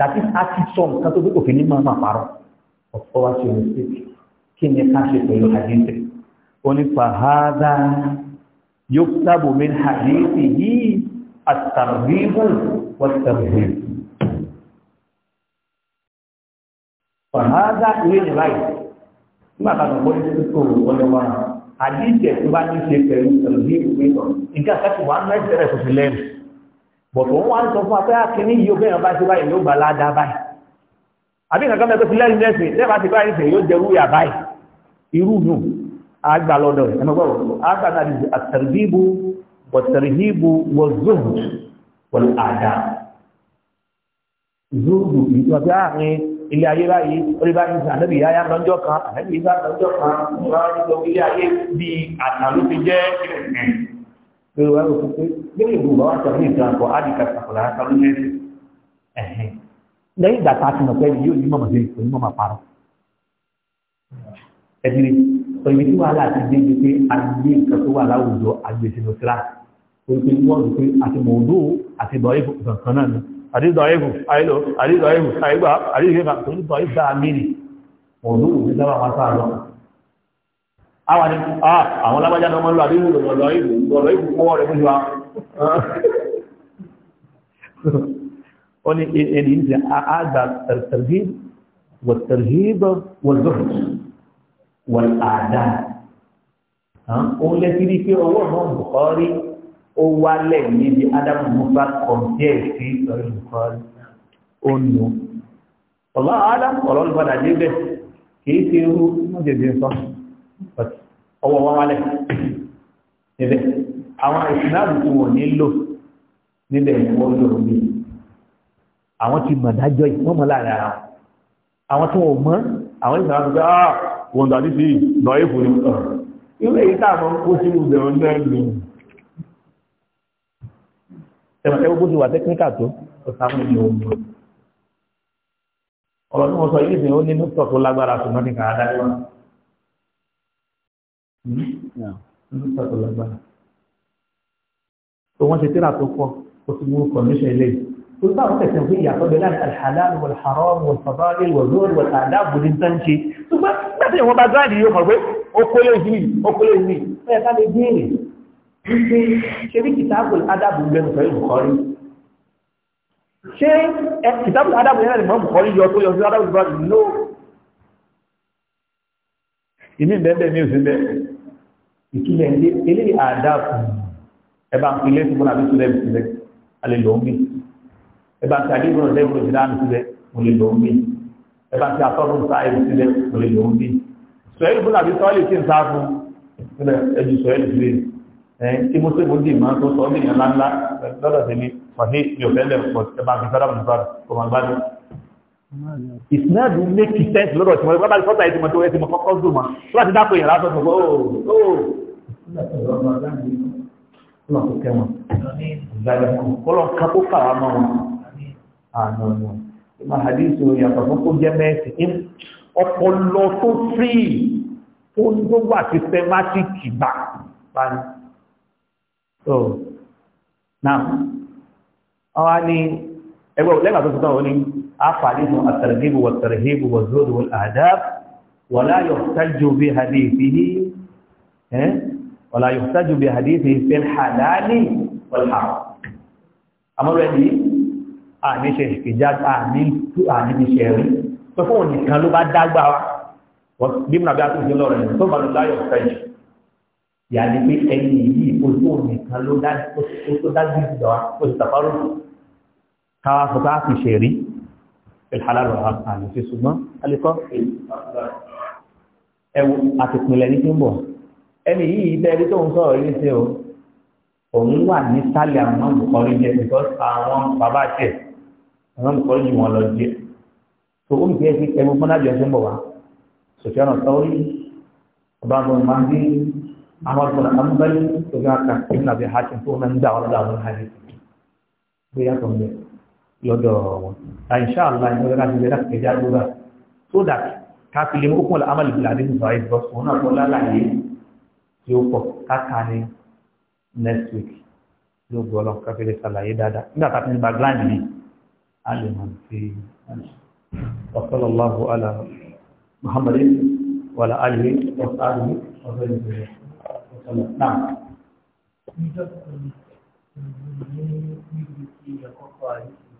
that is active song kan tó bí kò fi ní máa máa parọ́ ọ̀pọ̀ wá sí omi sí kí ni ká ṣe pẹ̀lú àdínsẹ̀ ó ní fàhádà yóò sábò mi àdínsẹ̀ yìí àtàríbù wọ́tàríbù fàhádà ìwé ní láì nígbà tá a lọ́gbọ́n ní sísò ọlọ́wà àdínsẹ̀ tó bá ní ṣe pẹ̀lú àdínsẹ̀ nǹkan kẹ́kọ̀ọ́ wà á náà ṣẹlẹ̀ tó fi lẹ́nu bọ̀tọ̀ wọn wá ń sọ fún wa pé akíní ah, yìí obìnrin ọba ti báyìí yóò gbà ládàá báyìí àbí nǹkan mẹ́tọ́ ti lẹ́yìn lẹ́sìn lẹ́bàá ti báyìí sè yóò jẹrú yà báyìí irú nù àgbà lọ́dọ̀ ẹ̀mẹ́gbọ́rọ̀ àgbà náà di àtẹ̀rìbíbu wọ̀tẹ̀rìbíbu wọ̀zóhùn wọ̀lú àdá zúùdù ìtọ́jú àárín ilé ayé báyìí orí bá ń sàn ànábì yáyá lọ́jọ́ kan ànábì yáyá lọ́jọ́ kan pẹ̀lú ẹ̀rọ fún pé nínú ìlú bàbá tó ní ìjọ àpò àdìkà àpòlà àtàlù ní ẹ̀sìn ẹ̀hìn lẹ́yìn ìgbà tá a ti mọ̀ pé yóò ní mọ̀mọ̀ sí ìpò ní mọ̀mọ̀ parọ́ ẹ̀dìrí òyìnbí tí wàhálà ti dé ju pé àgbé nǹkan tó wà láwùjọ àgbèsìnú síra pé wọ́n rí pé àti mòdó àti dọ̀ẹ́fù kankan náà ni àti dọ̀ẹ́fù àìlò àti dọ̀ẹ́fù àìgbà àti ìgbà tó ń dọ̀ẹ́fù dáa mí ni mòdó òfin sábà wọn sáà lọ́kàn Ah, àwọn àdínkù àwọn lábájá náà máa ń lọ àdínkù lọ́lọ́ ìlú lọ́lọ́ ìlú kọ́wọ́ rẹ̀ fún wa ó ní èdè ìdí àgbà tẹ̀rẹ̀tẹ̀rẹ̀ والترهيب والزهد والأعداء òun lè ti rí pé ọwọ́ náà Bukhari ó wálẹ̀ níbi Adam Musa kọ̀ǹtẹ́ sí ìsọ̀rọ̀ Bukhari ó nù ọ̀lá Adam ọ̀lọ́lùpadà débẹ̀ kìí ṣe ọwọ́ wọn wálẹ̀ níbẹ̀ àwọn ìsìláàmù tí wọ́n nílò níbẹ̀ wọ́n lò ní àwọn ti mọ̀ dájọ́ yìí wọ́n mọ̀ láàrin ara àwọn tí wọ́n mọ̀ àwọn ìsìláàmù tí ah, wọ́n dàbí sí lọ èfò ní irú èyí táwọn kó sí ìlú bẹ̀rù náà lò ẹ̀mọ̀ ẹ̀wọ́ bó ti tẹ́kíníkà tó ọ̀sán ìlú ọ̀gbọ̀n ọ̀rọ̀ tí wọ́n sọ yìí ni ó ní ní Hmm? tó wọ́n ṣe tíra tó pọ̀ ó ti mú kọ̀míṣọ̀ ilé tó sáwọn tẹ̀sán fún ìyàtọ̀ bẹ́ẹ̀ láti alhalal wal haram wal fadalil wal zuhur wal adab wal intanṣe tó gbá gbàtí ìwọ̀n bá gáàdì yóò ṣe bí ìmí bẹ́ẹ̀ mi ò sí bẹ́ẹ̀ ìtúlẹ̀ ilé ilé àdá fún ẹbá ń fi ilé fún àbí túlẹ̀ ìtúlẹ̀ alẹ́ lọ ń bí ẹbá ń fi àdébùn ọ̀dẹ́ ìwé ìdá mi túlẹ̀ mo lè lọ ń bí ẹbá ń fi afọ́rùn sáà ìwé túlẹ̀ mo lè lọ ń bí sọ̀rọ̀ fún àbí sọ́ọ̀lì tí ń sá fún ẹjù sọ̀rọ̀ ìtúlẹ̀ ẹ̀ tí mo ṣe mo dì máa tó sọ ìsinádùú méjì sẹ́ǹsì lọ́dọ̀ tí wọ́n bá ti fọ́ta ìdìmọ̀ tó ẹ ti mọ̀ kọ́kọ́ dùn mọ́ tó láti dápò yẹn lásán tó ó ó. Ọlọ́run kò kẹ́ wọn. Ìgbàlẹ̀ kan kọ́lọ́ ká kó kà á mọ́ wọn. Àná nù. Ìmọ̀ àdìsọ yàtọ̀ fún kó jẹ́ mẹ́sì. Ọpọlọ tó fírì tó ń tó wà ti sẹ́mátìkì gbà pani. Náà, àwa ni ẹgbẹ́ lẹ́gbàá tó ti tán òní. أفعله الترغيب والترهيب والزهد والأهداف ولا يحتج بحديثه ولا يحتج بحديثه في الحلال والحرام أما الذي àní ṣe ìjáde àní tú àní ní ṣe rí tó fún ònìkan ló bá dágbà wa bí mo nàbí àtúnṣe lọ rẹ̀ tó bá lọ láyọ̀ fẹ́jì yà ní pé ẹni yìí kò tó ònìkan ló dágbà wa kò sì tàfárò káwá sọ pé a ti ṣe rí ìhàlàrọ̀ àmì fi ṣùgbọ́n alẹ́kọ́ ẹwù àtìpínlẹ̀ ní tí ń bọ̀ ẹni yìí bẹ́ẹ̀rí tó ń sọ̀rọ̀ yìí ṣe o òun wà ní sálẹ̀ àwọn olùkọ́rin jẹ because àwọn bàbá tiẹ̀ àwọn olùkọ́rin jù wọn lọ jẹ tó ó ń bí ẹsẹ̀ ẹgbẹ́ fúnájọ ṣe ń bọ̀ wá sòfíà náà sọ́ọ́rí ọba àwọn ọmọ máa ń bí àwọn ọ̀dọ́ àwọn bẹ́ẹ̀ tó fi hàn kà kí n nàbẹ̀ hàtì tó ń gbà wọn lọ́dọ̀ àwọn hàtì bóyá tó ń bẹ̀rẹ̀ lọ́dọ̀ wọn àìṣà allah ìmọ̀ láti lè láti kẹjá lóra so that káfílẹ̀ mọ́kún ọ̀la amálì bìlà nínú ìfọ̀rọ̀ ìfọ̀ òun náà kọ́ lálàyé tí ó pọ̀ káka ní next week yóò gbọ́ lọ káfílẹ̀ sàlàyé dáadáa nígbà tá a fi ń gba gland yìí a lè mọ̀ sí وصلى الله على محمد وعلى آله وصحبه وسلم نعم Thank you.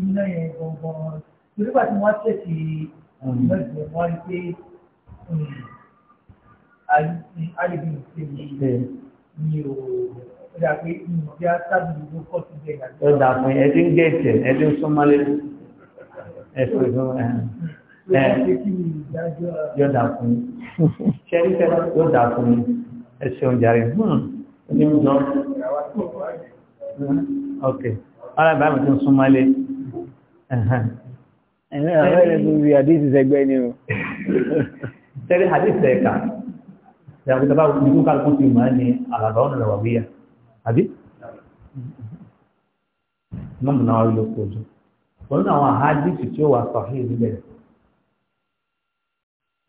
iná yẹn gbọ̀ngàn nígbà tí wọ́n tẹ̀sí ìmọ̀lẹ́sẹ̀ hmm. wọ́n rí pé àyèbí hmm, ìṣe ni o hmm. ọjà pé ìmọ̀ bí a sábìlì ló pọ̀ sí bẹ́ẹ̀ àti. ọjà fún ẹ ti ń gé ẹsẹ̀ ẹ ti ń súnmọ́lé ẹsẹ̀ fún ẹ. Yóò dà fún mi. Ṣẹ́rí yóò dà fún mi. Ẹ ṣeun jàre. Ó ní lọ. Ok. Ọ̀rẹ́ báyìí ti ń súnmọ́lé ẹ̀rẹ́ àwẹ́rẹ́ lórí àdíṣì sẹgbẹ́ ni o tẹ́lẹ̀ àdíṣì ẹ̀ka ìyàgbẹ́tàbá ìlú kálukú ti máa ní àlàbà ọ̀nà lọ́wọ́ wíyà àbí mọ́mù náà ló kó jù pẹ̀lú àwọn àdíṣì tí ó wà sọ̀hí níbẹ̀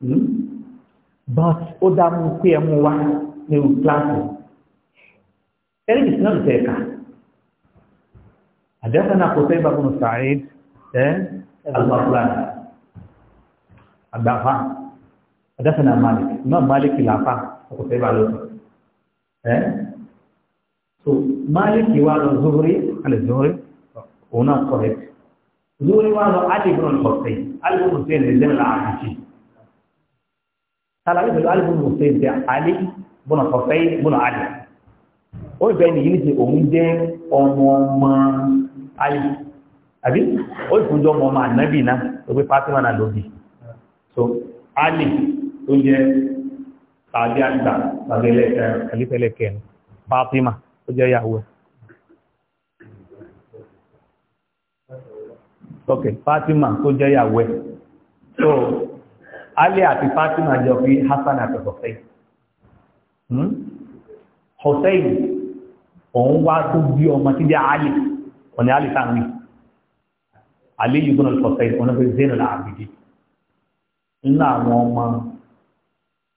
hmm? but ó dá mú pé ẹ mú wá ní irú kíláàsì ìsìnà ìsẹ̀ka àdẹ́sẹ̀ náà kò sẹ́yìn bá fún un sàáyé alùpàpùlànì àgbàfà adáfẹ́nà malik iná malik làfà ọkọ̀fẹ́ bá eh? so malik wà lọ zuhuri alẹ́ ona òun náà kọ̀rẹ́ zuhuri wà lọ alìbùrùn ọ̀sẹ̀ alìbùrùn ọ̀sẹ̀ lè zẹ́ talabi pẹ̀lú alibu hussein jẹ́ ali bọ́nà ọ̀fẹ́yí bọ́nà ali ó ìfẹ́ oh, ni yìí ti òun jẹ́ ọmọ ọmọ ali àbí ó ìfúnjọ́ ọmọ ọmọ ànábì náà tó pé Fatima náà ló bí so Ali tó jẹ́ tàbí àgbà tàbí ẹlẹ́fẹ̀lẹ́ kẹrin Fatima tó jẹ́ yàwó ẹ̀ ok Fatima tó jẹ́ yàwó ẹ̀ so Ali àti Fatima jọ fi Hassan àti Hussein hmm? Hussein òun wá tó bí ọmọ tí jẹ́ Ali òní Ali sáà ń aliyu ibn al-Husayn wọn fi Zainul Abidin nínú àwọn ọmọ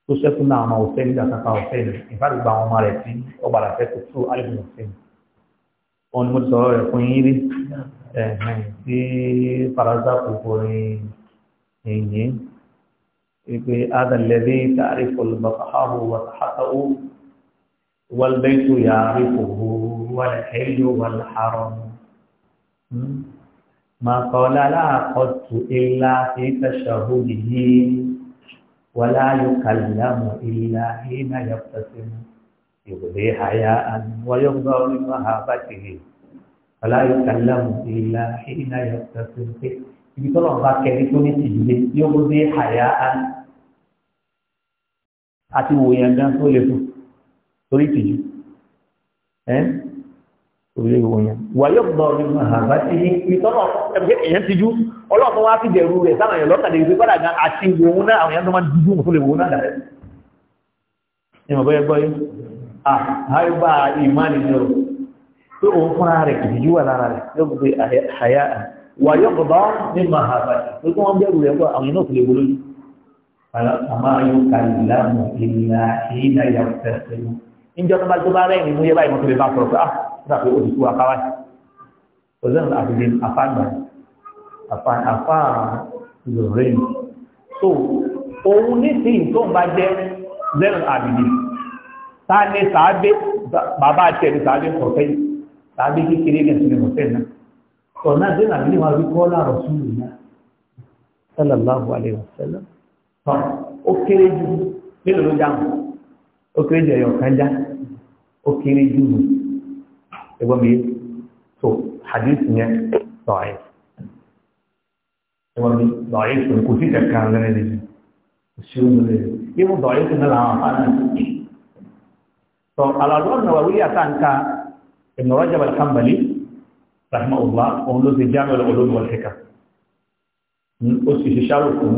tó ṣẹ́kù náà ọmọ ọ̀sẹ̀ nígbà kankan ọ̀sẹ̀ ni ìfàdí gba àwọn ọmọ rẹ̀ sí ọgbà àṣẹ tó tó alibu ọ̀sẹ̀ ni wọn ni mo ti sọ̀rọ̀ rẹ̀ fún yín rí ẹ̀hìn tí faransa kò kọrin ẹ̀yìn wípé adàlẹ́bí tààrí fọlùbàkàhù wàtàhàtàwù wàlbẹ́tù yàrá ìfòhù wàlẹ̀ ما قال لا قدت إلا في تشهده ولا يكلم إلا حين يبتسم يبدي حياء ويغضر لمهابته ولا يكلم إلا حين يبتسم ibi tó lọ́nà bá kẹ́rí tó ní tìjúlé yóò bó dé àyà án àti wòyàn gan tó lè fún torí tìjú ẹ́ orílẹ̀ ìwòyàn wàyọ̀ gbọ́ ní màhàbá tí ní ìtọ́nà ẹgbẹ́ èèyàn ti jú ọlọ́ọ̀kan wá sí bẹ̀rù rẹ̀ sáwọn èèyàn lọ́kàdé ìgbé padà gan àti ìwòun náà àwọn èèyàn tó máa ń dúdú òkú lè wòun náà dàrẹ́ ní ọ̀bọ̀ ẹgbọ́ yìí àháìbá ìmánì ni ọ̀rọ̀ pé òun fúnra rẹ̀ kì í jú wà lára rẹ̀ yóò gbé àyà wàyọ̀ gbọ́ ní màhàbá pé kí wọ́n bẹ̀rù dàbí ó ti tú afárá yìí ọ̀sẹ̀ náà àfihàn afáàgbà afáà ìrọ̀rẹ́ yìí so òun nísìnyí tó ń bá jẹ́ lẹ́nu àbìdì ta ni sàábé bàbá àti ẹ̀rí sàábé sọ̀fẹ́ yìí sàábé kékeré ní ẹ̀sìn ìmọ̀fẹ́ náà ọ̀nà dé nàbí ni wọ́n rí kọ́ láàrọ̀ sùn lù náà sallallahu alayhi wa sallam tán ó kéré jù mélòó ló dáhùn ó kéré jù ẹ̀yọ̀ kan já ó kéré jù nù ẹgbọ́n mi so hadisnya yẹn lọ́ọ̀ẹ́ ẹgbọ́n mi lọ́ọ̀ẹ́ sọ̀rọ̀ kò sí kẹ̀kẹ́ lẹ́rẹ́ lẹ́yìn kò sí omi lẹ́yìn yíwọ lọ́ọ̀ẹ́ sọ̀rọ̀ làwọn afáàná sọ alàlọ́ náà wíyà àtàǹkà Ibn Rajab al-Hanbali rahimahullah òun ló ti jáàmù al-ulum wal-hikam hmm? ó sì ṣe ṣáàrò fún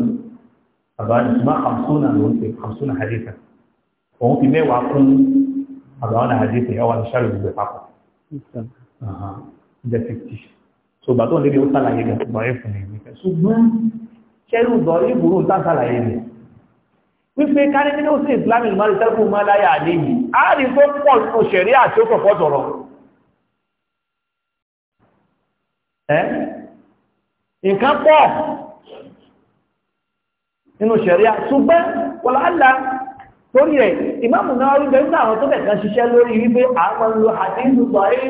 àbáyé ṣùgbọ́n haditha òun fi mẹ́wàá kún haditha yẹn wà ní jẹ́ fifty so gbàtọ́ níbi ó sàlàyé rẹ̀ bọ̀rẹ́ fún mi ṣùgbọ́n ṣẹ́rù bọ̀rẹ́ ìbúrò ń tàn sàlàyé rẹ̀ wípé kárí nínú sí islamic mọ́lẹ̀ tẹ́kù máa láyà àléyìí a rí tó pọ̀ tó ṣẹ̀rí àti ó pọ̀ tọ̀rọ̀ ẹ́ nǹkan pọ̀ nínú ṣẹ̀rí à ṣùgbọ́n wọ́n lálàá torí rẹ̀ ìmáàmù náà rí bẹ̀rẹ̀ àwọn tó bẹ̀ẹ̀ kan ṣiṣẹ́ lórí wípé àwọn lo àdínlù bàáyé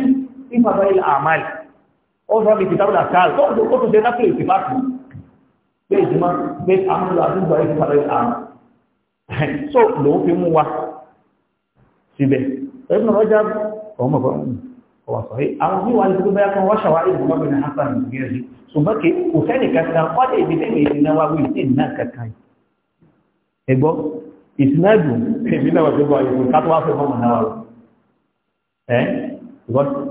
ìfàbà ilẹ̀ àmàlì ó sọ bí kìtàbù làkàlù tó kò tó ṣe lápẹ̀ ìfìfà tù pé ìjìmá pé àwọn lo so lòun fi mú wa síbẹ̀ ẹgbẹ́ ọjà ọmọ ọwà sọ àwọn bí wà ní gbogbo ẹ̀kan wọ́n ṣàwà ìgbòmọ́ bí i hasan gẹ̀ẹ́sì ṣùgbọ́n kí kò sẹ́nì kankan kọ́dẹ̀ ìbí tẹ́lẹ̀ ìsinádù èmi náà wọ́n ìwò ìkátó wá fẹ́ mọ́mọ́ náà rọ̀ ẹ́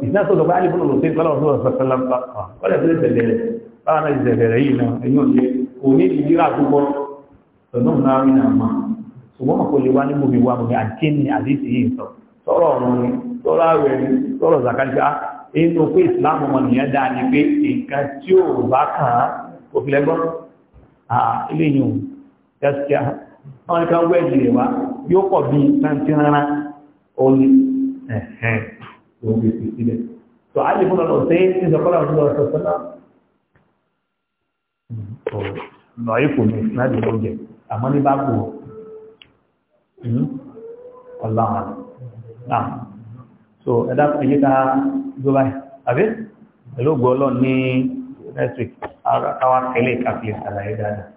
ìsinádù tó bá alẹ́ fún olùsẹ́ ìpínlẹ̀ ọ̀sán ọ̀sán ọ̀sán lápá kọ́lẹ̀ tó lè tẹ̀lé rẹ̀ báwa náà ìṣẹ̀lẹ̀ rẹ̀ yìí náà ẹ̀yìn òṣè kò ní ìdíra àkókò tọ̀nà náà rí náà mọ́ ṣùgbọ́n kò lè wá ní gbogbo wa mọ̀ àti ní àdéhì yìí sọ sọ̀rọ̀ ọ̀run ni sọ̀rọ̀ àwẹ̀ ni sọ̀rọ̀ wọ́n kan wẹ́ẹ̀dì rẹ̀ wá yóò pọ̀ bí láti rárá òní ẹ̀hẹ́n ló ń fi sílẹ̀ tó á lè fún ọ̀nà ọ̀sẹ̀ ní ìsọ̀kọ́lá ọ̀sẹ̀ ọ̀sẹ̀ sọ́nà lọ ipò mi láti lóúnjẹ àmọ́ ní bá kú ọ̀làwọ̀n náà so ẹ̀dá ẹ̀yẹ ká gbé báyìí àbí pẹ̀lú ògbó ọlọ́ọ̀ ní next week àwọn akẹ́lẹ̀ kàfíìsì àlàyé dáadáa